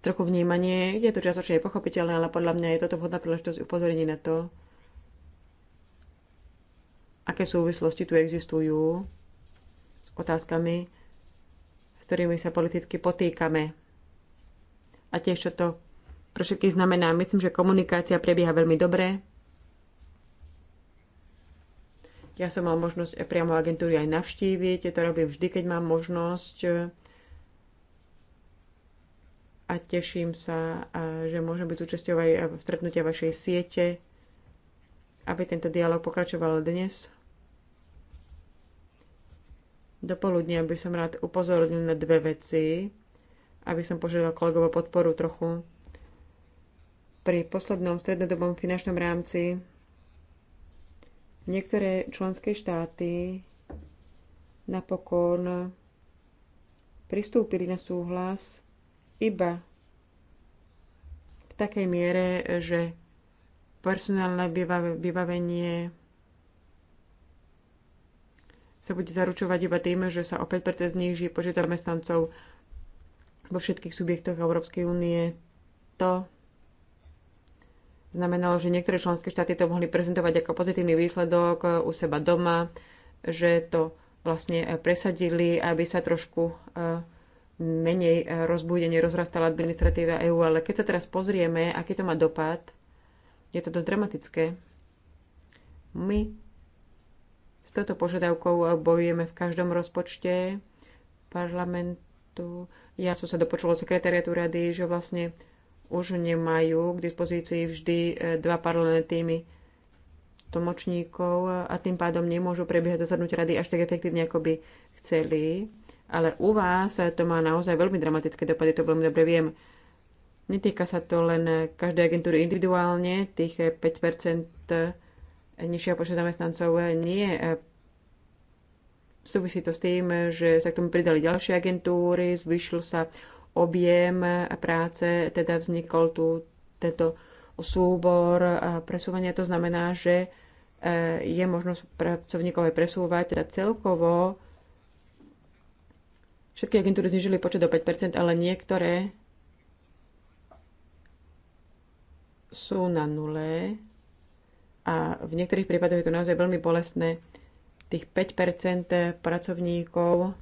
trochu vnímanie. Je to časočne nepochopiteľné, ale podľa mňa je toto vhodná príležitosť upozorenie na to, aké súvislosti tu existujú s otázkami, s ktorými sa politicky potýkame. A tiež, čo to pre všetkých znamená. Myslím, že komunikácia prebieha veľmi dobre. Ja som mal možnosť priamo agentúry aj navštíviť. To robím vždy, keď mám možnosť a teším sa, že môžem byť súčasťou aj v stretnutia vašej siete, aby tento dialog pokračoval dnes. Dopoludnia by som rád upozornil na dve veci, aby som požiadal kolegovo podporu trochu. Pri poslednom strednodobom finančnom rámci niektoré členské štáty napokon pristúpili na súhlas iba v takej miere, že personálne vybavenie sa bude zaručovať iba tým, že sa o 5% zniží počet zamestnancov vo všetkých subjektoch Európskej únie. To znamenalo, že niektoré členské štáty to mohli prezentovať ako pozitívny výsledok u seba doma, že to vlastne presadili, aby sa trošku eh, menej eh, rozbúdenie rozrastala administratíva EÚ, ale keď sa teraz pozrieme, aký to má dopad, je to dosť dramatické. My s touto požiadavkou eh, bojujeme v každom rozpočte parlamentu. Ja som sa dopočula od sekretariatu rady, že vlastne už nemajú k dispozícii vždy eh, dva paralelné týmy tlmočníkov a tým pádom nemôžu prebiehať zasadnutie rady až tak efektívne, ako by chceli ale u vás to má naozaj veľmi dramatické dopady, to veľmi dobre viem. Netýka sa to len každej agentúry individuálne, tých 5 nižšieho počtu zamestnancov nie. Súvisí to s tým, že sa k tomu pridali ďalšie agentúry, zvyšil sa objem práce, teda vznikol tu tento súbor presúvania. To znamená, že eh, je možnosť pracovníkov aj presúvať, teda celkovo Všetky agentúry znižili počet o 5%, ale niektoré sú na nule a v niektorých prípadoch je to naozaj veľmi bolestné. Tých 5% pracovníkov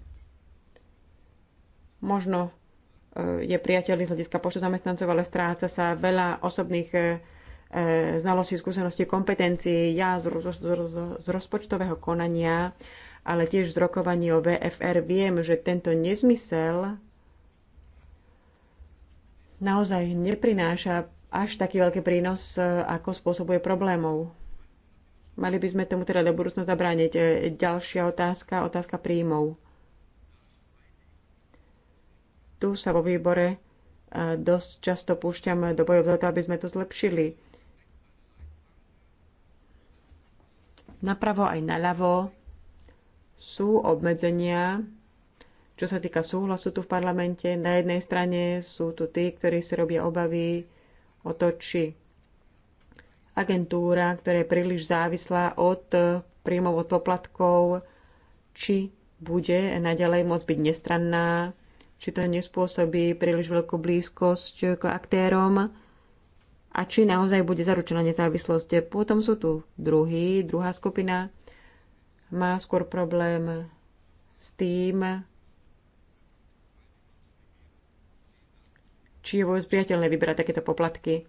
možno e, je priateľný z hľadiska počtu zamestnancov, ale stráca sa veľa osobných e, e, znalostí, skúseností, kompetencií. Ja z, z, z rozpočtového konania ale tiež z rokovaní o VFR viem, že tento nezmysel naozaj neprináša až taký veľký prínos, e, ako spôsobuje problémov. Mali by sme tomu teda do budúcna zabrániť. E, ďalšia otázka, otázka príjmov. Tu sa vo výbore e, dosť často púšťam do bojov za to, aby sme to zlepšili. Napravo aj naľavo sú obmedzenia, čo sa týka súhlasu tu v parlamente. Na jednej strane sú tu tí, ktorí si robia obavy o to, či agentúra, ktorá je príliš závislá od príjmov od poplatkov, či bude naďalej môcť byť nestranná, či to nespôsobí príliš veľkú blízkosť k aktérom a či naozaj bude zaručená nezávislosť. Potom sú tu druhý, druhá skupina má skôr problém s tým, či je vôbec priateľné vybrať takéto poplatky.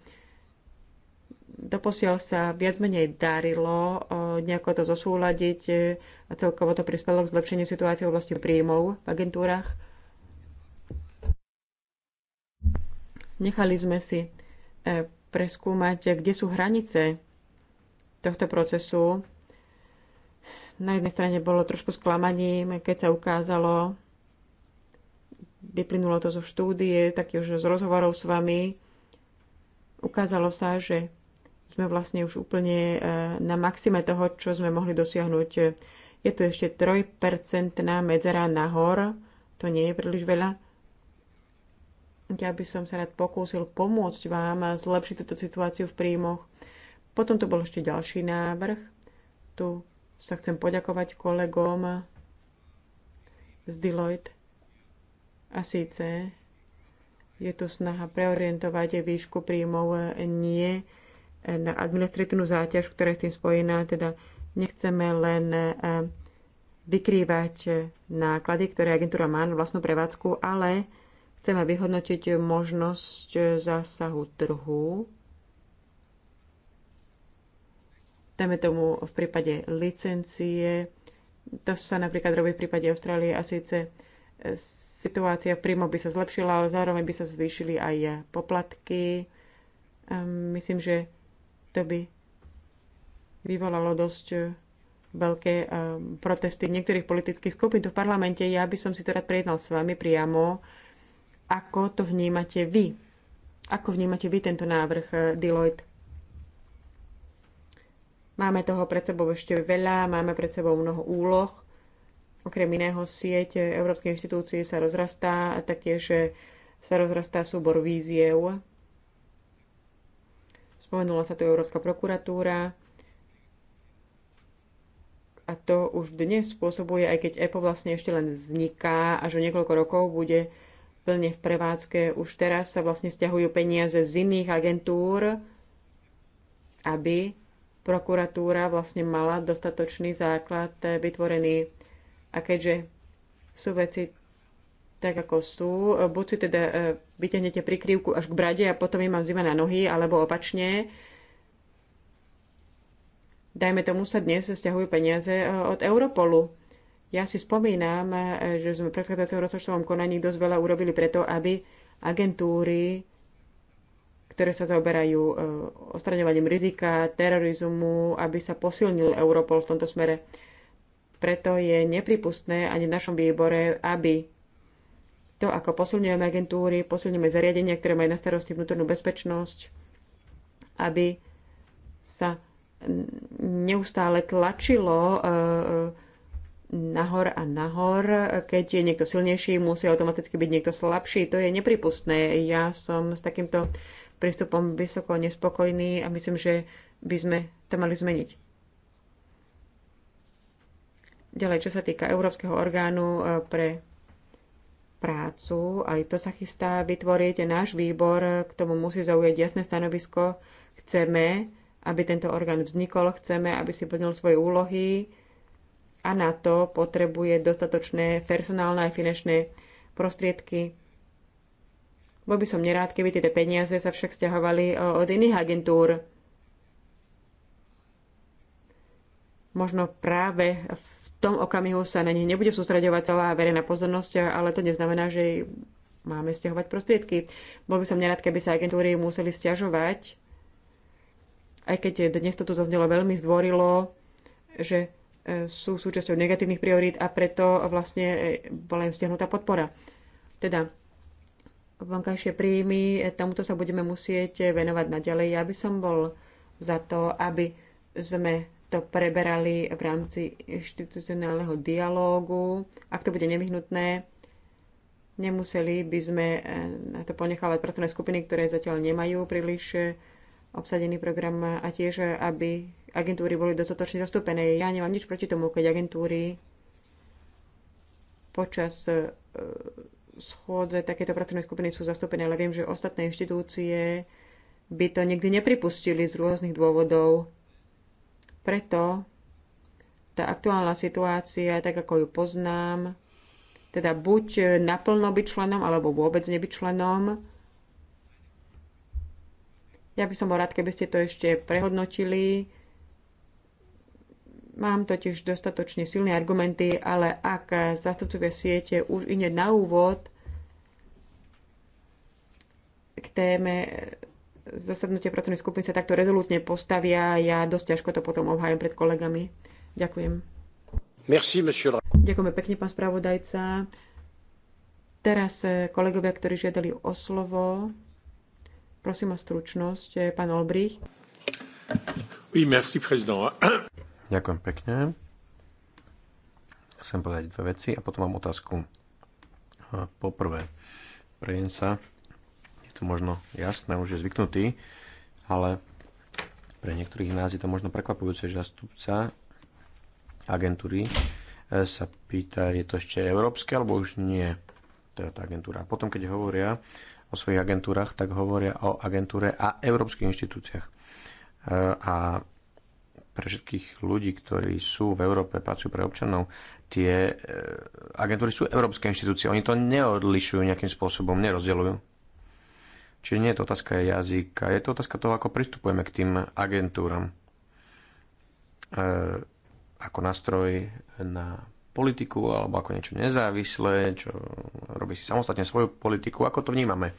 Doposiaľ sa viac menej darilo eh, nejako to zosúľadiť eh, a celkovo to prispelo k zlepšeniu situácie v oblasti príjmov v agentúrach. Nechali sme si eh, preskúmať, kde sú hranice tohto procesu na jednej strane bolo trošku sklamaním, keď sa ukázalo, vyplynulo to zo štúdie, tak už z rozhovorov s vami, ukázalo sa, že sme vlastne už úplne e, na maxime toho, čo sme mohli dosiahnuť. Je tu ešte 3-percentná medzera nahor, to nie je príliš veľa. Ja by som sa rád pokúsil pomôcť vám a zlepšiť túto situáciu v príjmoch. Potom to bol ešte ďalší návrh. Tu sa chcem poďakovať kolegom z Deloitte. A síce je tu snaha preorientovať výšku príjmov eh, nie eh, na administratívnu záťaž, ktorá je s tým spojená, teda nechceme len eh, vykrývať náklady, ktoré agentúra má na vlastnú prevádzku, ale chceme vyhodnotiť možnosť zásahu trhu Dajme tomu v prípade licencie, to sa napríklad robí v prípade Austrálie a síce e, situácia v príjmu by sa zlepšila, ale zároveň by sa zvýšili aj poplatky. Myslím, že to by vyvolalo dosť e, veľké e, protesty niektorých politických skupín tu v parlamente. Ja by som si to rád prejednal s vami priamo, ako to vnímate vy. Ako vnímate vy tento návrh Deloitte? Máme toho pred sebou ešte veľa, máme pred sebou mnoho úloh. Okrem iného sieť Európskej inštitúcie sa rozrastá a taktiež sa rozrastá súbor víziev. Spomenula sa tu Európska prokuratúra a to už dnes spôsobuje, aj keď EPO vlastne ešte len vzniká, až o niekoľko rokov bude plne v prevádzke. Už teraz sa vlastne stiahujú peniaze z iných agentúr, aby prokuratúra vlastne mala dostatočný základ eh, vytvorený. A keďže sú veci tak, ako sú, eh, buď si teda eh, vyťahnete prikryvku až k brade a potom im mám zima na nohy, alebo opačne. Dajme tomu sa dnes stiahujú peniaze od Europolu. Ja si spomínam, že sme v predchádzajúcom rozpočtovom konaní dosť veľa urobili preto, aby agentúry ktoré sa zaoberajú e, ostraňovaním rizika, terorizmu, aby sa posilnil Europol v tomto smere. Preto je nepripustné ani v našom výbore, aby to, ako posilňujeme agentúry, posilňujeme zariadenia, ktoré majú na starosti vnútornú bezpečnosť, aby sa neustále tlačilo e, e, nahor a nahor. Keď je niekto silnejší, musí automaticky byť niekto slabší. To je nepripustné. Ja som s takýmto prístupom vysoko nespokojní a myslím, že by sme to mali zmeniť. Ďalej, čo sa týka Európskeho orgánu e, pre prácu, aj to sa chystá vytvoriť. Náš výbor k tomu musí zaujať jasné stanovisko. Chceme, aby tento orgán vznikol, chceme, aby si plnil svoje úlohy a na to potrebuje dostatočné personálne aj finančné prostriedky. Bol by som nerád, keby tieto peniaze sa však stiahovali e, od iných agentúr. Možno práve v tom okamihu sa na nich nebude sústredovať celá verejná pozornosť, ale to neznamená, že máme stiahovať prostriedky. Bol by som nerád, keby sa agentúry museli stiažovať, aj keď dnes to tu zaznelo veľmi zdvorilo, že e, sú súčasťou negatívnych priorít a preto vlastne e, bola im stiahnutá podpora. Teda vonkajšie príjmy, tomuto sa budeme musieť venovať naďalej. Ja by som bol za to, aby sme to preberali v rámci inštitucionálneho dialógu. Ak to bude nevyhnutné, nemuseli by sme eh, na to ponechávať pracovné skupiny, ktoré zatiaľ nemajú príliš eh, obsadený program a tiež, aby agentúry boli dostatočne zastúpené. Ja nemám nič proti tomu, keď agentúry počas eh, schôdze takéto pracovnej skupiny sú zastúpené, ale viem, že ostatné inštitúcie by to nikdy nepripustili z rôznych dôvodov. Preto tá aktuálna situácia, tak ako ju poznám, teda buď naplno byť členom, alebo vôbec nebyť členom. Ja by som bol rád, keby ste to ešte prehodnotili. Mám totiž dostatočne silné argumenty, ale ak zastupcovia siete už ide na úvod k téme zasadnutia pracovnej skupiny sa takto rezolutne postavia. Ja dosť ťažko to potom obhájam pred kolegami. Ďakujem. Merci, monsieur. Ďakujeme pekne, pán spravodajca. Teraz eh, kolegovia, ktorí žiadali o slovo, prosím o stručnosť. Eh, pán Olbrich. Oui, merci, président. Ďakujem pekne. Chcem povedať dve veci a potom mám otázku. Eh, poprvé, prejem sa to možno jasné, už je zvyknutý, ale pre niektorých nás je to možno prekvapujúce, že zastupca agentúry e, sa pýta, je to ešte európske alebo už nie, teda tá agentúra. Potom, keď hovoria o svojich agentúrach, tak hovoria o agentúre a európskych inštitúciách. E, a pre všetkých ľudí, ktorí sú v Európe, pracujú pre občanov, tie e, agentúry sú európske inštitúcie. Oni to neodlišujú nejakým spôsobom, nerozdeľujú. Čiže nie je to otázka jazyka, je to otázka toho, ako pristupujeme k tým agentúram. E, ako nástroj na politiku, alebo ako niečo nezávislé, čo robí si samostatne svoju politiku, ako to vnímame.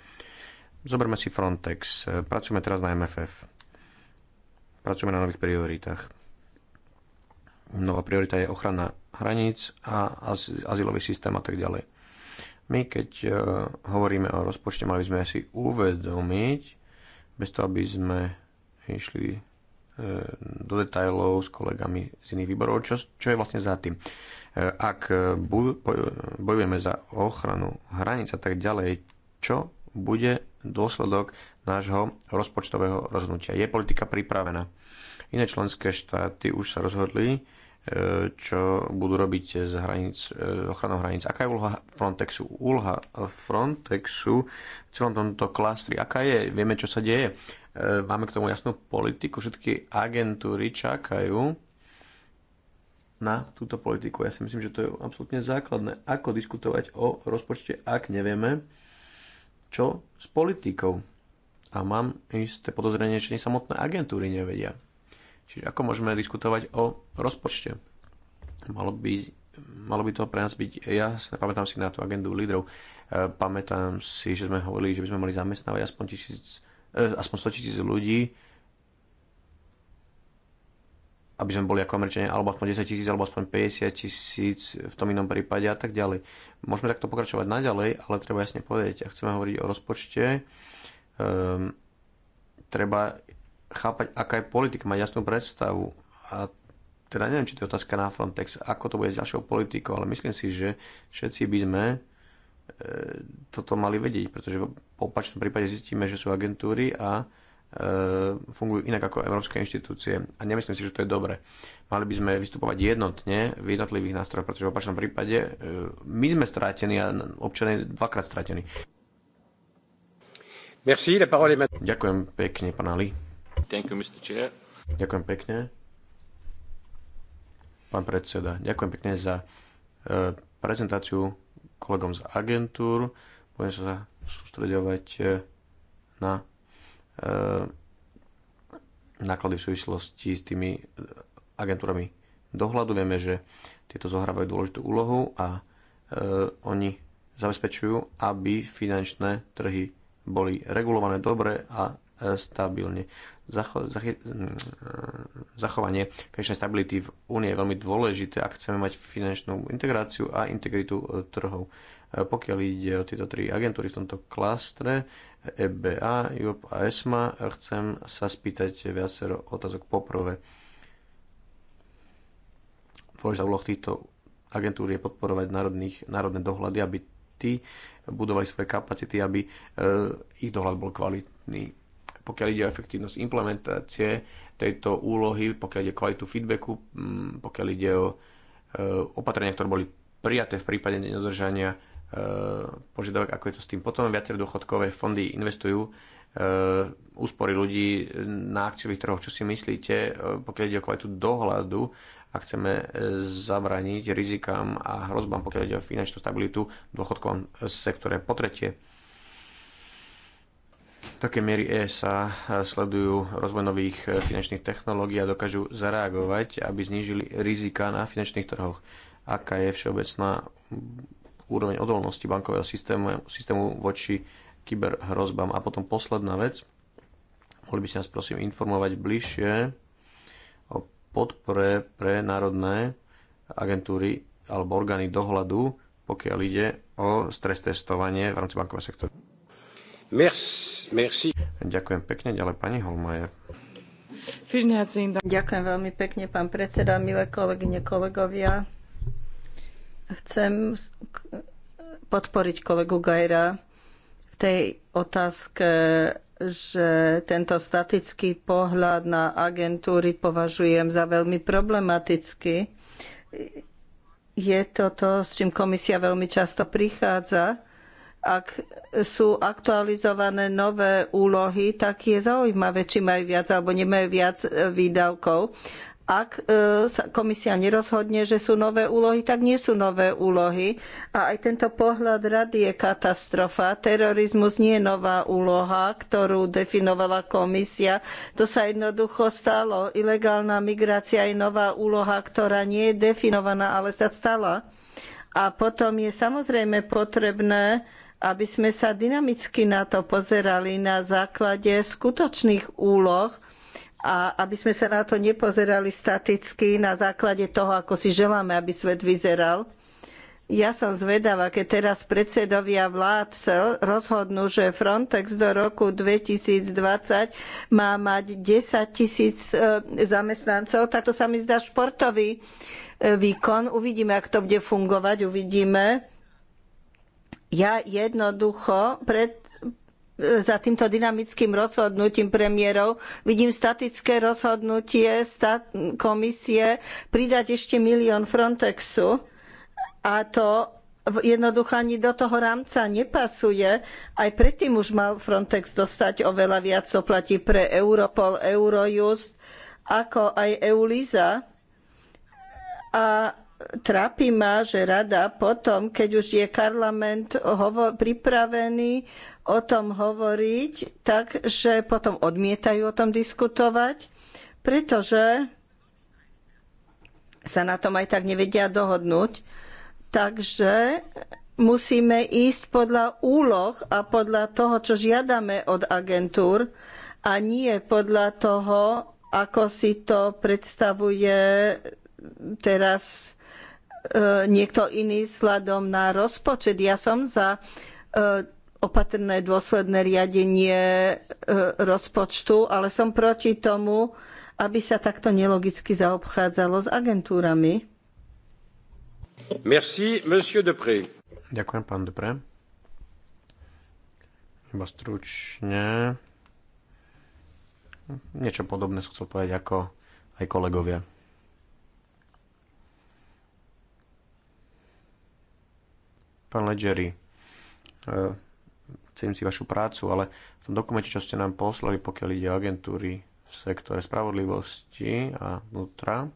Zoberme si Frontex. Pracujeme teraz na MFF. Pracujeme na nových prioritách. Nová priorita je ochrana hraníc a azylový systém a tak ďalej. My keď e, hovoríme o rozpočte, mali by sme si uvedomiť, bez toho, aby sme išli e, do detajlov s kolegami z iných výborov, čo, čo je vlastne za tým. E, ak bojujeme za ochranu hranic a tak ďalej, čo bude dôsledok nášho rozpočtového rozhodnutia? Je politika pripravená. Iné členské štáty už sa rozhodli, čo budú robiť s e, ochranou hraníc. Aká je úloha Frontexu? Úloha Frontexu v celom tomto klastri. Aká je? Vieme, čo sa deje. E, máme k tomu jasnú politiku. Všetky agentúry čakajú na túto politiku. Ja si myslím, že to je absolútne základné. Ako diskutovať o rozpočte, ak nevieme, čo s politikou. A mám isté podozrenie, že ani samotné agentúry nevedia. Čiže ako môžeme diskutovať o rozpočte? Malo by, malo by to pre nás byť jasné. Pamätám si na tú agendu lídrov. E, pamätám si, že sme hovorili, že by sme mali zamestnávať aspoň, tisíc, eh, aspoň 100 tisíc ľudí, aby sme boli ako Američania, alebo aspoň 10 tisíc, alebo aspoň 50 tisíc v tom inom prípade a tak ďalej. Môžeme takto pokračovať naďalej, ale treba jasne povedať, ak chceme hovoriť o rozpočte, um, treba chápať, aká je politika, mať jasnú predstavu. A teda neviem, či to je otázka na Frontex, ako to bude s ďalšou politikou, ale myslím si, že všetci by sme e, toto mali vedieť, pretože v opačnom prípade zistíme, že sú agentúry a e, fungujú inak ako európske inštitúcie a nemyslím si, že to je dobre. Mali by sme vystupovať jednotne v jednotlivých nástrojoch, pretože v opačnom prípade e, my sme strátení a občania dvakrát strátení. Merci, la parole est... Ďakujem pekne, pán Ali. Thank you, Mr. Chair. Ďakujem pekne. Pán predseda, ďakujem pekne za e, prezentáciu kolegom z agentúr. Budem sa sústredovať e, na e, náklady v súvislosti s tými agentúrami dohľadu. Vieme, že tieto zohrávajú dôležitú úlohu a e, oni zabezpečujú, aby finančné trhy boli regulované dobre a e, stabilne zacho- zach- mm, eh, zachovanie finančnej stability v únie je veľmi dôležité, ak chceme mať finančnú integráciu a integritu eh, trhov. Eh, pokiaľ ide o tieto tri agentúry v tomto klastre, EBA, EUP a ESMA, chcem sa spýtať viacero otázok poprvé. Dôležitá úloha týchto agentúr je podporovať národných, národné dohľady, aby tí budovali svoje kapacity, aby ich dohľad bol kvalitný pokiaľ ide o efektívnosť implementácie tejto úlohy, pokiaľ ide o kvalitu feedbacku, mm, pokiaľ ide o e, opatrenia, ktoré boli prijaté v prípade nedodržania e, požiadavok, ako je to s tým. Potom viaceré dôchodkové fondy investujú e, úspory ľudí na akciových trhoch. Čo si myslíte, pokiaľ ide o kvalitu dohľadu a chceme zabraniť rizikám a hrozbám, pokiaľ ide o finančnú stabilitu v dôchodkovom sektore? Po tretie, takej miery ESA sledujú rozvoj nových e, finančných technológií a dokážu zareagovať, aby znížili rizika na finančných trhoch. Aká je všeobecná mm, úroveň odolnosti bankového systému, systému voči kyberhrozbám? A potom posledná vec, mohli by ste nás prosím informovať bližšie o podpore pre národné agentúry alebo orgány dohľadu, pokiaľ ide o stres testovanie v rámci bankového sektoru. Merci. Ďakujem pekne, ďalej pani Holmajer. Ďakujem veľmi pekne, pán predseda, milé kolegyne, kolegovia. Chcem podporiť kolegu Gajra v tej otázke, že tento statický pohľad na agentúry považujem za veľmi problematický. Je to to, s čím komisia veľmi často prichádza, ak sú aktualizované nové úlohy, tak je zaujímavé, či majú viac alebo nemajú viac e, výdavkov. Ak e, sa komisia nerozhodne, že sú nové úlohy, tak nie sú nové úlohy. A aj tento pohľad rady je katastrofa. Terorizmus nie je nová úloha, ktorú definovala komisia. To sa jednoducho stalo. Ilegálna migrácia je nová úloha, ktorá nie je definovaná, ale sa stala. A potom je samozrejme potrebné aby sme sa dynamicky na to pozerali na základe skutočných úloh a aby sme sa na to nepozerali staticky na základe toho, ako si želáme, aby svet vyzeral. Ja som zvedavá, keď teraz predsedovia vlád sa rozhodnú, že Frontex do roku 2020 má mať 10 tisíc e, zamestnancov, tak to sa mi zdá športový e, výkon. Uvidíme, ak to bude fungovať, uvidíme ja jednoducho pred, e, za týmto dynamickým rozhodnutím premiérov vidím statické rozhodnutie stat komisie pridať ešte milión Frontexu a to jednoducho ani do toho rámca nepasuje. Aj predtým už mal Frontex dostať oveľa viac, to platí pre Europol, Eurojust, ako aj EULISA. A trápi ma, že rada potom, keď už je parlament pripravený o tom hovoriť, tak že potom odmietajú o tom diskutovať, pretože sa na tom aj tak nevedia dohodnúť. Takže musíme ísť podľa úloh a podľa toho, čo žiadame od agentúr a nie podľa toho, ako si to predstavuje teraz E, niekto iný sladom na rozpočet. Ja som za e, opatrné dôsledné riadenie e, rozpočtu, ale som proti tomu, aby sa takto nelogicky zaobchádzalo s agentúrami. Merci, monsieur Depré. Ďakujem, pán Depré. Iba stručne. Niečo podobné som chcel povedať ako aj kolegovia. Pán Ledgeri, eh, cením si vašu prácu, ale v tom dokumente, čo ste nám poslali, pokiaľ ide o agentúry v sektore spravodlivosti a vnútra,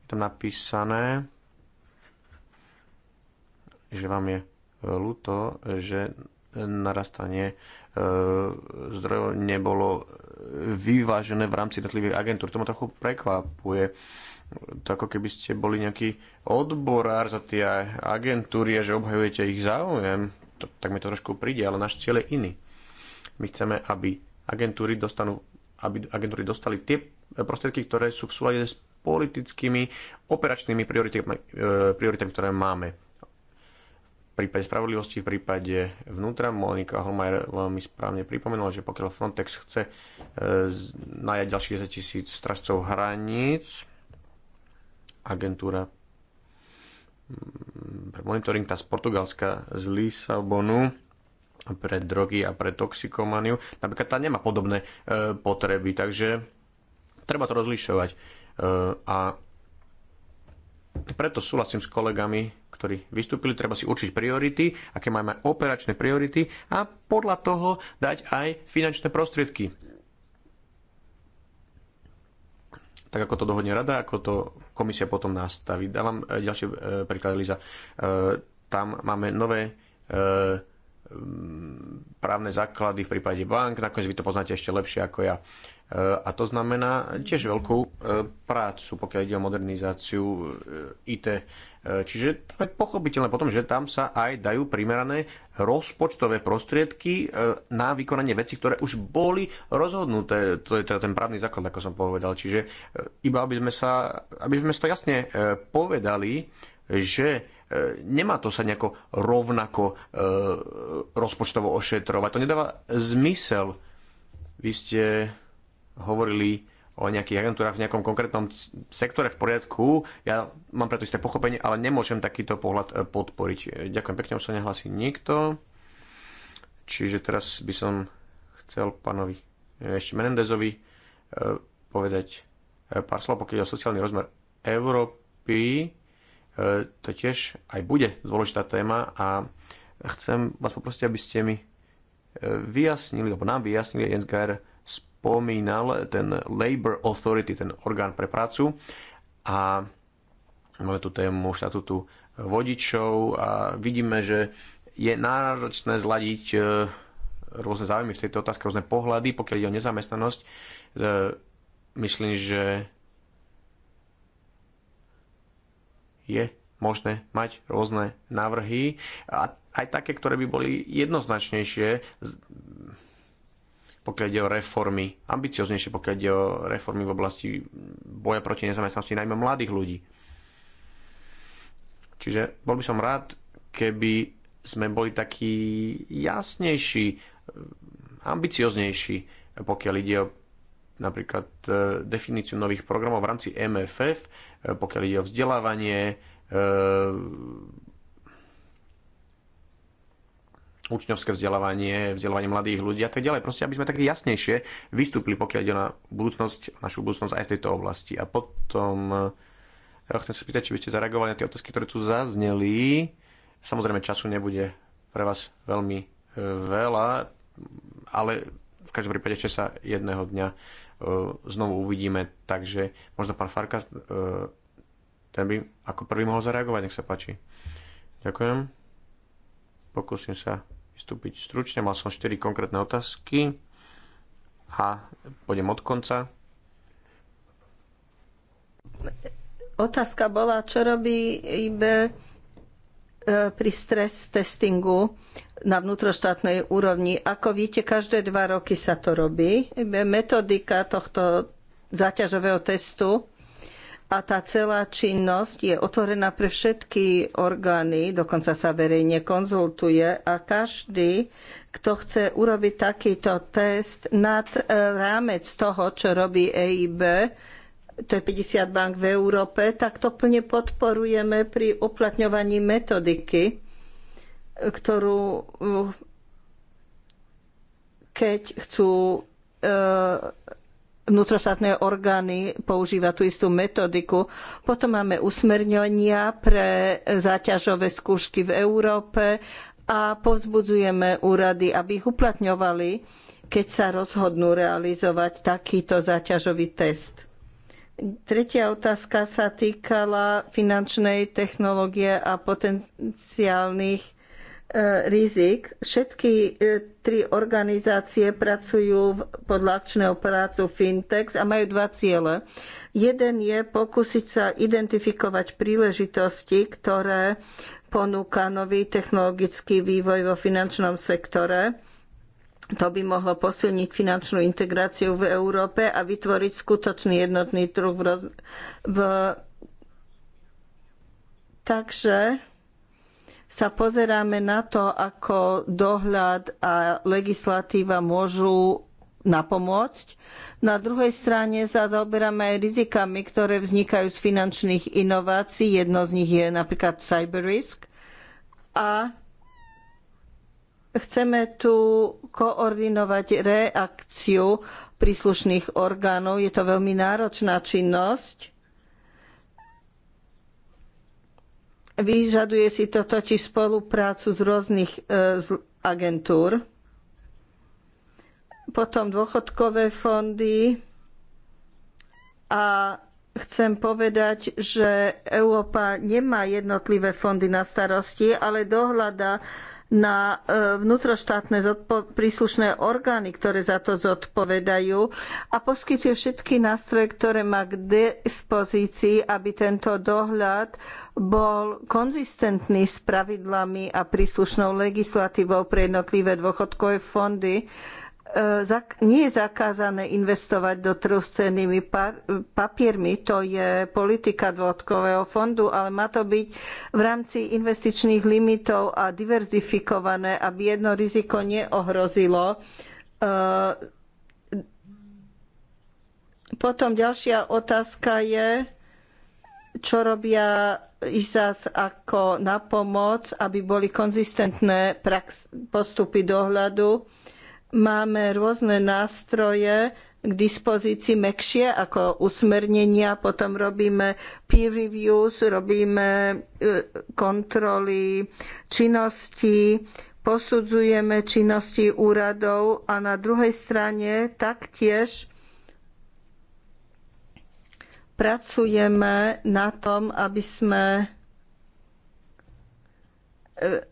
je tam napísané, že vám je eh, ľúto, že narastanie eh, zdrojov nebolo vyvážené v rámci jednotlivých agentúr. To ma trochu prekvapuje to ako keby ste boli nejaký odborár za tie agentúry a že obhajujete ich záujem, to, tak mi to trošku príde, ale náš cieľ je iný. My chceme, aby agentúry, dostanú, aby agentúry dostali tie prostriedky, ktoré sú v súlade s politickými, operačnými prioritami, e, prioritami ktoré máme. V prípade spravodlivosti, v prípade vnútra, Monika Holmajer veľmi správne pripomenula, že pokiaľ Frontex chce e, najať ďalších 10 tisíc stražcov hraníc, agentúra mm, pre monitoring, tá z Portugalska z Lisabonu pre drogy a pre toxikomaniu. Napríklad tá nemá podobné e, potreby, takže treba to rozlišovať. E, a preto súhlasím s kolegami, ktorí vystúpili, treba si určiť priority, aké máme operačné priority a podľa toho dať aj finančné prostriedky tak ako to dohodne rada, ako to komisia potom nastaví. Dávam e, ďalšie e, príklady, Liza. E, tam máme nové právne základy v prípade bank, nakoniec vy to poznáte ešte lepšie ako ja a to znamená tiež veľkú e, prácu, pokiaľ ide o modernizáciu e, IT. E, čiže to je pochopiteľné potom, že tam sa aj dajú primerané rozpočtové prostriedky na vykonanie vecí, ktoré už boli rozhodnuté. To je teda ten právny základ, ako som povedal. Čiže iba aby sme, sa, aby sme to jasne povedali, že nemá to sa nejako rovnako rozpočtovo ošetrovať. To nedáva zmysel. Vy ste hovorili o nejakých agentúrach v nejakom konkrétnom sektore v poriadku. Ja mám preto isté pochopenie, ale nemôžem takýto pohľad e, podporiť. Ďakujem pekne, už sa nehlasí nikto. Čiže teraz by som chcel pánovi e, ešte Menendezovi e, povedať pár slov, pokiaľ je o sociálny rozmer Európy. To tiež aj bude dôležitá téma a chcem vás poprosiť, aby ste mi vyjasnili, alebo nám vyjasnili Jens Geier, spomínal, ten Labor Authority, ten orgán pre prácu. A máme tu tému štatutu vodičov a vidíme, že je náročné zladiť e, rôzne záujmy v tejto otázke, rôzne pohľady, pokiaľ ide o nezamestnanosť. E, myslím, že je možné mať rôzne návrhy a aj také, ktoré by boli jednoznačnejšie pokiaľ ide o reformy, ambicioznejšie, pokiaľ ide o reformy v oblasti boja proti nezamestnanosti, najmä mladých ľudí. Čiže bol by som rád, keby sme boli takí jasnejší, ambicioznejší, pokiaľ ide o napríklad e, definíciu nových programov v rámci MFF, e, pokiaľ ide o vzdelávanie, e, učňovské vzdelávanie, vzdelávanie mladých ľudí a tak ďalej. Proste, aby sme tak jasnejšie vystúpili, pokiaľ ide na budúcnosť, našu budúcnosť aj v tejto oblasti. A potom ja eh, chcem sa spýtať, či by ste zareagovali na tie otázky, ktoré tu zazneli. Samozrejme, času nebude pre vás veľmi eh, veľa, ale v každom prípade že sa jedného dňa eh, znovu uvidíme. Takže možno pán Farka, ten by ako prvý mohol zareagovať, nech sa páči. Ďakujem. Pokúsim sa vystúpiť stručne. Mal som 4 konkrétne otázky a pôjdem od konca. Otázka bola, čo robí IB e, pri stres testingu na vnútroštátnej úrovni. Ako víte, každé dva roky sa to robí. E, metodika tohto záťažového testu a tá celá činnosť je otvorená pre všetky orgány, dokonca sa verejne konzultuje a každý, kto chce urobiť takýto test nad e, rámec toho, čo robí EIB, to je 50 bank v Európe, tak to plne podporujeme pri uplatňovaní metodiky, ktorú e, keď chcú e, vnútroštátne orgány používa tú istú metodiku. Potom máme usmernenia pre záťažové skúšky v Európe a povzbudzujeme úrady, aby ich uplatňovali, keď sa rozhodnú realizovať takýto záťažový test. Tretia otázka sa týkala finančnej technológie a potenciálnych E, rizik. Všetky e, tri organizácie pracujú podľa akčného prácu Fintex a majú dva ciele. Jeden je pokúsiť sa identifikovať príležitosti, ktoré ponúka nový technologický vývoj vo finančnom sektore. To by mohlo posilniť finančnú integráciu v Európe a vytvoriť skutočný jednotný trh v, roz... v... Takže sa pozeráme na to, ako dohľad a legislatíva môžu napomôcť. Na druhej strane sa zaoberáme aj rizikami, ktoré vznikajú z finančných inovácií. Jedno z nich je napríklad cyber risk. A chceme tu koordinovať reakciu príslušných orgánov. Je to veľmi náročná činnosť Vyžaduje si to totiž spoluprácu z rôznych e, agentúr. Potom dôchodkové fondy a chcem povedať, že Európa nemá jednotlivé fondy na starosti, ale dohľada na e, vnútroštátne príslušné orgány, ktoré za to zodpovedajú a poskytuje všetky nástroje, ktoré má k dispozícii, aby tento dohľad bol konzistentný s pravidlami a príslušnou legislatívou pre jednotlivé dôchodkové fondy E, nie je zakázané investovať do trhu s cennými papiermi, to je politika dôchodkového fondu, ale má to byť v rámci investičných limitov a diverzifikované, aby jedno riziko neohrozilo. E, potom ďalšia otázka je, čo robia ISAS ako na pomoc, aby boli konzistentné postupy dohľadu Máme rôzne nástroje k dispozícii mekšie ako usmernenia, potom robíme peer reviews, robíme e, kontroly činnosti, posudzujeme činnosti úradov a na druhej strane taktiež pracujeme na tom, aby sme e,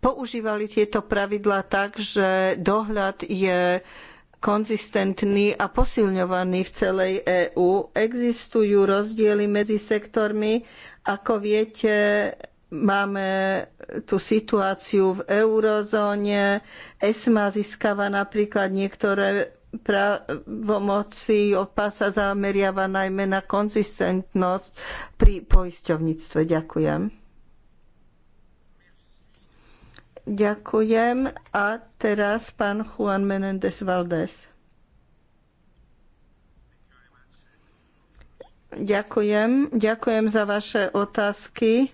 používali tieto pravidlá tak, že dohľad je konzistentný a posilňovaný v celej EÚ. Existujú rozdiely medzi sektormi. Ako viete, máme tú situáciu v eurozóne. ESMA získava napríklad niektoré právomoci, OPA sa zameriava najmä na konzistentnosť pri poisťovníctve. Ďakujem. Ďakujem. A teraz pán Juan Menendez Valdés. Ďakujem. Ďakujem za vaše otázky.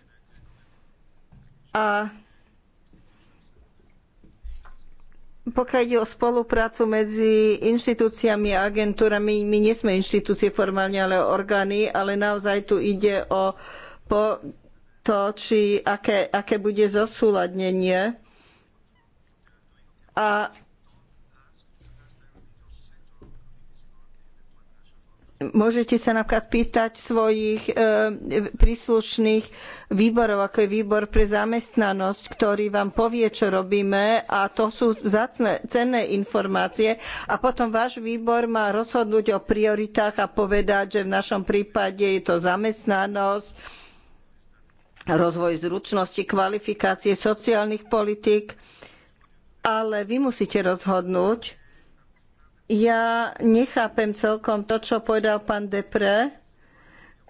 A pokiaľ ide o spoluprácu medzi inštitúciami a agentúrami, my nie sme inštitúcie formálne, ale orgány, ale naozaj tu ide o po to, či aké, aké bude zosúladnenie. A Môžete sa napríklad pýtať svojich e, príslušných výborov, ako je výbor pre zamestnanosť, ktorý vám povie, čo robíme a to sú zacné, cenné informácie a potom váš výbor má rozhodnúť o prioritách a povedať, že v našom prípade je to zamestnanosť, rozvoj zručnosti, kvalifikácie sociálnych politík, ale vy musíte rozhodnúť. Ja nechápem celkom to, čo povedal pán Depre,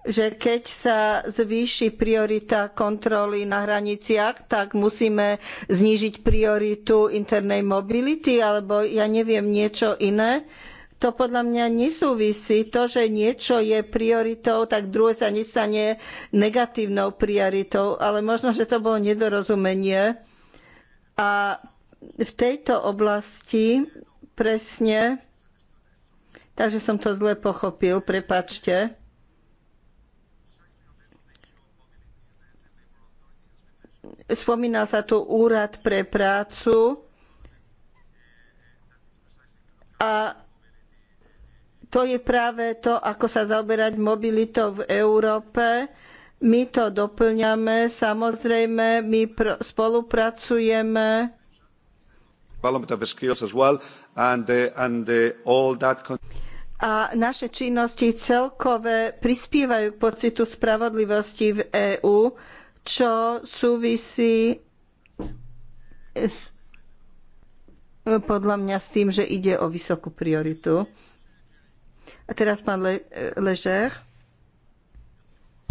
že keď sa zvýši priorita kontroly na hraniciach, tak musíme znížiť prioritu internej mobility, alebo ja neviem niečo iné to podľa mňa nesúvisí. To, že niečo je prioritou, tak druhé sa nestane negatívnou prioritou, ale možno, že to bolo nedorozumenie. A v tejto oblasti presne, takže som to zle pochopil, prepačte. Spomínal sa tu úrad pre prácu a to je práve to, ako sa zaoberať mobilitou v Európe. My to doplňame, samozrejme, my spolupracujeme. A naše činnosti celkové prispievajú k pocitu spravodlivosti v EÚ, čo súvisí s, podľa mňa s tým, že ide o vysokú prioritu. A teraz pán Le- Ležer.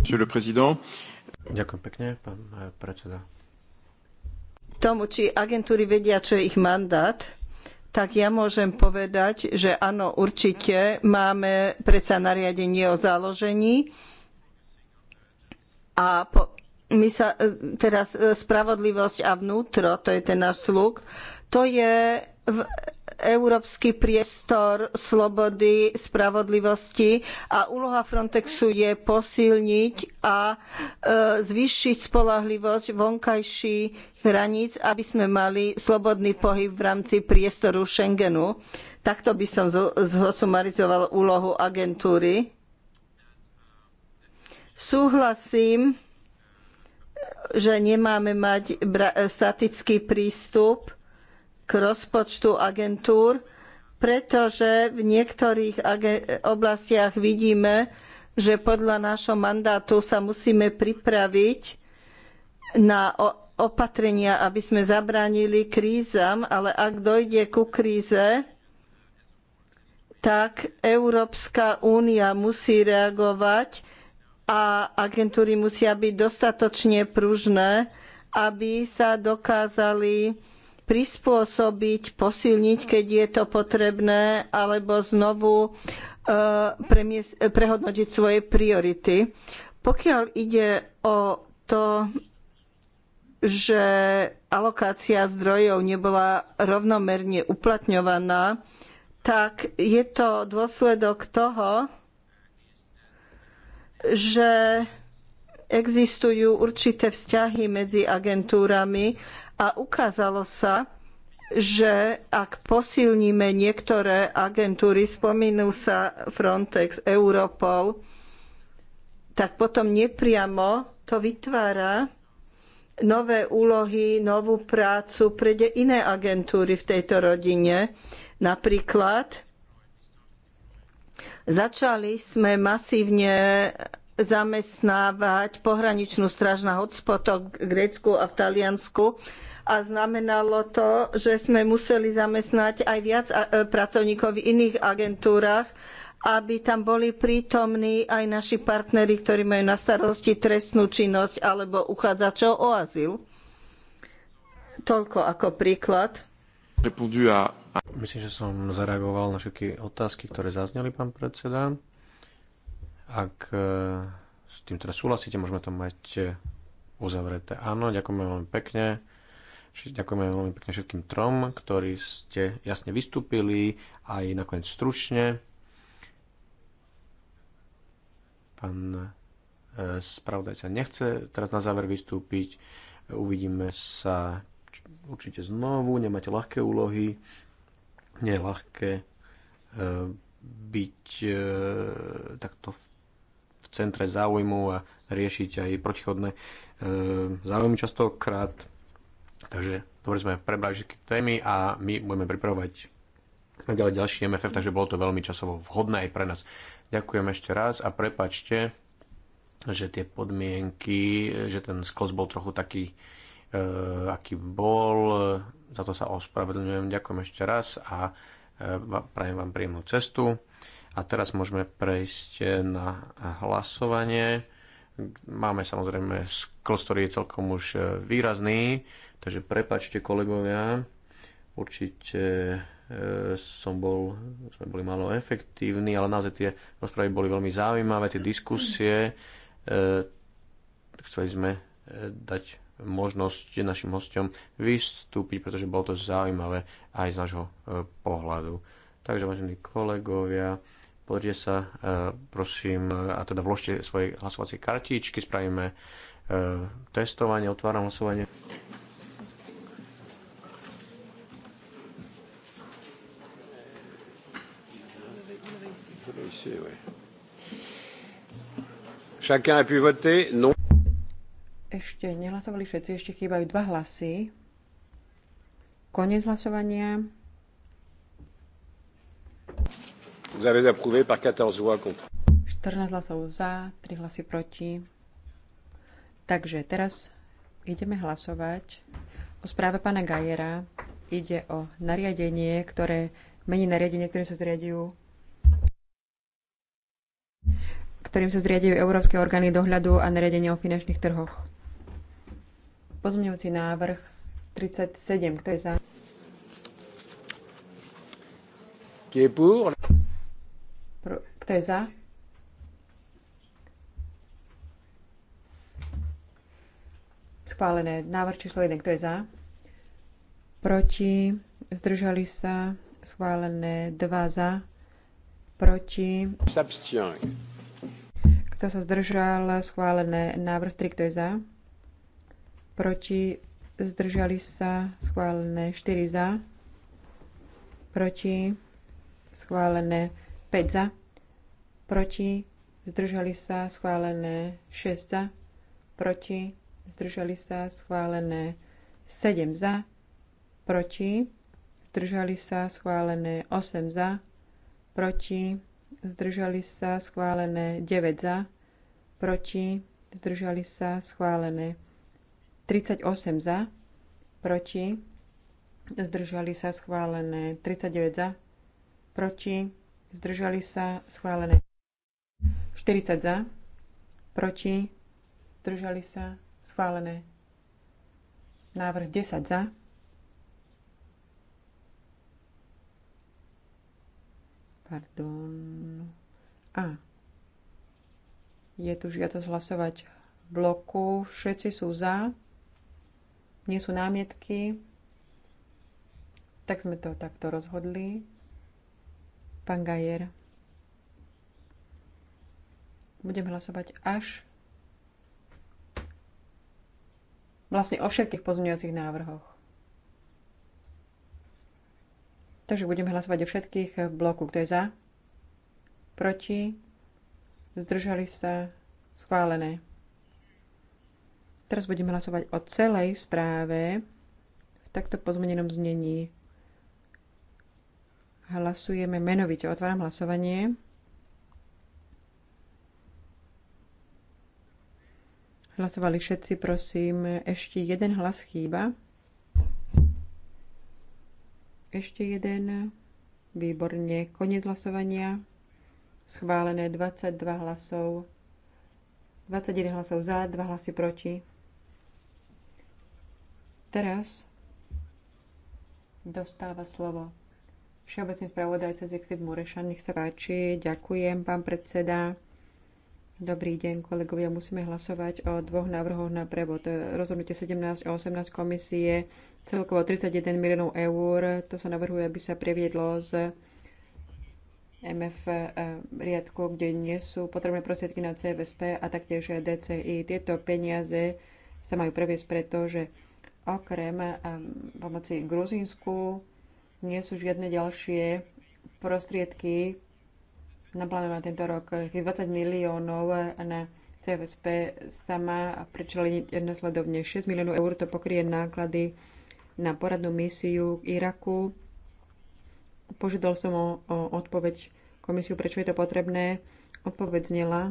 Monsieur le président. Ďakujem pekne, pán e, predseda. Tomu, či agentúry vedia, čo je ich mandát, tak ja môžem povedať, že áno, určite máme predsa nariadenie o založení. a po, my sa e, teraz e, spravodlivosť a vnútro, to je ten náš sluk, to je v európsky priestor slobody, spravodlivosti a úloha Frontexu je posilniť a e, zvýšiť spolahlivosť vonkajších hraníc, aby sme mali slobodný pohyb v rámci priestoru Schengenu. Takto by som zosumarizoval úlohu agentúry. Súhlasím, že nemáme mať statický prístup k rozpočtu agentúr, pretože v niektorých oblastiach vidíme, že podľa nášho mandátu sa musíme pripraviť na opatrenia, aby sme zabránili krízam, ale ak dojde ku kríze, tak Európska únia musí reagovať a agentúry musia byť dostatočne pružné, aby sa dokázali prispôsobiť, posilniť, keď je to potrebné, alebo znovu e, prehodnotiť svoje priority. Pokiaľ ide o to, že alokácia zdrojov nebola rovnomerne uplatňovaná, tak je to dôsledok toho, že existujú určité vzťahy medzi agentúrami a ukázalo sa, že ak posilníme niektoré agentúry, spomínal sa Frontex, Europol, tak potom nepriamo to vytvára nové úlohy, novú prácu pre iné agentúry v tejto rodine. Napríklad začali sme masívne zamestnávať pohraničnú stráž na hotspotoch v Grécku a v Taliansku, a znamenalo to, že sme museli zamestnať aj viac e, pracovníkov v iných agentúrach, aby tam boli prítomní aj naši partneri, ktorí majú na starosti trestnú činnosť alebo uchádzačov o azyl. Toľko ako príklad. Myslím, že som zareagoval na všetky otázky, ktoré zazneli, pán predseda. Ak e, s tým teda súhlasíte, môžeme to mať e, uzavreté. Áno, Ďakujem veľmi pekne. Ďakujeme veľmi pekne všetkým trom, ktorí ste jasne vystúpili, aj nakoniec stručne. Pán e, spravodajca nechce teraz na záver vystúpiť. Uvidíme sa určite znovu, nemáte ľahké úlohy, nie je ľahké e, byť e, takto v centre záujmu a riešiť aj protichodné záujmy častokrát Takže dobre sme prebrali všetky témy a my budeme pripravovať ďalej ďalší MFF, takže bolo to veľmi časovo vhodné aj pre nás. Ďakujem ešte raz a prepačte, že tie podmienky, že ten sklos bol trochu taký, e, aký bol, za to sa ospravedlňujem. Ďakujem ešte raz a e, prajem vám príjemnú cestu. A teraz môžeme prejsť na hlasovanie. Máme samozrejme sklos, ktorý je celkom už e, výrazný, takže prepačte kolegovia, určite e, som bol, sme boli malo efektívni, ale naozaj tie rozpravy boli veľmi zaujímavé, tie diskusie. E, chceli sme dať možnosť našim hostiom vystúpiť, pretože bolo to zaujímavé aj z nášho pohľadu. Takže, vážení kolegovia, Pozrite sa, e, prosím, a teda vložte svoje hlasovacie kartičky, spravíme e, testovanie, otváram hlasovanie. Chacun a pu voter? Non. Ešte nehlasovali všetci, ešte chýbajú dva hlasy. Konec hlasovania. Vous approuvé par 14 voix contre. 14 hlasov za, 3 hlasy proti. Takže teraz ideme hlasovať o správe pána Gajera. Ide o nariadenie, ktoré mení nariadenie, ktorým sa zriadujú ktorým sa zriadujú európske orgány dohľadu a nariadenie o finančných trhoch. Pozmeňujúci návrh 37. Kto je za? Kto je za? Schválené. Návrh číslo 1. Kto je za? Proti. Zdržali sa. Schválené. 2 za. Proti. Kto sa zdržal? Schválené. Návrh 3. Kto je za? Proti. Zdržali sa. Schválené. 4 za. Proti. Schválené. 5 za proti, zdržali sa schválené 6 za, proti, zdržali sa schválené 7 za, proti, zdržali sa schválené 8 za, proti, zdržali sa schválené 9 za, proti, zdržali sa schválené 38 za, proti, zdržali sa schválené 39 za, proti, zdržali sa schválené 40 za, proti, zdržali sa, schválené. Návrh 10 za, pardon, a je tu žiadosť hlasovať v bloku, všetci sú za, nie sú námietky, tak sme to takto rozhodli. Pán Gajer. Budem hlasovať až vlastne o všetkých pozmeňovacích návrhoch. Takže budeme hlasovať o všetkých v bloku. Kto je za? Proti? Zdržali sa? Schválené. Teraz budeme hlasovať o celej správe v takto pozmenenom znení. Hlasujeme menovite. Otváram hlasovanie. Hlasovali všetci, prosím. Ešte jeden hlas chýba. Ešte jeden. Výborne. Koniec hlasovania. Schválené 22 hlasov. 21 hlasov za, 2 hlasy proti. Teraz dostáva slovo všeobecný spravodajca Zekvit Murešan. Nech sa páči. Ďakujem, pán predseda. Dobrý deň, kolegovia. Musíme hlasovať o dvoch návrhoch na prevod. Rozhodnutie 17 a 18 komisie, celkovo 31 miliónov eur. To sa navrhuje, aby sa previedlo z MF eh, riadku, kde nie sú potrebné prostriedky na CVSP a taktiež DCI. Tieto peniaze sa majú previesť preto, že okrem eh, pomoci Gruzínsku nie sú žiadne ďalšie prostriedky naplánovať tento rok. Tých 20 miliónov na CVSP sa má pričleniť nasledovne 6 miliónov eur, to pokrie náklady na poradnú misiu k Iraku. Požiadal som o, o odpoveď komisiu, prečo je to potrebné. Odpoveď znela,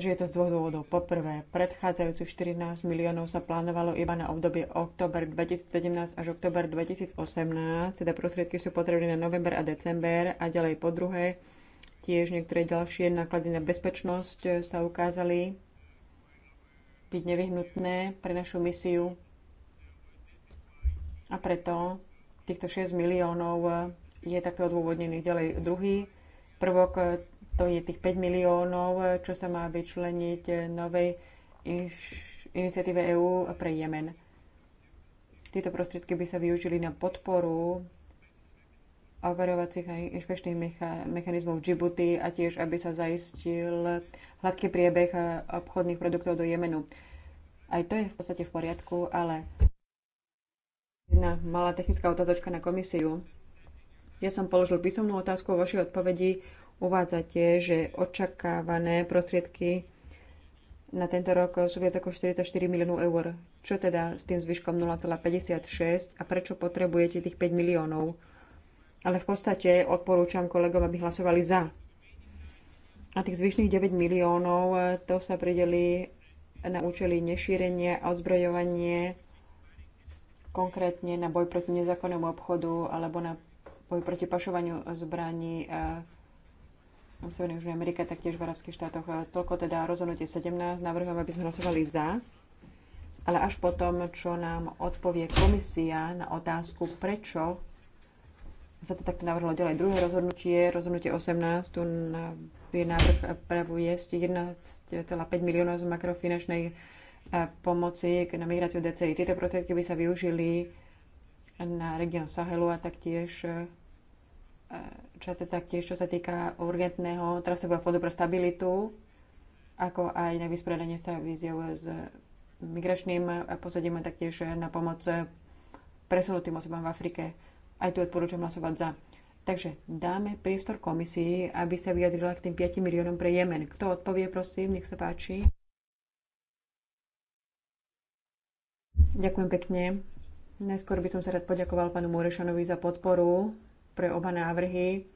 že je to z dvoch dôvodov. Poprvé, predchádzajúcich 14 miliónov sa plánovalo iba na obdobie október 2017 až október 2018, teda prostriedky sú potrebné na november a december a ďalej po druhé. Tiež niektoré ďalšie náklady na bezpečnosť e, sa ukázali byť nevyhnutné pre našu misiu. A preto týchto 6 miliónov e, je takto odôvodnených. Ďalej druhý prvok to je tých 5 miliónov, čo sa má vyčleniť novej iniciatíve EÚ pre Jemen. Tieto prostriedky by sa využili na podporu overovacích a inšpečných mechanizmov v Džibuti a tiež, aby sa zaistil hladký priebeh obchodných produktov do Jemenu. Aj to je v podstate v poriadku, ale jedna malá technická otázočka na komisiu. Ja som položil písomnú otázku o vašej odpovedi uvádzate, že očakávané prostriedky na tento rok sú viac ako 44 miliónov eur. Čo teda s tým zvyškom 0,56 a prečo potrebujete tých 5 miliónov? Ale v podstate odporúčam kolegom, aby hlasovali za. A tých zvyšných 9 miliónov eh, to sa prideli na účely nešírenie a odzbrojovanie, konkrétne na boj proti nezákonnému obchodu alebo na boj proti pašovaniu zbraní, eh, v Severnej Južnej Amerike, taktiež v arabských štátoch. E, toľko teda rozhodnutie 17. Navrhujem, aby sme hlasovali za, ale až potom, čo nám odpovie komisia na otázku, prečo sa to takto navrhlo ďalej. Druhé rozhodnutie, rozhodnutie 18, tu je návrh e, previesť 11,5 miliónov z makrofinančnej e, pomoci na migráciu DCI. Tieto prostriedky by sa využili na región Sahelu a taktiež E, čo sa taktiež, čo sa týka urgentného trastového fondu pre stabilitu, ako aj na vysporiadanie sa víziou s migračným posadím a taktiež na pomoc presunutým osobám v Afrike. Aj tu odporúčam hlasovať za. Takže dáme priestor komisii, aby sa vyjadrila k tým 5 miliónom pre Jemen. Kto odpovie, prosím, nech sa páči. Ďakujem pekne. Najskôr by som sa rád poďakoval pánu Murešanovi za podporu pre oba návrhy.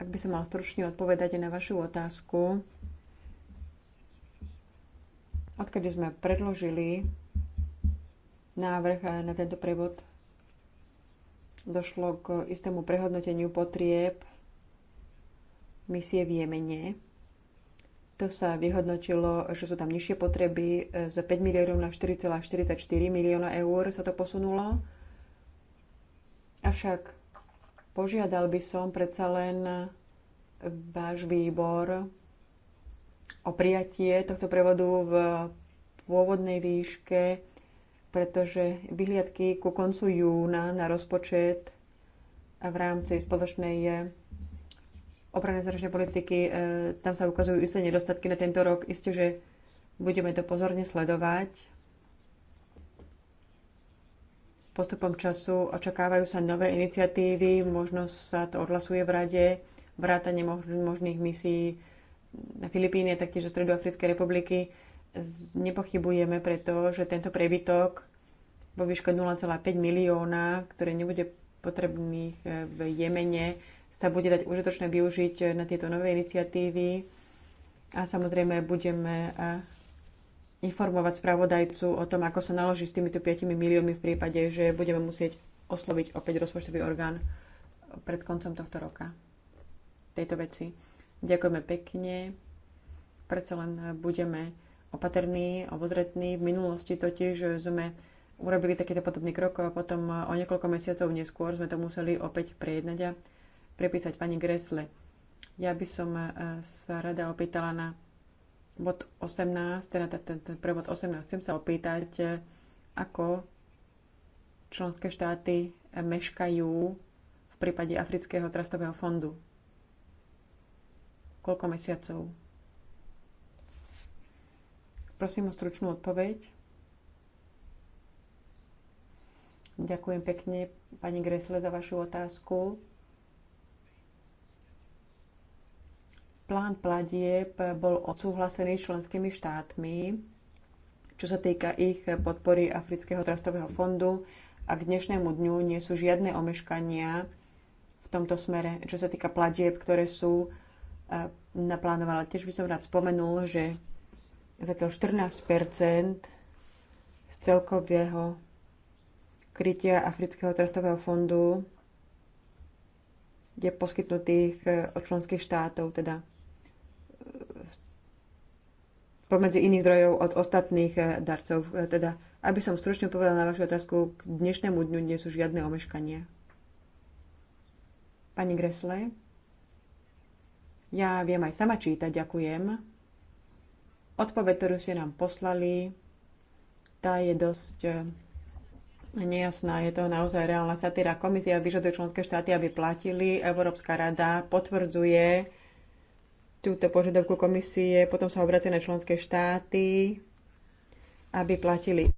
Ak by som mal stručne odpovedať na vašu otázku, odkedy sme predložili návrh na tento prevod, došlo k istému prehodnoteniu potrieb misie v Jemene. To sa vyhodnotilo, že sú tam nižšie potreby. Z 5 miliónov na 4,44 milióna eur sa to posunulo. Avšak Požiadal by som predsa len váš výbor o prijatie tohto prevodu v pôvodnej výške, pretože vyhliadky ku koncu júna na rozpočet v rámci spoločnej eh, obrany zračnej politiky, eh, tam sa ukazujú isté nedostatky na tento rok. Isté, že budeme to pozorne sledovať postupom času očakávajú sa nové iniciatívy, možno sa to odhlasuje v rade, vrátanie možných misií na Filipíne, taktiež do Stredoafrickej republiky. Nepochybujeme preto, že tento prebytok vo výške 0,5 milióna, ktoré nebude potrebných e, v Jemene, sa bude dať užitočné využiť na tieto nové iniciatívy. A samozrejme budeme informovať spravodajcu o tom, ako sa naloží s týmito 5 miliónmi v prípade, že budeme musieť osloviť opäť rozpočtový orgán pred koncom tohto roka. Tejto veci. Ďakujeme pekne. Predsa len budeme opatrní, obozretní. V minulosti totiž sme urobili takýto podobný krok a potom o niekoľko mesiacov neskôr sme to museli opäť prejednať a prepísať pani Gresle. Ja by som sa rada opýtala na bod 18, teda ten, ten prvod 18, chcem sa opýtať, ako členské štáty meškajú v prípade Afrického trastového fondu. Koľko mesiacov? Prosím o stručnú odpoveď. Ďakujem pekne, pani Gresle, za vašu otázku. Plán platieb bol odsúhlasený členskými štátmi, čo sa týka ich podpory Afrického trastového fondu a k dnešnému dňu nie sú žiadne omeškania v tomto smere, čo sa týka platieb, ktoré sú e, naplánované. Tiež by som rád spomenul, že zatiaľ 14 z celkového krytia Afrického trastového fondu je poskytnutých e, od členských štátov, teda pomedzi iných zdrojov od ostatných eh, darcov. Eh, teda, aby som stručne povedala na vašu otázku, k dnešnému dňu nie sú žiadne omeškania. Pani Gresle? Ja viem aj sama čítať, ďakujem. Odpoveď, ktorú ste nám poslali, tá je dosť eh, nejasná. Je to naozaj reálna satíra. Komisia vyžaduje členské štáty, aby platili. Európska rada potvrdzuje túto požiadavku komisie, potom sa obracia na členské štáty, aby platili.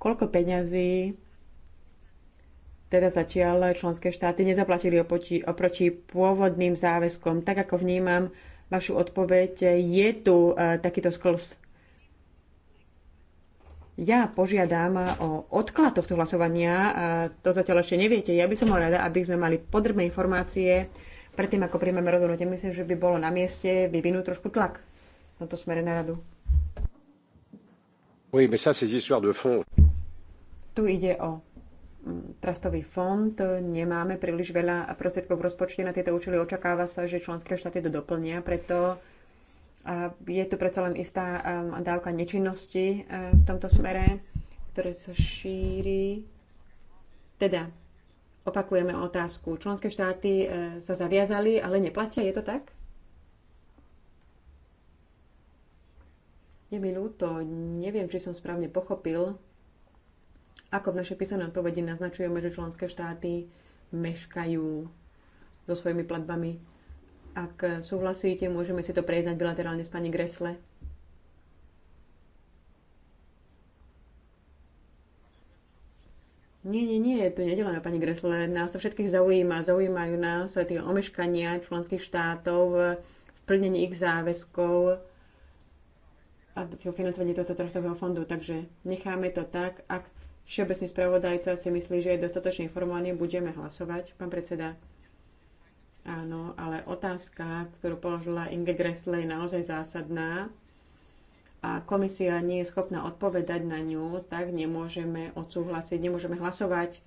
Koľko peňazí teda zatiaľ členské štáty nezaplatili oproti, oproti pôvodným záväzkom. Tak ako vnímam vašu odpoveď, je tu uh, takýto sklz. Ja požiadam o odklad tohto hlasovania, to zatiaľ ešte neviete. Ja by som ho rada, aby sme mali podrobné informácie predtým, ako príjmeme rozhodnutie, myslím, že by bolo na mieste vyvinúť trošku tlak v tomto smere na radu. Oui, mais ça, c'est histoires de fond. Tu ide o mm, trastový fond, nemáme príliš veľa prostriedkov v rozpočte na tieto účely, očakáva sa, že členské štáty to doplnia, preto je tu predsa len istá um, dávka nečinnosti eh, v tomto smere, ktoré sa šíri. Teda Opakujeme otázku. Členské štáty e, sa zaviazali, ale neplatia. Je to tak? Je mi ľúto, neviem, či som správne pochopil, ako v našej písanej odpovedi naznačujeme, že členské štáty meškajú so svojimi platbami. Ak súhlasíte, môžeme si to prejednať bilaterálne s pani Gresle. Nie, nie, nie, to nie je len pani Gresle. Nás to všetkých zaujíma. Zaujímajú nás tie omeškania členských štátov v plnení ich záväzkov a financovaní tohto trastového fondu. Takže necháme to tak. Ak všeobecný spravodajca si myslí, že je dostatočne informovaný, budeme hlasovať, pán predseda. Áno, ale otázka, ktorú položila Inge Gressle, je naozaj zásadná a komisia nie je schopná odpovedať na ňu, tak nemôžeme odsúhlasiť, nemôžeme hlasovať.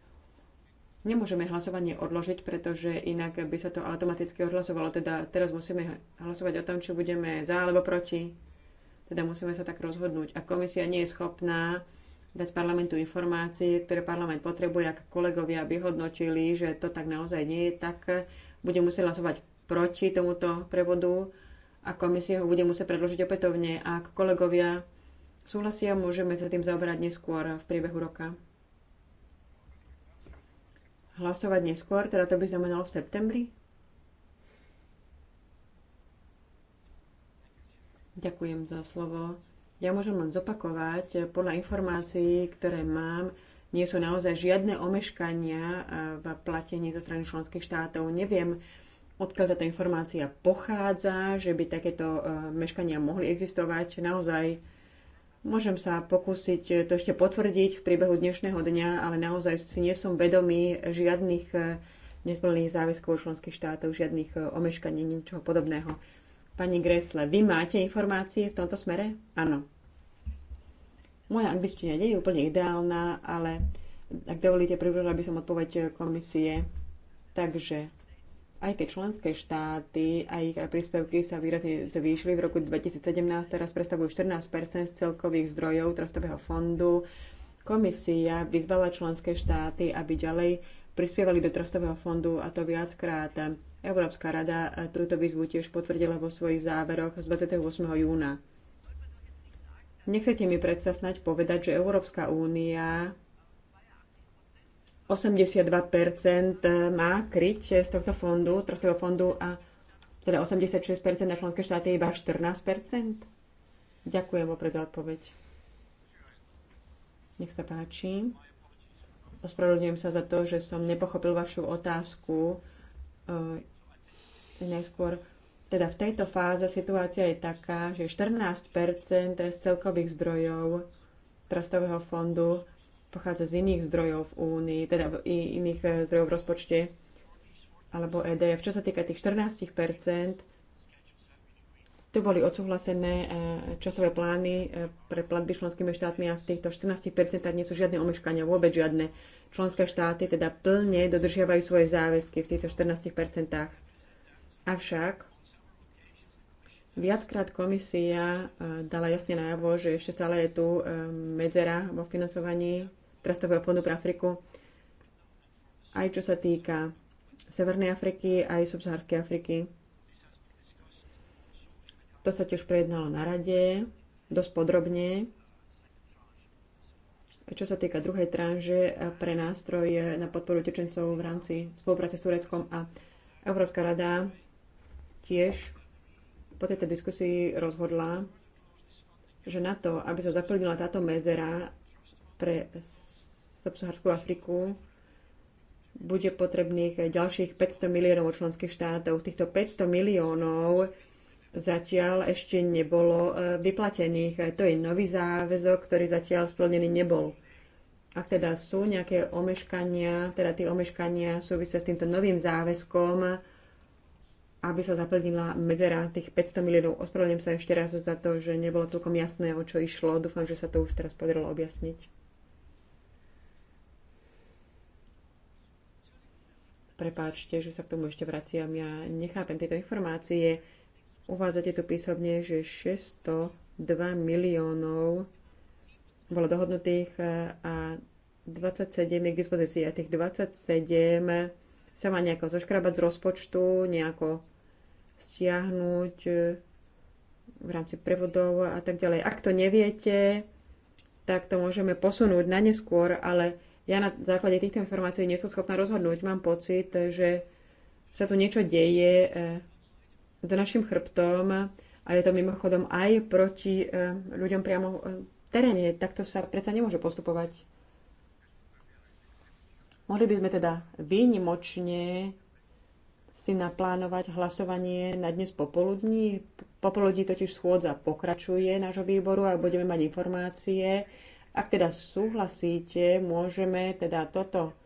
Nemôžeme hlasovanie odložiť, pretože inak by sa to automaticky odhlasovalo. Teda teraz musíme hlasovať o tom, či budeme za alebo proti. Teda musíme sa tak rozhodnúť. A komisia nie je schopná dať parlamentu informácie, ktoré parlament potrebuje, ak kolegovia vyhodnotili, že to tak naozaj nie je, tak bude musieť hlasovať proti tomuto prevodu a komisie ho bude musieť predložiť opätovne. Ak kolegovia súhlasia, môžeme sa tým zaoberať neskôr v priebehu roka. Hlasovať neskôr, teda to by znamenalo v septembri? Ďakujem za slovo. Ja môžem len zopakovať, podľa informácií, ktoré mám, nie sú naozaj žiadne omeškania v platení zo strany členských štátov. Neviem, odkiaľ táto informácia pochádza, že by takéto e, meškania mohli existovať. Naozaj môžem sa pokúsiť to ešte potvrdiť v priebehu dnešného dňa, ale naozaj si nie som vedomý žiadnych e, nesplnených záväzkov členských štátov, žiadnych e, omeškaní, ničoho podobného. Pani Gresle, vy máte informácie v tomto smere? Áno. Moja angličtina nie je úplne ideálna, ale ak dovolíte, približila by som odpoveď komisie. Takže aj keď členské štáty a ich príspevky sa výrazne zvýšili v roku 2017, teraz predstavujú 14 z celkových zdrojov Trastového fondu. Komisia vyzvala členské štáty, aby ďalej prispievali do Trastového fondu a to viackrát. Európska rada túto výzvu tiež potvrdila vo svojich záveroch z 28. júna. Nechcete mi predsa snať povedať, že Európska únia 82% má kryť z tohto fondu, trostového fondu a teda 86% na členské štáty iba 14%? Ďakujem opred za odpoveď. Nech sa páči. Ospravedlňujem sa za to, že som nepochopil vašu otázku. Eh, najskôr, teda v tejto fáze situácia je taká, že 14% z celkových zdrojov trastového fondu pochádza z iných zdrojov v Únii, teda v iných eh, zdrojov v rozpočte alebo EDF. Čo sa týka tých 14 tu boli odsúhlasené eh, časové plány eh, pre platby členskými štátmi a v týchto 14 nie sú žiadne omeškania, vôbec žiadne. Členské štáty teda plne dodržiavajú svoje záväzky v týchto 14 Avšak viackrát komisia dala jasne najavo, že ešte stále je tu medzera vo financovaní Trastového fondu pre Afriku, aj čo sa týka Severnej Afriky, aj subsaharskej Afriky. To sa tiež prejednalo na rade, dosť podrobne. Čo sa týka druhej tranže pre nástroj na podporu tečencov v rámci spolupráce s Tureckom a Európska rada tiež po tejto diskusii rozhodla, že na to, aby sa zaplnila táto medzera pre subsaharskú Afriku, bude potrebných ďalších 500 miliónov členských štátov. Týchto 500 miliónov zatiaľ ešte nebolo e, vyplatených. E, to je nový záväzok, ktorý zatiaľ splnený nebol. Ak teda sú nejaké omeškania, teda tie omeškania súvisia s týmto novým záväzkom, aby sa zaplnila medzera tých 500 miliónov. Ospravedlňujem sa ešte raz za to, že nebolo celkom jasné, o čo išlo. Dúfam, že sa to už teraz podarilo objasniť. Prepáčte, že sa k tomu ešte vraciam. Ja nechápem tieto informácie. Uvádzate tu písomne, že 602 miliónov bolo dohodnutých eh, a 27 je k dispozícii a tých 27 sa má nejako zoškrabať z rozpočtu, nejako stiahnuť eh, v rámci prevodov a tak ďalej. Ak to neviete, tak to môžeme posunúť na neskôr, ale ja na základe týchto informácií nie som schopná rozhodnúť. Mám pocit, že sa tu niečo deje eh, za našim chrbtom a je to mimochodom aj proti eh, ľuďom priamo eh, v teréne. Takto sa predsa nemôže postupovať. Mohli by sme teda výnimočne si naplánovať hlasovanie na dnes popoludní. Popoludní totiž schôdza pokračuje nášho výboru a budeme mať informácie ak teda súhlasíte, môžeme teda toto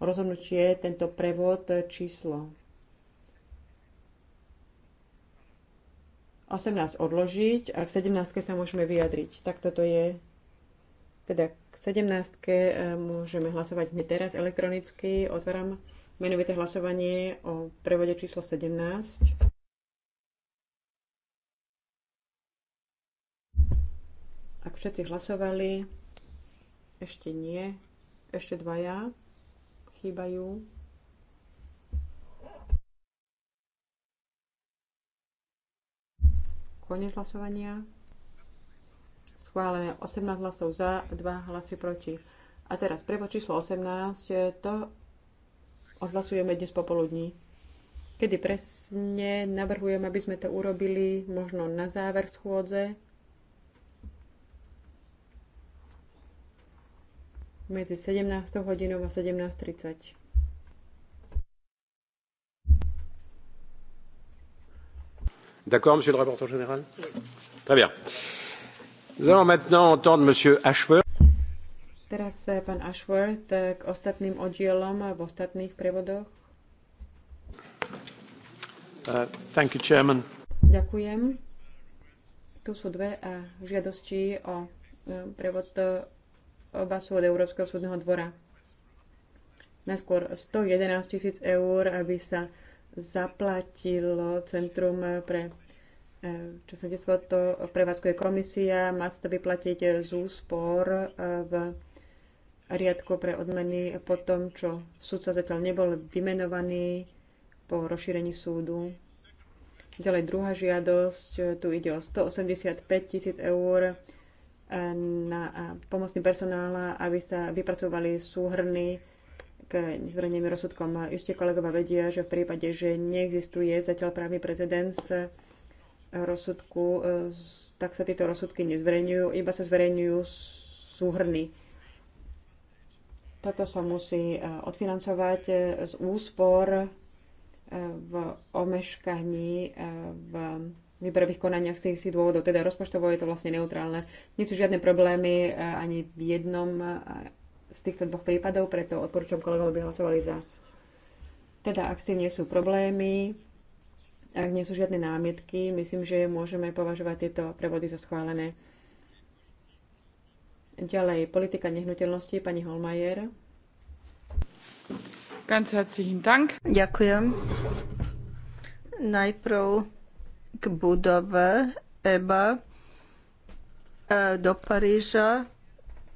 rozhodnutie, tento prevod číslo 18 odložiť a k 17 sa môžeme vyjadriť. Tak toto je teda k 17 e, môžeme hlasovať hneď teraz elektronicky. Otváram menovité hlasovanie o prevode číslo 17. Ak všetci hlasovali, ešte nie. Ešte dvaja chýbajú. Konec hlasovania. Schválené 18 hlasov za, 2 hlasy proti. A teraz prebo číslo 18, to odhlasujeme dnes popoludní. Kedy presne navrhujem, aby sme to urobili možno na záver schôdze, medzi 17. hodinou a 17.30. D'accord, monsieur le rapporteur général oui. Très bien. Nous allons maintenant entendre monsieur Ashworth. Teraz eh, pán Ashworth eh, k ostatným oddielom v ostatných prevodoch. Uh, thank you, chairman. Ďakujem. Tu sú dve a žiadosti o prevod Oba sú od Európskeho súdneho dvora. Najskôr 111 tisíc eur, aby sa zaplatilo Centrum pre e, čo sa detstvo to prevádzkuje komisia, má sa to vyplatiť z úspor e, v riadku pre odmeny po tom, čo sudca zatiaľ nebol vymenovaný po rozšírení súdu. Ďalej druhá žiadosť, tu ide o 185 tisíc eur na pomocný personál, aby sa vypracovali súhrny k nezverejneným rozsudkom. Ešte kolegova vedia, že v prípade, že neexistuje zatiaľ právny precedens rozsudku, tak sa tieto rozsudky nezverejňujú, iba sa zverejňujú súhrny. Toto sa musí e, odfinancovať e, z úspor e, v omeškaní v výberových konaniach z tých dôvodov, teda rozpočtovo je to vlastne neutrálne. Nie sú žiadne problémy e, ani v jednom e, z týchto dvoch prípadov, preto odporúčam kolegom, aby hlasovali za. Teda, ak s tým nie sú problémy, ak nie sú žiadne námietky, myslím, že môžeme považovať tieto prevody za schválené. Ďalej, politika nehnuteľnosti, pani Holmajer. Ganz herzlichen Dank. Ďakujem. Najprv k budove EBA e, do Paríža.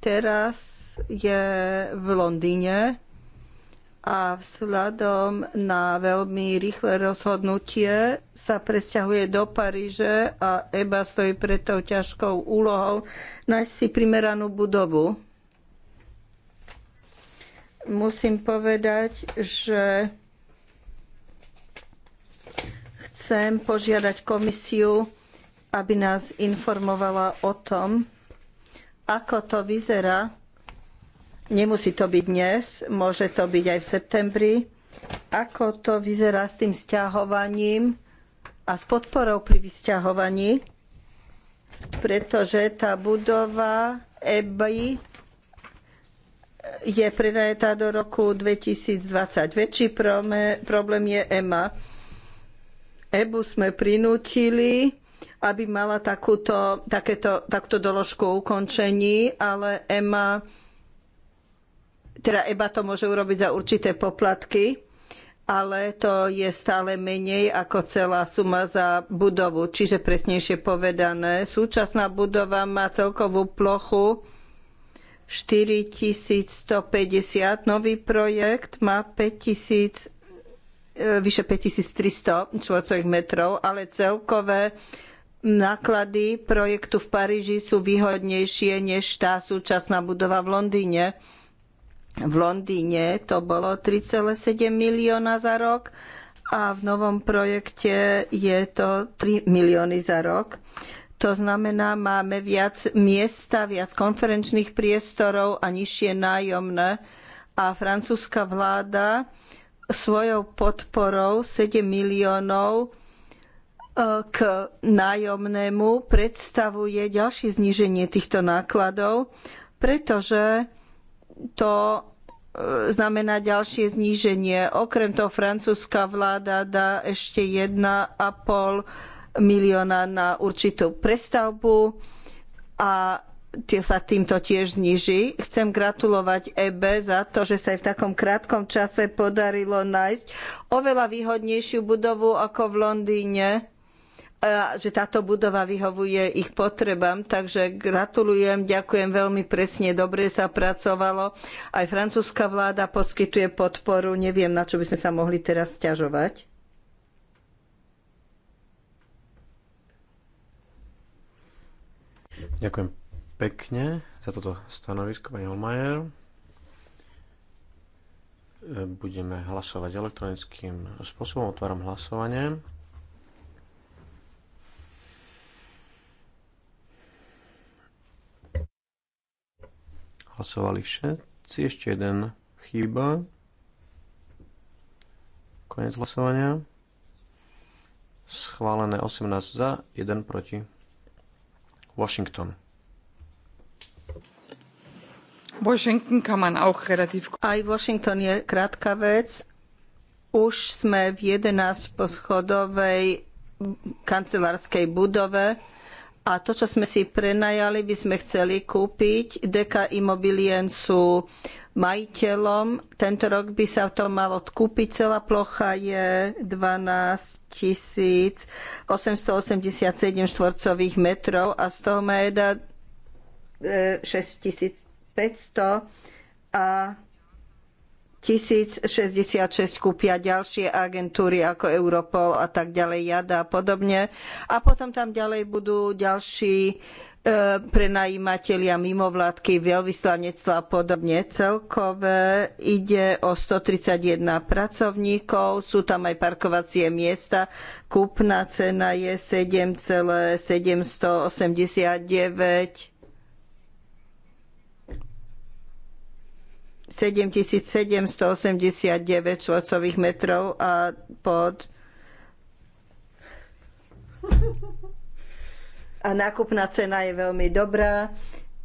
Teraz je v Londýne a vzhľadom na veľmi rýchle rozhodnutie sa presťahuje do Paríže a EBA stojí pred tou ťažkou úlohou nájsť si primeranú budovu. Musím povedať, že chcem požiadať komisiu, aby nás informovala o tom, ako to vyzerá. Nemusí to byť dnes, môže to byť aj v septembri. Ako to vyzerá s tým sťahovaním a s podporou pri vysťahovaní, pretože tá budova EBI je prenajatá do roku 2020. Väčší problém je EMA EBU sme prinútili, aby mala takúto, takéto, takúto doložku o ukončení, ale EMA, teda EBA to môže urobiť za určité poplatky, ale to je stále menej ako celá suma za budovu. Čiže presnejšie povedané, súčasná budova má celkovú plochu 4150, nový projekt má 5000 E, vyše 5300 štvorcových metrov, ale celkové náklady projektu v Paríži sú výhodnejšie než tá súčasná budova v Londýne. V Londýne to bolo 3,7 milióna za rok a v novom projekte je to 3 milióny za rok. To znamená, máme viac miesta, viac konferenčných priestorov a nižšie nájomné. A francúzska vláda svojou podporou 7 miliónov e, k nájomnému predstavuje ďalšie zníženie týchto nákladov, pretože to e, znamená ďalšie zníženie. Okrem toho francúzska vláda dá ešte 1,5 milióna na určitú prestavbu a sa týmto tiež zniží. Chcem gratulovať EBE za to, že sa aj v takom krátkom čase podarilo nájsť oveľa výhodnejšiu budovu ako v Londýne a že táto budova vyhovuje ich potrebám. Takže gratulujem, ďakujem veľmi presne, dobre sa pracovalo. Aj francúzska vláda poskytuje podporu. Neviem, na čo by sme sa mohli teraz sťažovať. Ďakujem pekne za toto stanovisko, pani Holmajer. E, budeme hlasovať elektronickým spôsobom. Otváram hlasovanie. Hlasovali všetci. Ešte jeden chýba. Konec hlasovania. Schválené 18 za, 1 proti. Washington. Washington kann man auch relativ... Aj Washington je krátka vec. Už sme v 11 poschodovej kancelárskej budove a to, čo sme si prenajali, by sme chceli kúpiť. DK Immobilien sú majiteľom. Tento rok by sa to malo kúpiť. Celá plocha je 12 887 štvorcových metrov a z toho má 6 000. E, 500 a 1066 kúpia ďalšie agentúry ako Europol a tak ďalej, JADA a podobne. A potom tam ďalej budú ďalší e, prenajímatelia mimovládky, veľvyslanectva a podobne. Celkové ide o 131 pracovníkov, sú tam aj parkovacie miesta. Kúpna cena je 7,789 7789 čvorcových metrov a pod a nákupná cena je veľmi dobrá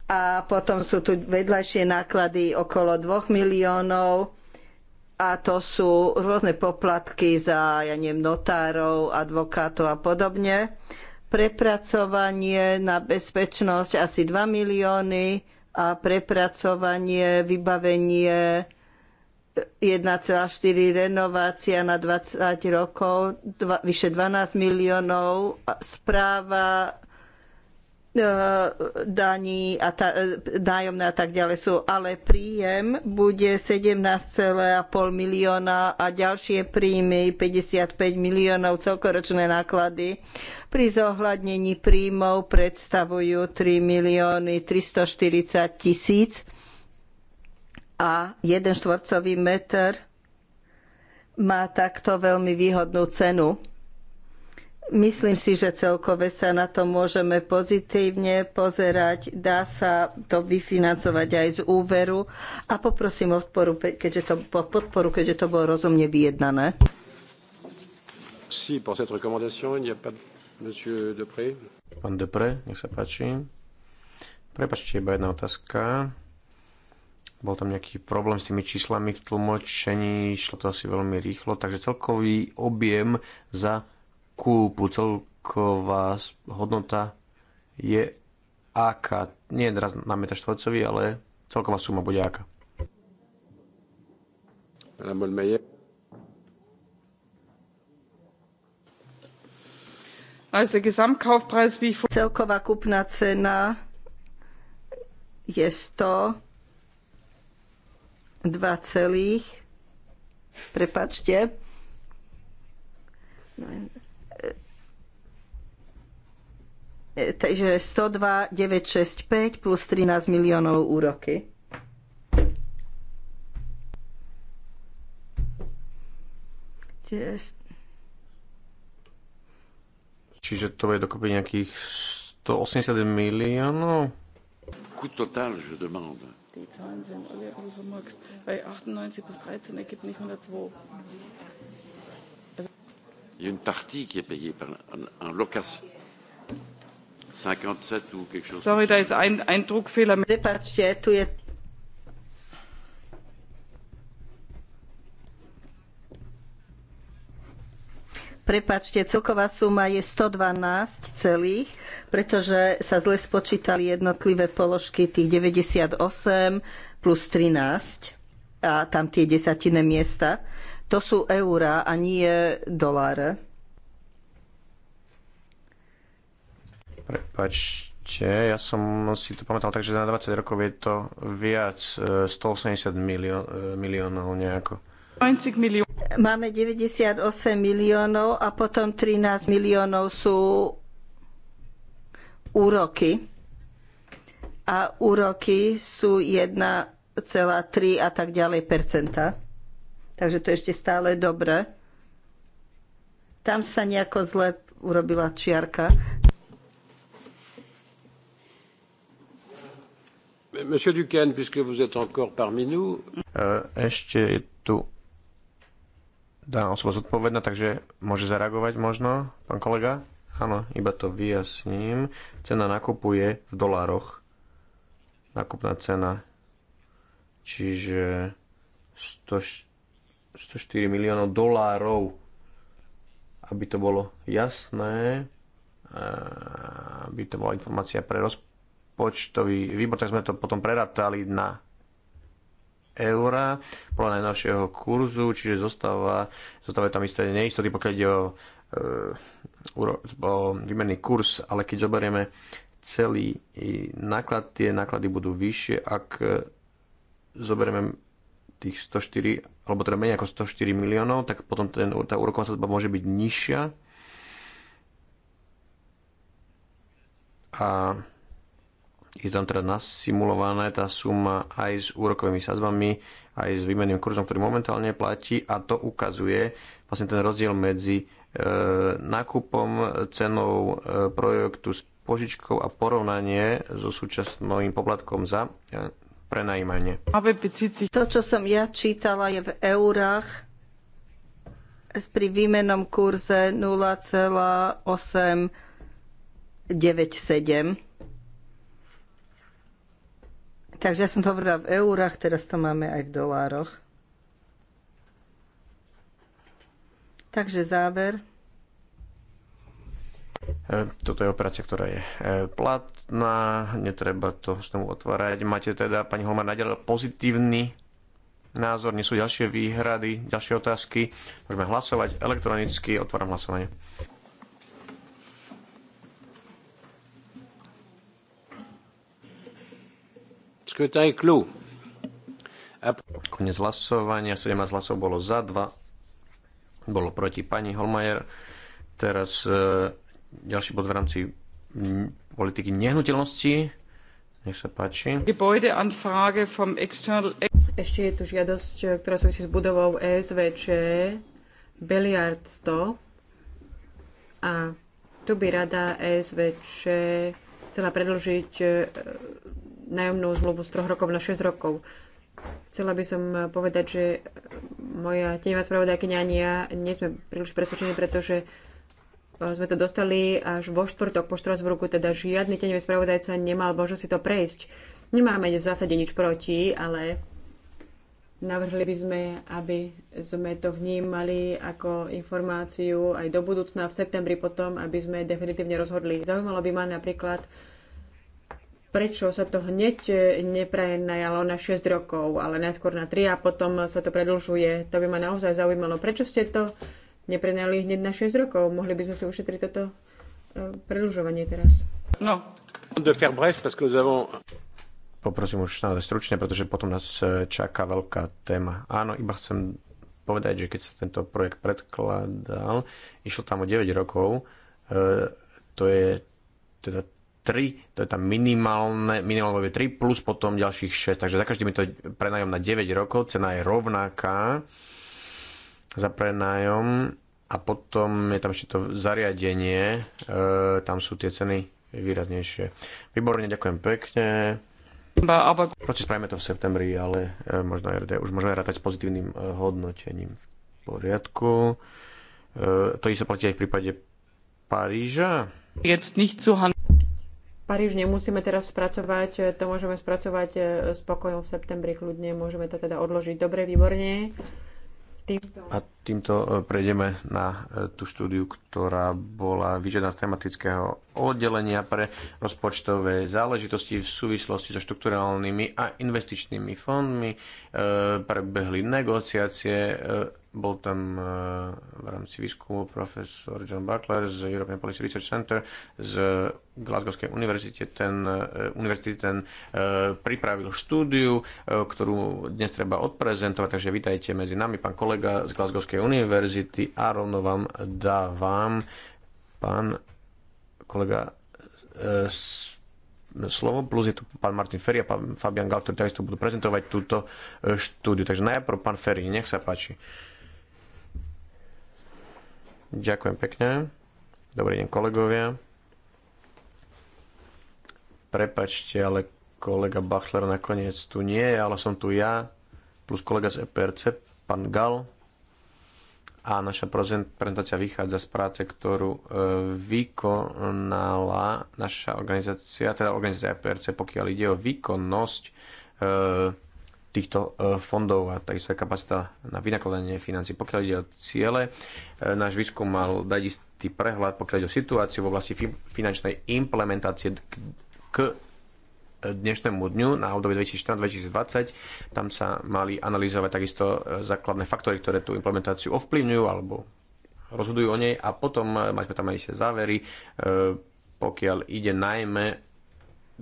a potom sú tu vedľajšie náklady okolo 2 miliónov a to sú rôzne poplatky za, ja neviem, notárov, advokátov a podobne. Prepracovanie na bezpečnosť asi 2 milióny a prepracovanie, vybavenie 1,4 e, renovácia na 20 rokov, dva, vyše 12 miliónov, správa e, daní a ta, e, nájomné a tak ďalej sú, ale príjem bude 17,5 milióna a ďalšie príjmy 55 miliónov, celkoročné náklady pri zohľadnení príjmov predstavujú 3 milióny 340 tisíc a jeden štvorcový meter má takto veľmi výhodnú cenu. Myslím si, že celkové sa na to môžeme pozitívne pozerať. Dá sa to vyfinancovať aj z úveru a poprosím o podporu, keďže to, podporu, keďže to bolo rozumne vyjednané. pour cette recommandation, il n'y a pas Monsieur Depré. Pán Depré, nech sa páči. Prepačte, iba jedna otázka. Bol tam nejaký problém s tými číslami v tlmočení, išlo to asi veľmi rýchlo, takže celkový objem za kúpu, celková hodnota je aká? Nie teraz na meter štvorcový, ale celková suma bude aká? Madame Olmeyer. Also Gesamtkaufpreis, wie ich... Celková kupná cena je 100 2 celých, prepačte, no, e, e, takže 102 965 plus 13 miliónov úroky. Čiže Čiže to je dokopy nejakých 180 miliónov. Coût total, je demande. Die Zahlen sind alle plus Bei 98 13 ergibt nicht 102. Il y a une partie qui est payée par, un, location. 57 ou quelque chose. Sorry, da ist ein, ein Druckfehler. Prepáčte, tu je Prepačte, celková suma je 112 celých, pretože sa zle spočítali jednotlivé položky tých 98 plus 13 a tam tie desatine miesta. To sú eurá a nie doláre. Prepačte, ja som si to pamätal tak, že na 20 rokov je to viac, 180 e, milión, e, miliónov nejako. Máme 98 miliónov a potom 13 miliónov sú úroky. A úroky sú 1,3 a tak ďalej percenta. Takže to je ešte stále dobré. Tam sa nejako zle urobila čiarka. Monsieur Duquesne, puisque vous êtes encore parmi nous. Ešte je tu daná osoba zodpovedná, takže môže zareagovať možno, pán kolega? Áno, iba to vyjasním. Cena nákupu je v dolároch. Nákupná cena. Čiže 100, 104 miliónov dolárov. Aby to bolo jasné, aby to bola informácia pre rozpočtový výbor, tak sme to potom preratali na eura podľa najnovšieho kurzu, čiže zostáva, zostáva tam isté neistoty, pokiaľ ide o, eh, o výmenný kurz, ale keď zoberieme celý náklad, tie náklady budú vyššie, ak eh, zoberieme tých 104, alebo teda menej ako 104 miliónov, tak potom ten, tá úroková sadzba môže byť nižšia. A je tam teda nasimulovaná tá suma aj s úrokovými sazbami, aj s výmenným kurzom, ktorý momentálne platí a to ukazuje vlastne ten rozdiel medzi e, nákupom, cenou e, projektu s požičkou a porovnanie so súčasným poplatkom za e, prenajímanie. To, čo som ja čítala, je v eurách pri výmenom kurze 0,897 Takže ja som to hovorila v eurách, teraz to máme aj v dolároch. Takže záver. E, toto je operácia, ktorá je e, platná, netreba to s tomu otvárať. Máte teda, pani Holmar, naďalej pozitívny názor, nie sú ďalšie výhrady, ďalšie otázky. Môžeme hlasovať elektronicky, otváram hlasovanie. Scrutin Konec hlasovania, 17 hlasov bolo za, 2 bolo proti pani Holmajer. Teraz e, ďalší bod v rámci politiky nehnuteľnosti. Nech sa páči. Ešte je tu žiadosť, e, ktorá súvisí s budovou ESVČ Beliard 100. A tu by rada ESVČ chcela predlžiť e, nájomnú zmluvu z troch rokov na 6 rokov. Chcela by som povedať, že moja tenivá spravodajkynia ani ja nie sme príliš presvedčení, pretože eh, sme to dostali až vo štvrtok po Štrasburgu, teda žiadny tenevý spravodajca nemal možnosť si to prejsť. Nemáme v zásade nič proti, ale navrhli by sme, aby sme to vnímali ako informáciu aj do budúcna v septembri potom, aby sme definitívne rozhodli. Zaujímalo by ma napríklad, prečo sa to hneď neprenajalo na 6 rokov, ale najskôr na 3 a potom sa to predlžuje. To by ma naozaj zaujímalo. Prečo ste to neprenajali hneď na 6 rokov? Mohli by sme si ušetriť toto e, predlžovanie teraz. No, de faire bref, parce que nous avons... Poprosím už naozaj stručne, pretože potom nás e, čaká veľká téma. Áno, iba chcem povedať, že keď sa tento projekt predkladal, išlo tam o 9 rokov, e, to je teda 3, to je tam minimálne, minimálne 3 plus potom ďalších 6, takže za každým je to prenájom na 9 rokov, cena je rovnaká za prenájom a potom je tam ešte to zariadenie, e, tam sú tie ceny výraznejšie. Výborne, ďakujem pekne. Proč spravíme to v septembri, ale e, možno aj, už môžeme rátať s pozitívnym e, hodnotením. V poriadku. E, to isto platí aj v prípade Paríža. Jetzt nicht zu Paríž nemusíme teraz spracovať, e, to môžeme spracovať e, spokojom v septembri kľudne, môžeme to teda odložiť. Dobre, výborne. Týmto... A Týmto e, prejdeme na e, tú štúdiu, ktorá bola vyžadná z tematického oddelenia pre rozpočtové záležitosti v súvislosti so štrukturálnymi a investičnými fondmi. E, Prebehli negociácie, bol tam v rámci výskumu profesor John Butler z European Policy Research Center z Glasgowskej univerzity. Ten, univerzity ten pripravil štúdiu, ktorú dnes treba odprezentovať, takže vítajte medzi nami, pán kolega z Glasgowskej Európskej univerzity a rovno vám dávam pán kolega e, slovo, plus je tu pán Martin Ferry a pán Fabian Gal, ktorí takisto budú prezentovať túto e, štúdiu. Takže najprv pán Ferry, nech sa páči. Ďakujem pekne. Dobrý deň, kolegovia. Prepačte, ale kolega Bachler nakoniec tu nie je, ale som tu ja, plus kolega z EPRC, pán Gal a naša prezentácia vychádza z práce, ktorú e, vykonala naša organizácia, teda organizácia PRC, pokiaľ ide o výkonnosť e, týchto e, fondov a takisto aj kapacita na vynakladanie financí. Pokiaľ ide o ciele, náš výskum mal dať istý prehľad, pokiaľ ide o situáciu v oblasti finančnej implementácie k dnešnému dňu na obdobie 2014-2020. Tam sa mali analyzovať takisto e, základné faktory, ktoré tú implementáciu ovplyvňujú alebo rozhodujú o nej a potom e, mať tam aj závery, e, pokiaľ ide najmä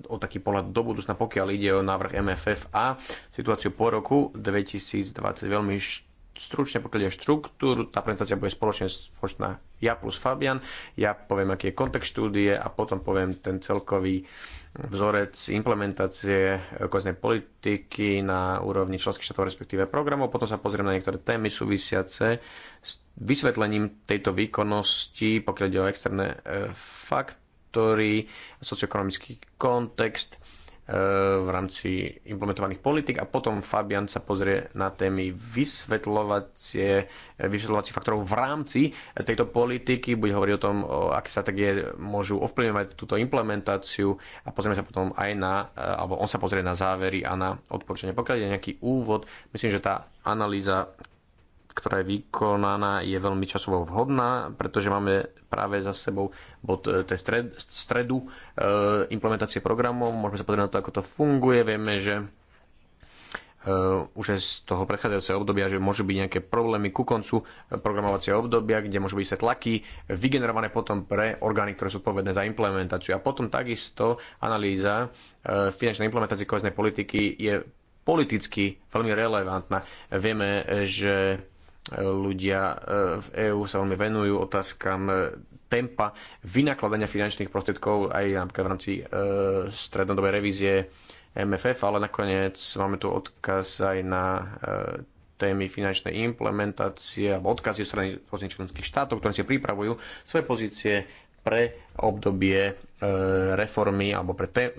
o taký pohľad do budúcna, pokiaľ ide o návrh MFF a situáciu po roku 2020. Veľmi št- stručne, pokiaľ je štruktúru, tá prezentácia bude spoločne spoločná ja plus Fabian, ja poviem, aký je kontext štúdie a potom poviem ten celkový vzorec implementácie eh, koznej politiky na úrovni členských štátov, respektíve programov. Potom sa pozrieme na niektoré témy súvisiace s vysvetlením tejto výkonnosti, pokiaľ ide o externé eh, faktory, socioekonomický kontext, E, v rámci implementovaných politik a potom Fabian sa pozrie na témy vysvetľovacie, e, vysvetľovacích faktorov v rámci tejto politiky, bude hovoriť o tom, o aké strategie môžu ovplyvňovať túto implementáciu a pozrieme sa potom aj na, e, alebo on sa pozrie na závery a na odporúčanie. Pokiaľ je nejaký úvod, myslím, že tá analýza ktorá je vykonaná, je veľmi časovo vhodná, pretože máme práve za sebou bod e, tej stred, stredu e, implementácie programov. Môžeme sa pozrieť na to, ako to funguje. Vieme, že e, už z toho predchádzajúceho obdobia, že môžu byť nejaké problémy ku koncu programovacieho obdobia, kde môžu byť sa tlaky vygenerované potom pre orgány, ktoré sú odpovedné za implementáciu. A potom takisto analýza finančnej implementácie koheznej politiky je politicky veľmi relevantná. Vieme, že ľudia e, v EÚ sa veľmi venujú otázkam e, tempa vynakladania finančných prostriedkov aj napríklad v rámci e, strednodobej revízie MFF, ale nakoniec máme tu odkaz aj na témy finančnej implementácie alebo odkazy strany rôznych členských štátov, ktoré si pripravujú svoje pozície pre obdobie reformy alebo pre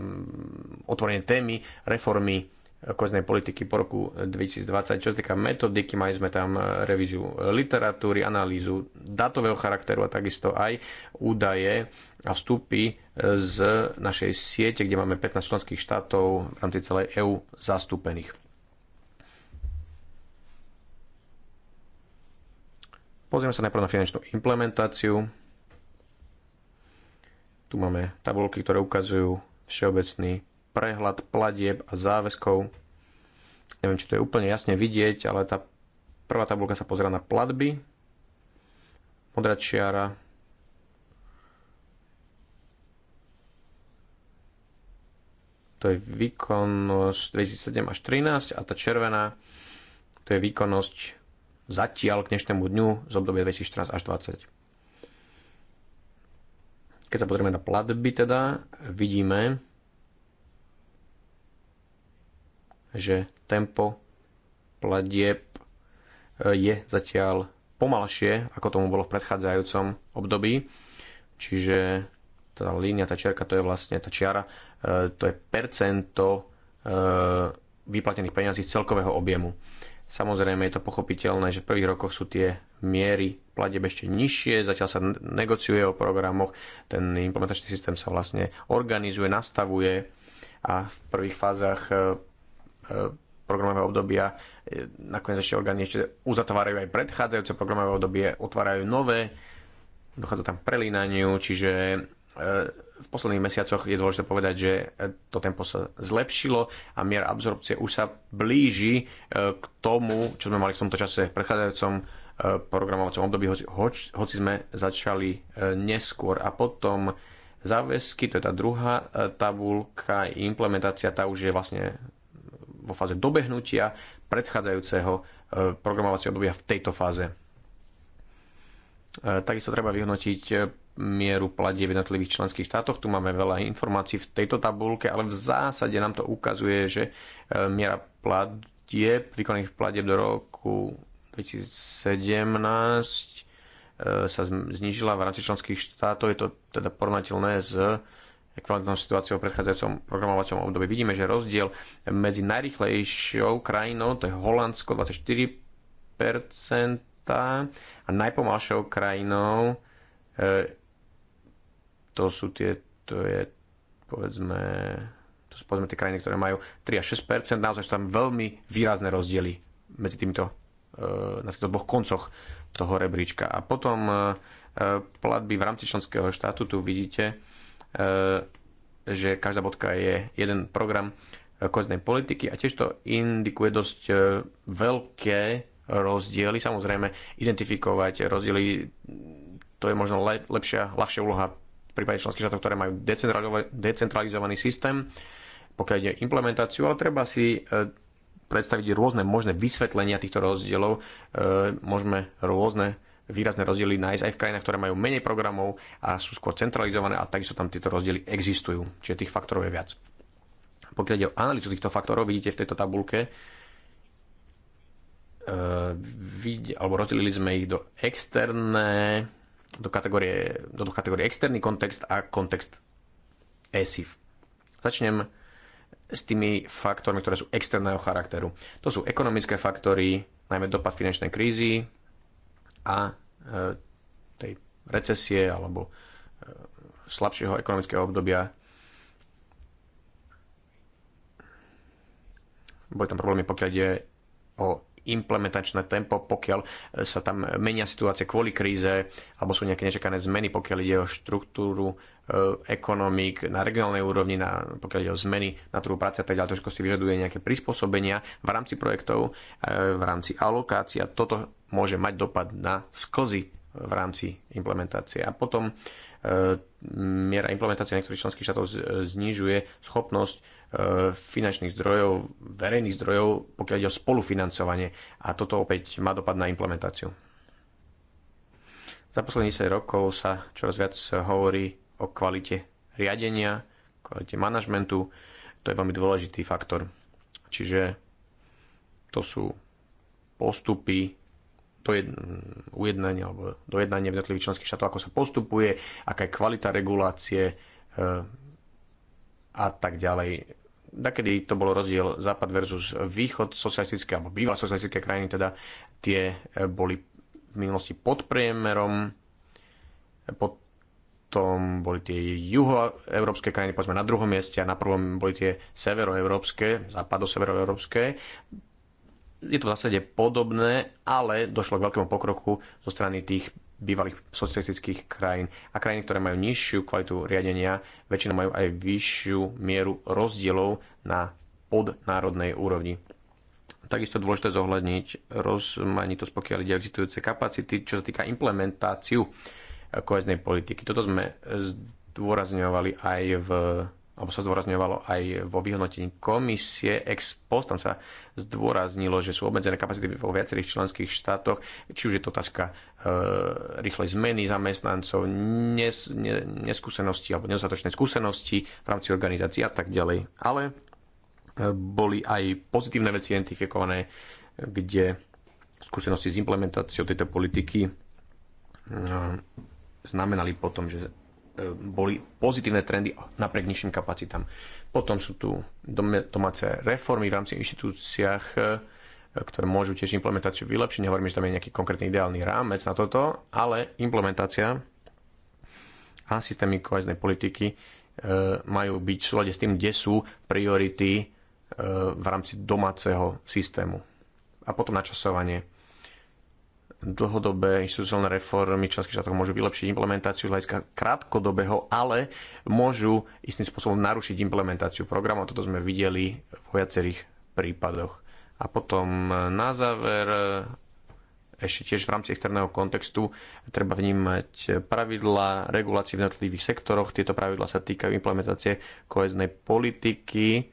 otvorenie témy reformy koznej politiky po roku 2020. Čo sa týka metodiky, mali sme tam e, revíziu literatúry, analýzu datového charakteru a takisto aj údaje a vstupy e, z našej siete, kde máme 15 členských štátov v rámci celej EÚ zastúpených. Pozrieme sa najprv na finančnú implementáciu. Tu máme tabulky, ktoré ukazujú všeobecný prehľad platieb a záväzkov. Neviem, či to je úplne jasne vidieť, ale tá prvá tabulka sa pozera na platby. Modrá čiara. To je výkonnosť 2007 až 13 a tá červená to je výkonnosť zatiaľ k dnešnému dňu z obdobia 2014 až 2020 keď sa pozrieme na platby teda, vidíme, že tempo platieb e, je zatiaľ pomalšie, ako tomu bolo v predchádzajúcom období. Čiže tá línia, tá čiarka, to je vlastne tá čiara, e, to je percento e, vyplatených peňazí z celkového objemu. Samozrejme je to pochopiteľné, že v prvých rokoch sú tie miery platieb ešte nižšie, zatiaľ sa negociuje o programoch, ten implementačný systém sa vlastne organizuje, nastavuje a v prvých fázach E, programového obdobia. E, nakoniec ešte orgány ešte uzatvárajú aj predchádzajúce programové obdobie, otvárajú nové, dochádza tam k prelínaniu, čiže e, v posledných mesiacoch je dôležité povedať, že to tempo sa zlepšilo a miera absorpcie už sa blíži k tomu, čo sme mali v tomto čase v predchádzajúcom programovacom období, hoci, hoci sme začali neskôr. A potom záväzky, to je tá druhá tabulka, implementácia, tá už je vlastne vo fáze dobehnutia predchádzajúceho e, programovacieho obdobia v tejto fáze. E, takisto treba vyhodnotiť e, mieru platie v jednotlivých členských štátoch. Tu máme veľa informácií v tejto tabulke, ale v zásade nám to ukazuje, že miera platieb, výkonných platieb do roku 2017 sa znížila v rámci členských štátov. Je to teda porovnateľné s ekvivalentnou situáciou v predchádzajúcom programovacom období. Vidíme, že rozdiel medzi najrychlejšou krajinou, to je Holandsko 24% a najpomalšou krajinou e, to sú tie, to je povedzme, to sú povedzme tie krajiny, ktoré majú 3 až 6%, naozaj sú tam veľmi výrazné rozdiely medzi týmto e, na týchto dvoch koncoch toho rebríčka. A potom e, platby v rámci členského štátu, tu vidíte, E, že každá bodka je jeden program e, koheznej politiky a tiež to indikuje dosť e, veľké rozdiely. Samozrejme, identifikovať rozdiely to je možno le, lepšia, ľahšia úloha v prípade členských štátov, ktoré majú decentralizovaný systém, pokiaľ ide implementáciu, ale treba si predstaviť rôzne možné vysvetlenia týchto rozdielov. Môžeme rôzne výrazné rozdiely nájsť aj v krajinách, ktoré majú menej programov a sú skôr centralizované a takisto tam tieto rozdiely existujú, čiže tých faktorov je viac. Pokiaľ ide o analýzu týchto faktorov, vidíte v tejto tabulke, e, alebo rozdelili sme ich do externé, do kategórie, do kategórie externý kontext a kontext ESIF. Začnem s tými faktormi, ktoré sú externého charakteru. To sú ekonomické faktory, najmä dopad finančnej krízy, a e, tej recesie alebo e, slabšieho ekonomického obdobia. Boli tam problémy, pokiaľ ide o implementačné tempo, pokiaľ e, sa tam menia situácie kvôli kríze, alebo sú nejaké nečakané zmeny, pokiaľ ide o štruktúru ekonomik ekonomík na regionálnej úrovni, na, pokiaľ ide o zmeny na trhu práce a tak ďalej, to si vyžaduje nejaké prispôsobenia v rámci projektov, v rámci alokácia. Toto môže mať dopad na sklzy v rámci implementácie. A potom e, miera implementácie niektorých členských štátov e, znižuje schopnosť e, finančných zdrojov, verejných zdrojov, pokiaľ ide o spolufinancovanie. A toto opäť má dopad na implementáciu. Za posledných 10 rokov sa čoraz viac hovorí o kvalite riadenia, kvalite manažmentu. To je veľmi dôležitý faktor. Čiže to sú postupy, ujednanie alebo dojednanie v jednotlivých členských štátov, ako sa postupuje, aká je kvalita regulácie e, a tak ďalej. Takedy to bol rozdiel západ versus východ, socialistické alebo bývalé socialistické krajiny, teda tie e, boli v minulosti pod priemerom, potom boli tie juhoeurópske krajiny, povedzme na druhom mieste a na prvom boli tie severoeurópske, západo-severoeurópske je to v zásade podobné, ale došlo k veľkému pokroku zo strany tých bývalých socialistických krajín. A krajiny, ktoré majú nižšiu kvalitu riadenia, väčšinou majú aj vyššiu mieru rozdielov na podnárodnej úrovni. Takisto dôležité zohľadniť rozmanitosť, pokiaľ ide existujúce kapacity, čo sa týka implementáciu koheznej politiky. Toto sme zdôrazňovali aj v alebo sa zdôrazňovalo aj vo vyhodnotení komisie ex post, tam sa zdôraznilo, že sú obmedzené kapacity vo viacerých členských štátoch, či už je to otázka e, rýchlej zmeny zamestnancov, nes, ne, neskúsenosti alebo nedostatočnej skúsenosti v rámci organizácií a tak ďalej. Ale e, boli aj pozitívne veci identifikované, kde skúsenosti s implementáciou tejto politiky e, znamenali potom, že E, boli pozitívne trendy napriek nižším kapacitám. Potom sú tu domáce reformy v rámci inštitúciách, e, ktoré môžu tiež implementáciu vylepšiť. Nehovorím, že tam je nejaký konkrétny ideálny rámec na toto, ale implementácia a systémy koheznej politiky e, majú byť v s tým, kde sú priority v rámci domáceho systému. A potom načasovanie dlhodobé inštitucionálne reformy členských štátov môžu vylepšiť implementáciu z hľadiska krátkodobého, ale môžu istým spôsobom narušiť implementáciu programu. Toto sme videli v viacerých prípadoch. A potom eh, na záver eh, ešte tiež v rámci externého kontextu treba vnímať pravidla regulácií v jednotlivých sektoroch. Tieto pravidla sa týkajú implementácie koheznej politiky,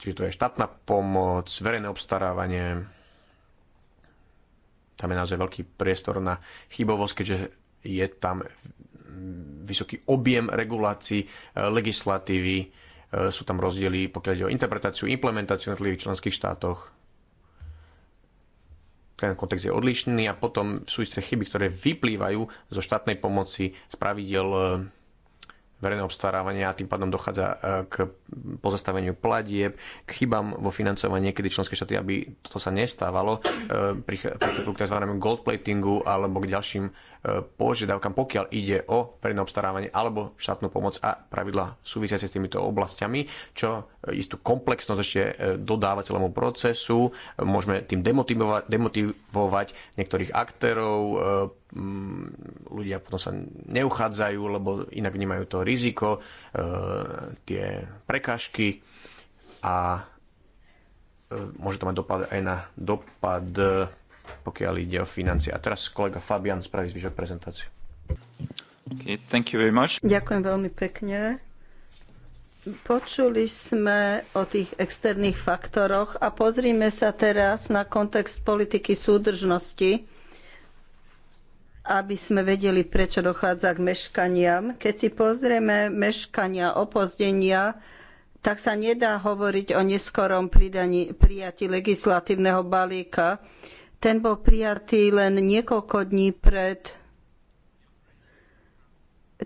čiže to je štátna pomoc, verejné obstarávanie, tam je naozaj veľký priestor na chybovosť, keďže je tam vysoký objem regulácií, e, legislatívy, e, sú tam rozdiely, pokiaľ ide o interpretáciu, implementáciu na tých členských štátoch. Ten kontext je odlišný a potom sú isté chyby, ktoré vyplývajú zo štátnej pomoci, z pravidel e, verejného obstarávania a tým pádom dochádza e, k pozastaveniu platieb, k chybám vo financovaní niekedy členské štáty, aby to sa nestávalo, e, prichádzajú k tzv. goldplatingu alebo k ďalším e, požiadavkám, pokiaľ ide o verejné obstarávanie alebo štátnu pomoc a pravidla súvisiace s týmito oblastiami, čo istú komplexnosť ešte dodáva celému procesu. Môžeme tým demotivovať, demotivovať niektorých aktérov, Mm, ľudia potom sa neuchádzajú, lebo inak vnímajú to riziko, e, tie prekažky a e, môže to mať dopad aj na dopad, e, pokiaľ ide o financie. A teraz kolega Fabian spraví zvyšok prezentáciu. Okay, thank you very much. Ďakujem veľmi pekne. Počuli sme o tých externých faktoroch a pozrime sa teraz na kontext politiky súdržnosti aby sme vedeli, prečo dochádza k meškaniam. Keď si pozrieme meškania, opozdenia, tak sa nedá hovoriť o neskorom pridaní, prijatí legislatívneho balíka. Ten bol prijatý len niekoľko dní pred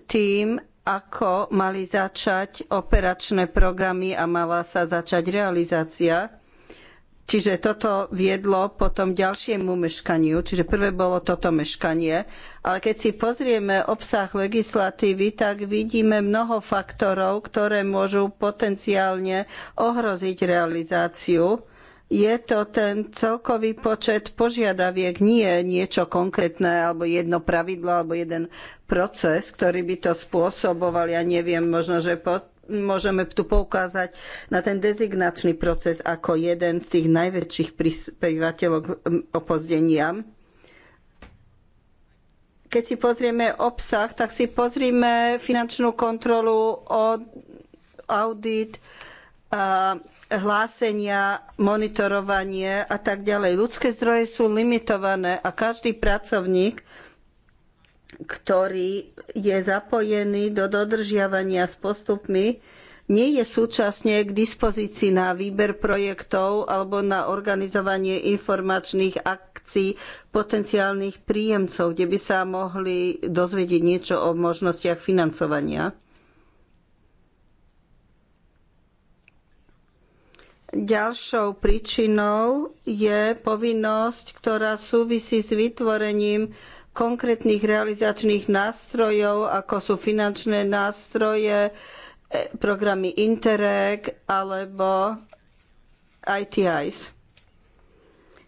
tým, ako mali začať operačné programy a mala sa začať realizácia Čiže toto viedlo potom ďalšiemu meškaniu, čiže prvé bolo toto meškanie. Ale keď si pozrieme obsah legislatívy, tak vidíme mnoho faktorov, ktoré môžu potenciálne ohroziť realizáciu. Je to ten celkový počet požiadaviek, nie niečo konkrétne, alebo jedno pravidlo, alebo jeden proces, ktorý by to spôsoboval. Ja neviem, možno, že pod môžeme tu poukázať na ten dezignačný proces ako jeden z tých najväčších prispievateľov k opozdeniam. Keď si pozrieme obsah, tak si pozrieme finančnú kontrolu, audit, a hlásenia, monitorovanie a tak ďalej. Ľudské zdroje sú limitované a každý pracovník ktorý je zapojený do dodržiavania s postupmi, nie je súčasne k dispozícii na výber projektov alebo na organizovanie informačných akcií potenciálnych príjemcov, kde by sa mohli dozvedieť niečo o možnostiach financovania. Ďalšou príčinou je povinnosť, ktorá súvisí s vytvorením konkrétnych realizačných nástrojov, ako sú finančné nástroje, e, programy Interreg alebo ITIs.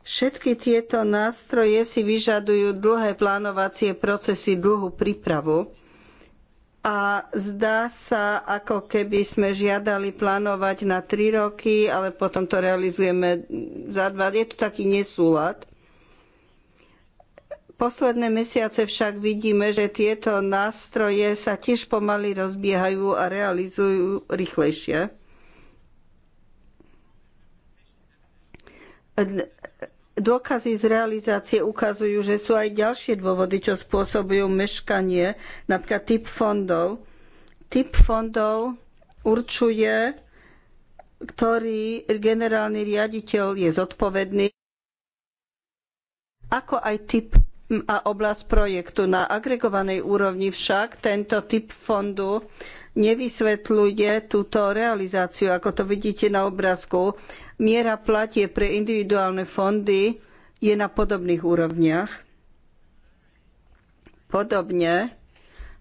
Všetky tieto nástroje si vyžadujú dlhé plánovacie procesy, dlhú prípravu. A zdá sa, ako keby sme žiadali plánovať na tri roky, ale potom to realizujeme za dva. Je to taký nesúlad. Posledné mesiace však vidíme, že tieto nástroje sa tiež pomaly rozbiehajú a realizujú rýchlejšie. Dôkazy z realizácie ukazujú, že sú aj ďalšie dôvody, čo spôsobujú meškanie, napríklad typ fondov. Typ fondov určuje, ktorý generálny riaditeľ je zodpovedný, ako aj typ a oblasť projektu. Na agregovanej úrovni však tento typ fondu nevysvetľuje túto realizáciu, ako to vidíte na obrázku. Miera platie pre individuálne fondy je na podobných úrovniach. Podobne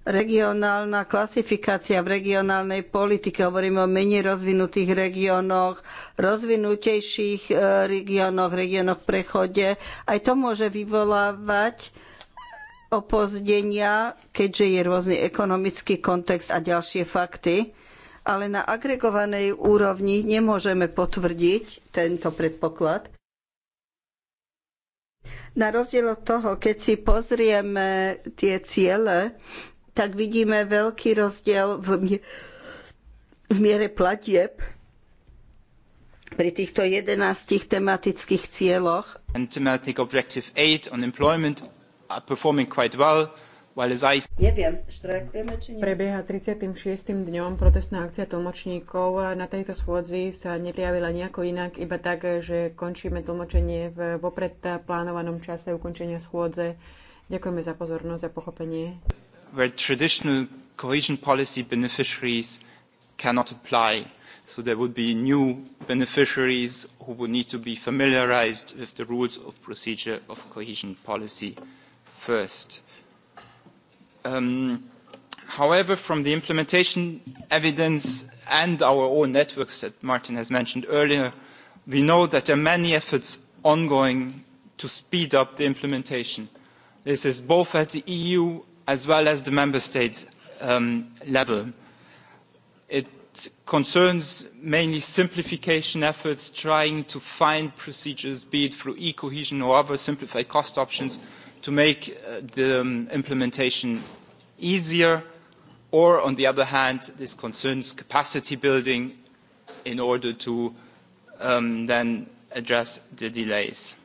regionálna klasifikácia v regionálnej politike, hovoríme o menej rozvinutých regiónoch, rozvinutejších e, regiónoch, regiónoch v prechode, aj to môže vyvolávať opozdenia, keďže je rôzny ekonomický kontext a ďalšie fakty, ale na agregovanej úrovni nemôžeme potvrdiť tento predpoklad. Na rozdiel od toho, keď si pozrieme tie ciele tak vidíme veľký rozdiel v, v miere platieb pri týchto 11 tematických cieľoch. And thematic objective 8 on employment are uh, performing quite well. Neviem, Prebieha 36. dňom protestná akcia tlmočníkov. Na tejto schôdzi sa neprijavila nejako inak, iba tak, že končíme tlmočenie v vopred plánovanom čase ukončenia schôdze. Ďakujeme za pozornosť a pochopenie where traditional cohesion policy beneficiaries cannot apply. So there would be new beneficiaries who would need to be familiarised with the rules of procedure of cohesion policy first. Um, however, from the implementation evidence and our own networks that Martin has mentioned earlier, we know that there are many efforts ongoing to speed up the implementation. This is both at the EU as well as the member state um, level. It concerns mainly simplification efforts, trying to find procedures, be it through e-cohesion or other simplified cost options, to make uh, the um, implementation easier, or on the other hand, this concerns capacity building in order to um, then address the delays.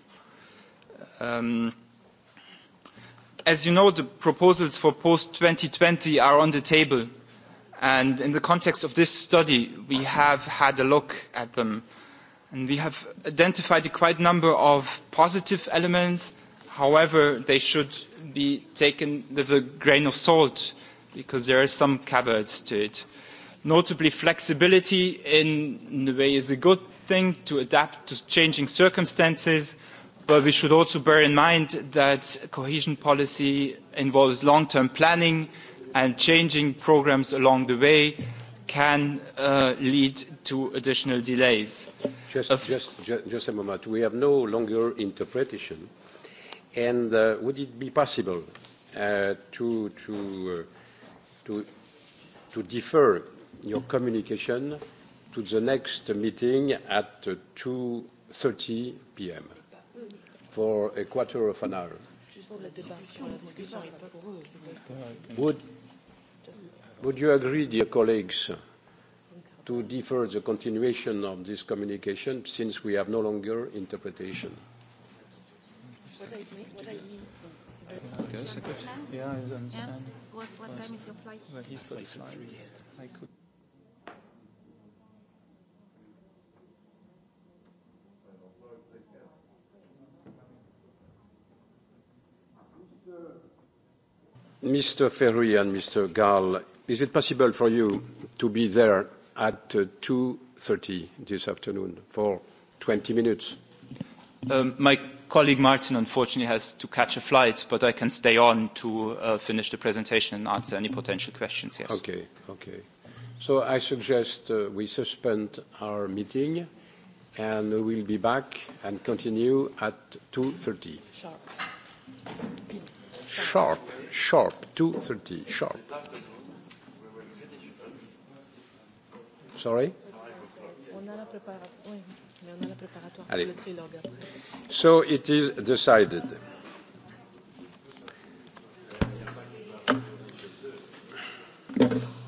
Um, as you know, the proposals for post twenty are on the table. And in the context of this study, we have had a look at them. And we have identified a quite number of positive elements. However, they should be taken with a grain of salt because there are some caveats to it. Notably, flexibility in, in a way is a good thing to adapt to changing circumstances – But we should also bear in mind that cohesion policy involves long-term planning and changing programmes along the way can uh, lead to additional delays. Just, uh, just, just a moment. We have no longer interpretation. And uh, would it be possible uh, to, to, uh, to, to defer your communication to the next meeting at 2.30 p.m.? for a quarter of an hour. Would, would you agree, dear colleagues, to defer the continuation of this communication since we have no longer interpretation? What I, what I mean, Okay, Yeah, I understand. Yeah. What, what time is your flight? Well, he's got his flight. I could. Mr. Ferri and Mr. Gall, is it possible for you to be there at 2.30 uh, this afternoon for 20 minutes? Um, my colleague Martin unfortunately has to catch a flight, but I can stay on to uh, finish the presentation and answer any potential questions, yes. Okay, okay. So I suggest uh, we suspend our meeting and we will be back and continue at 2.30. thirty sharp, sharp, 2.30, sharp. Sorry? Allez. So it is decided. Thank you.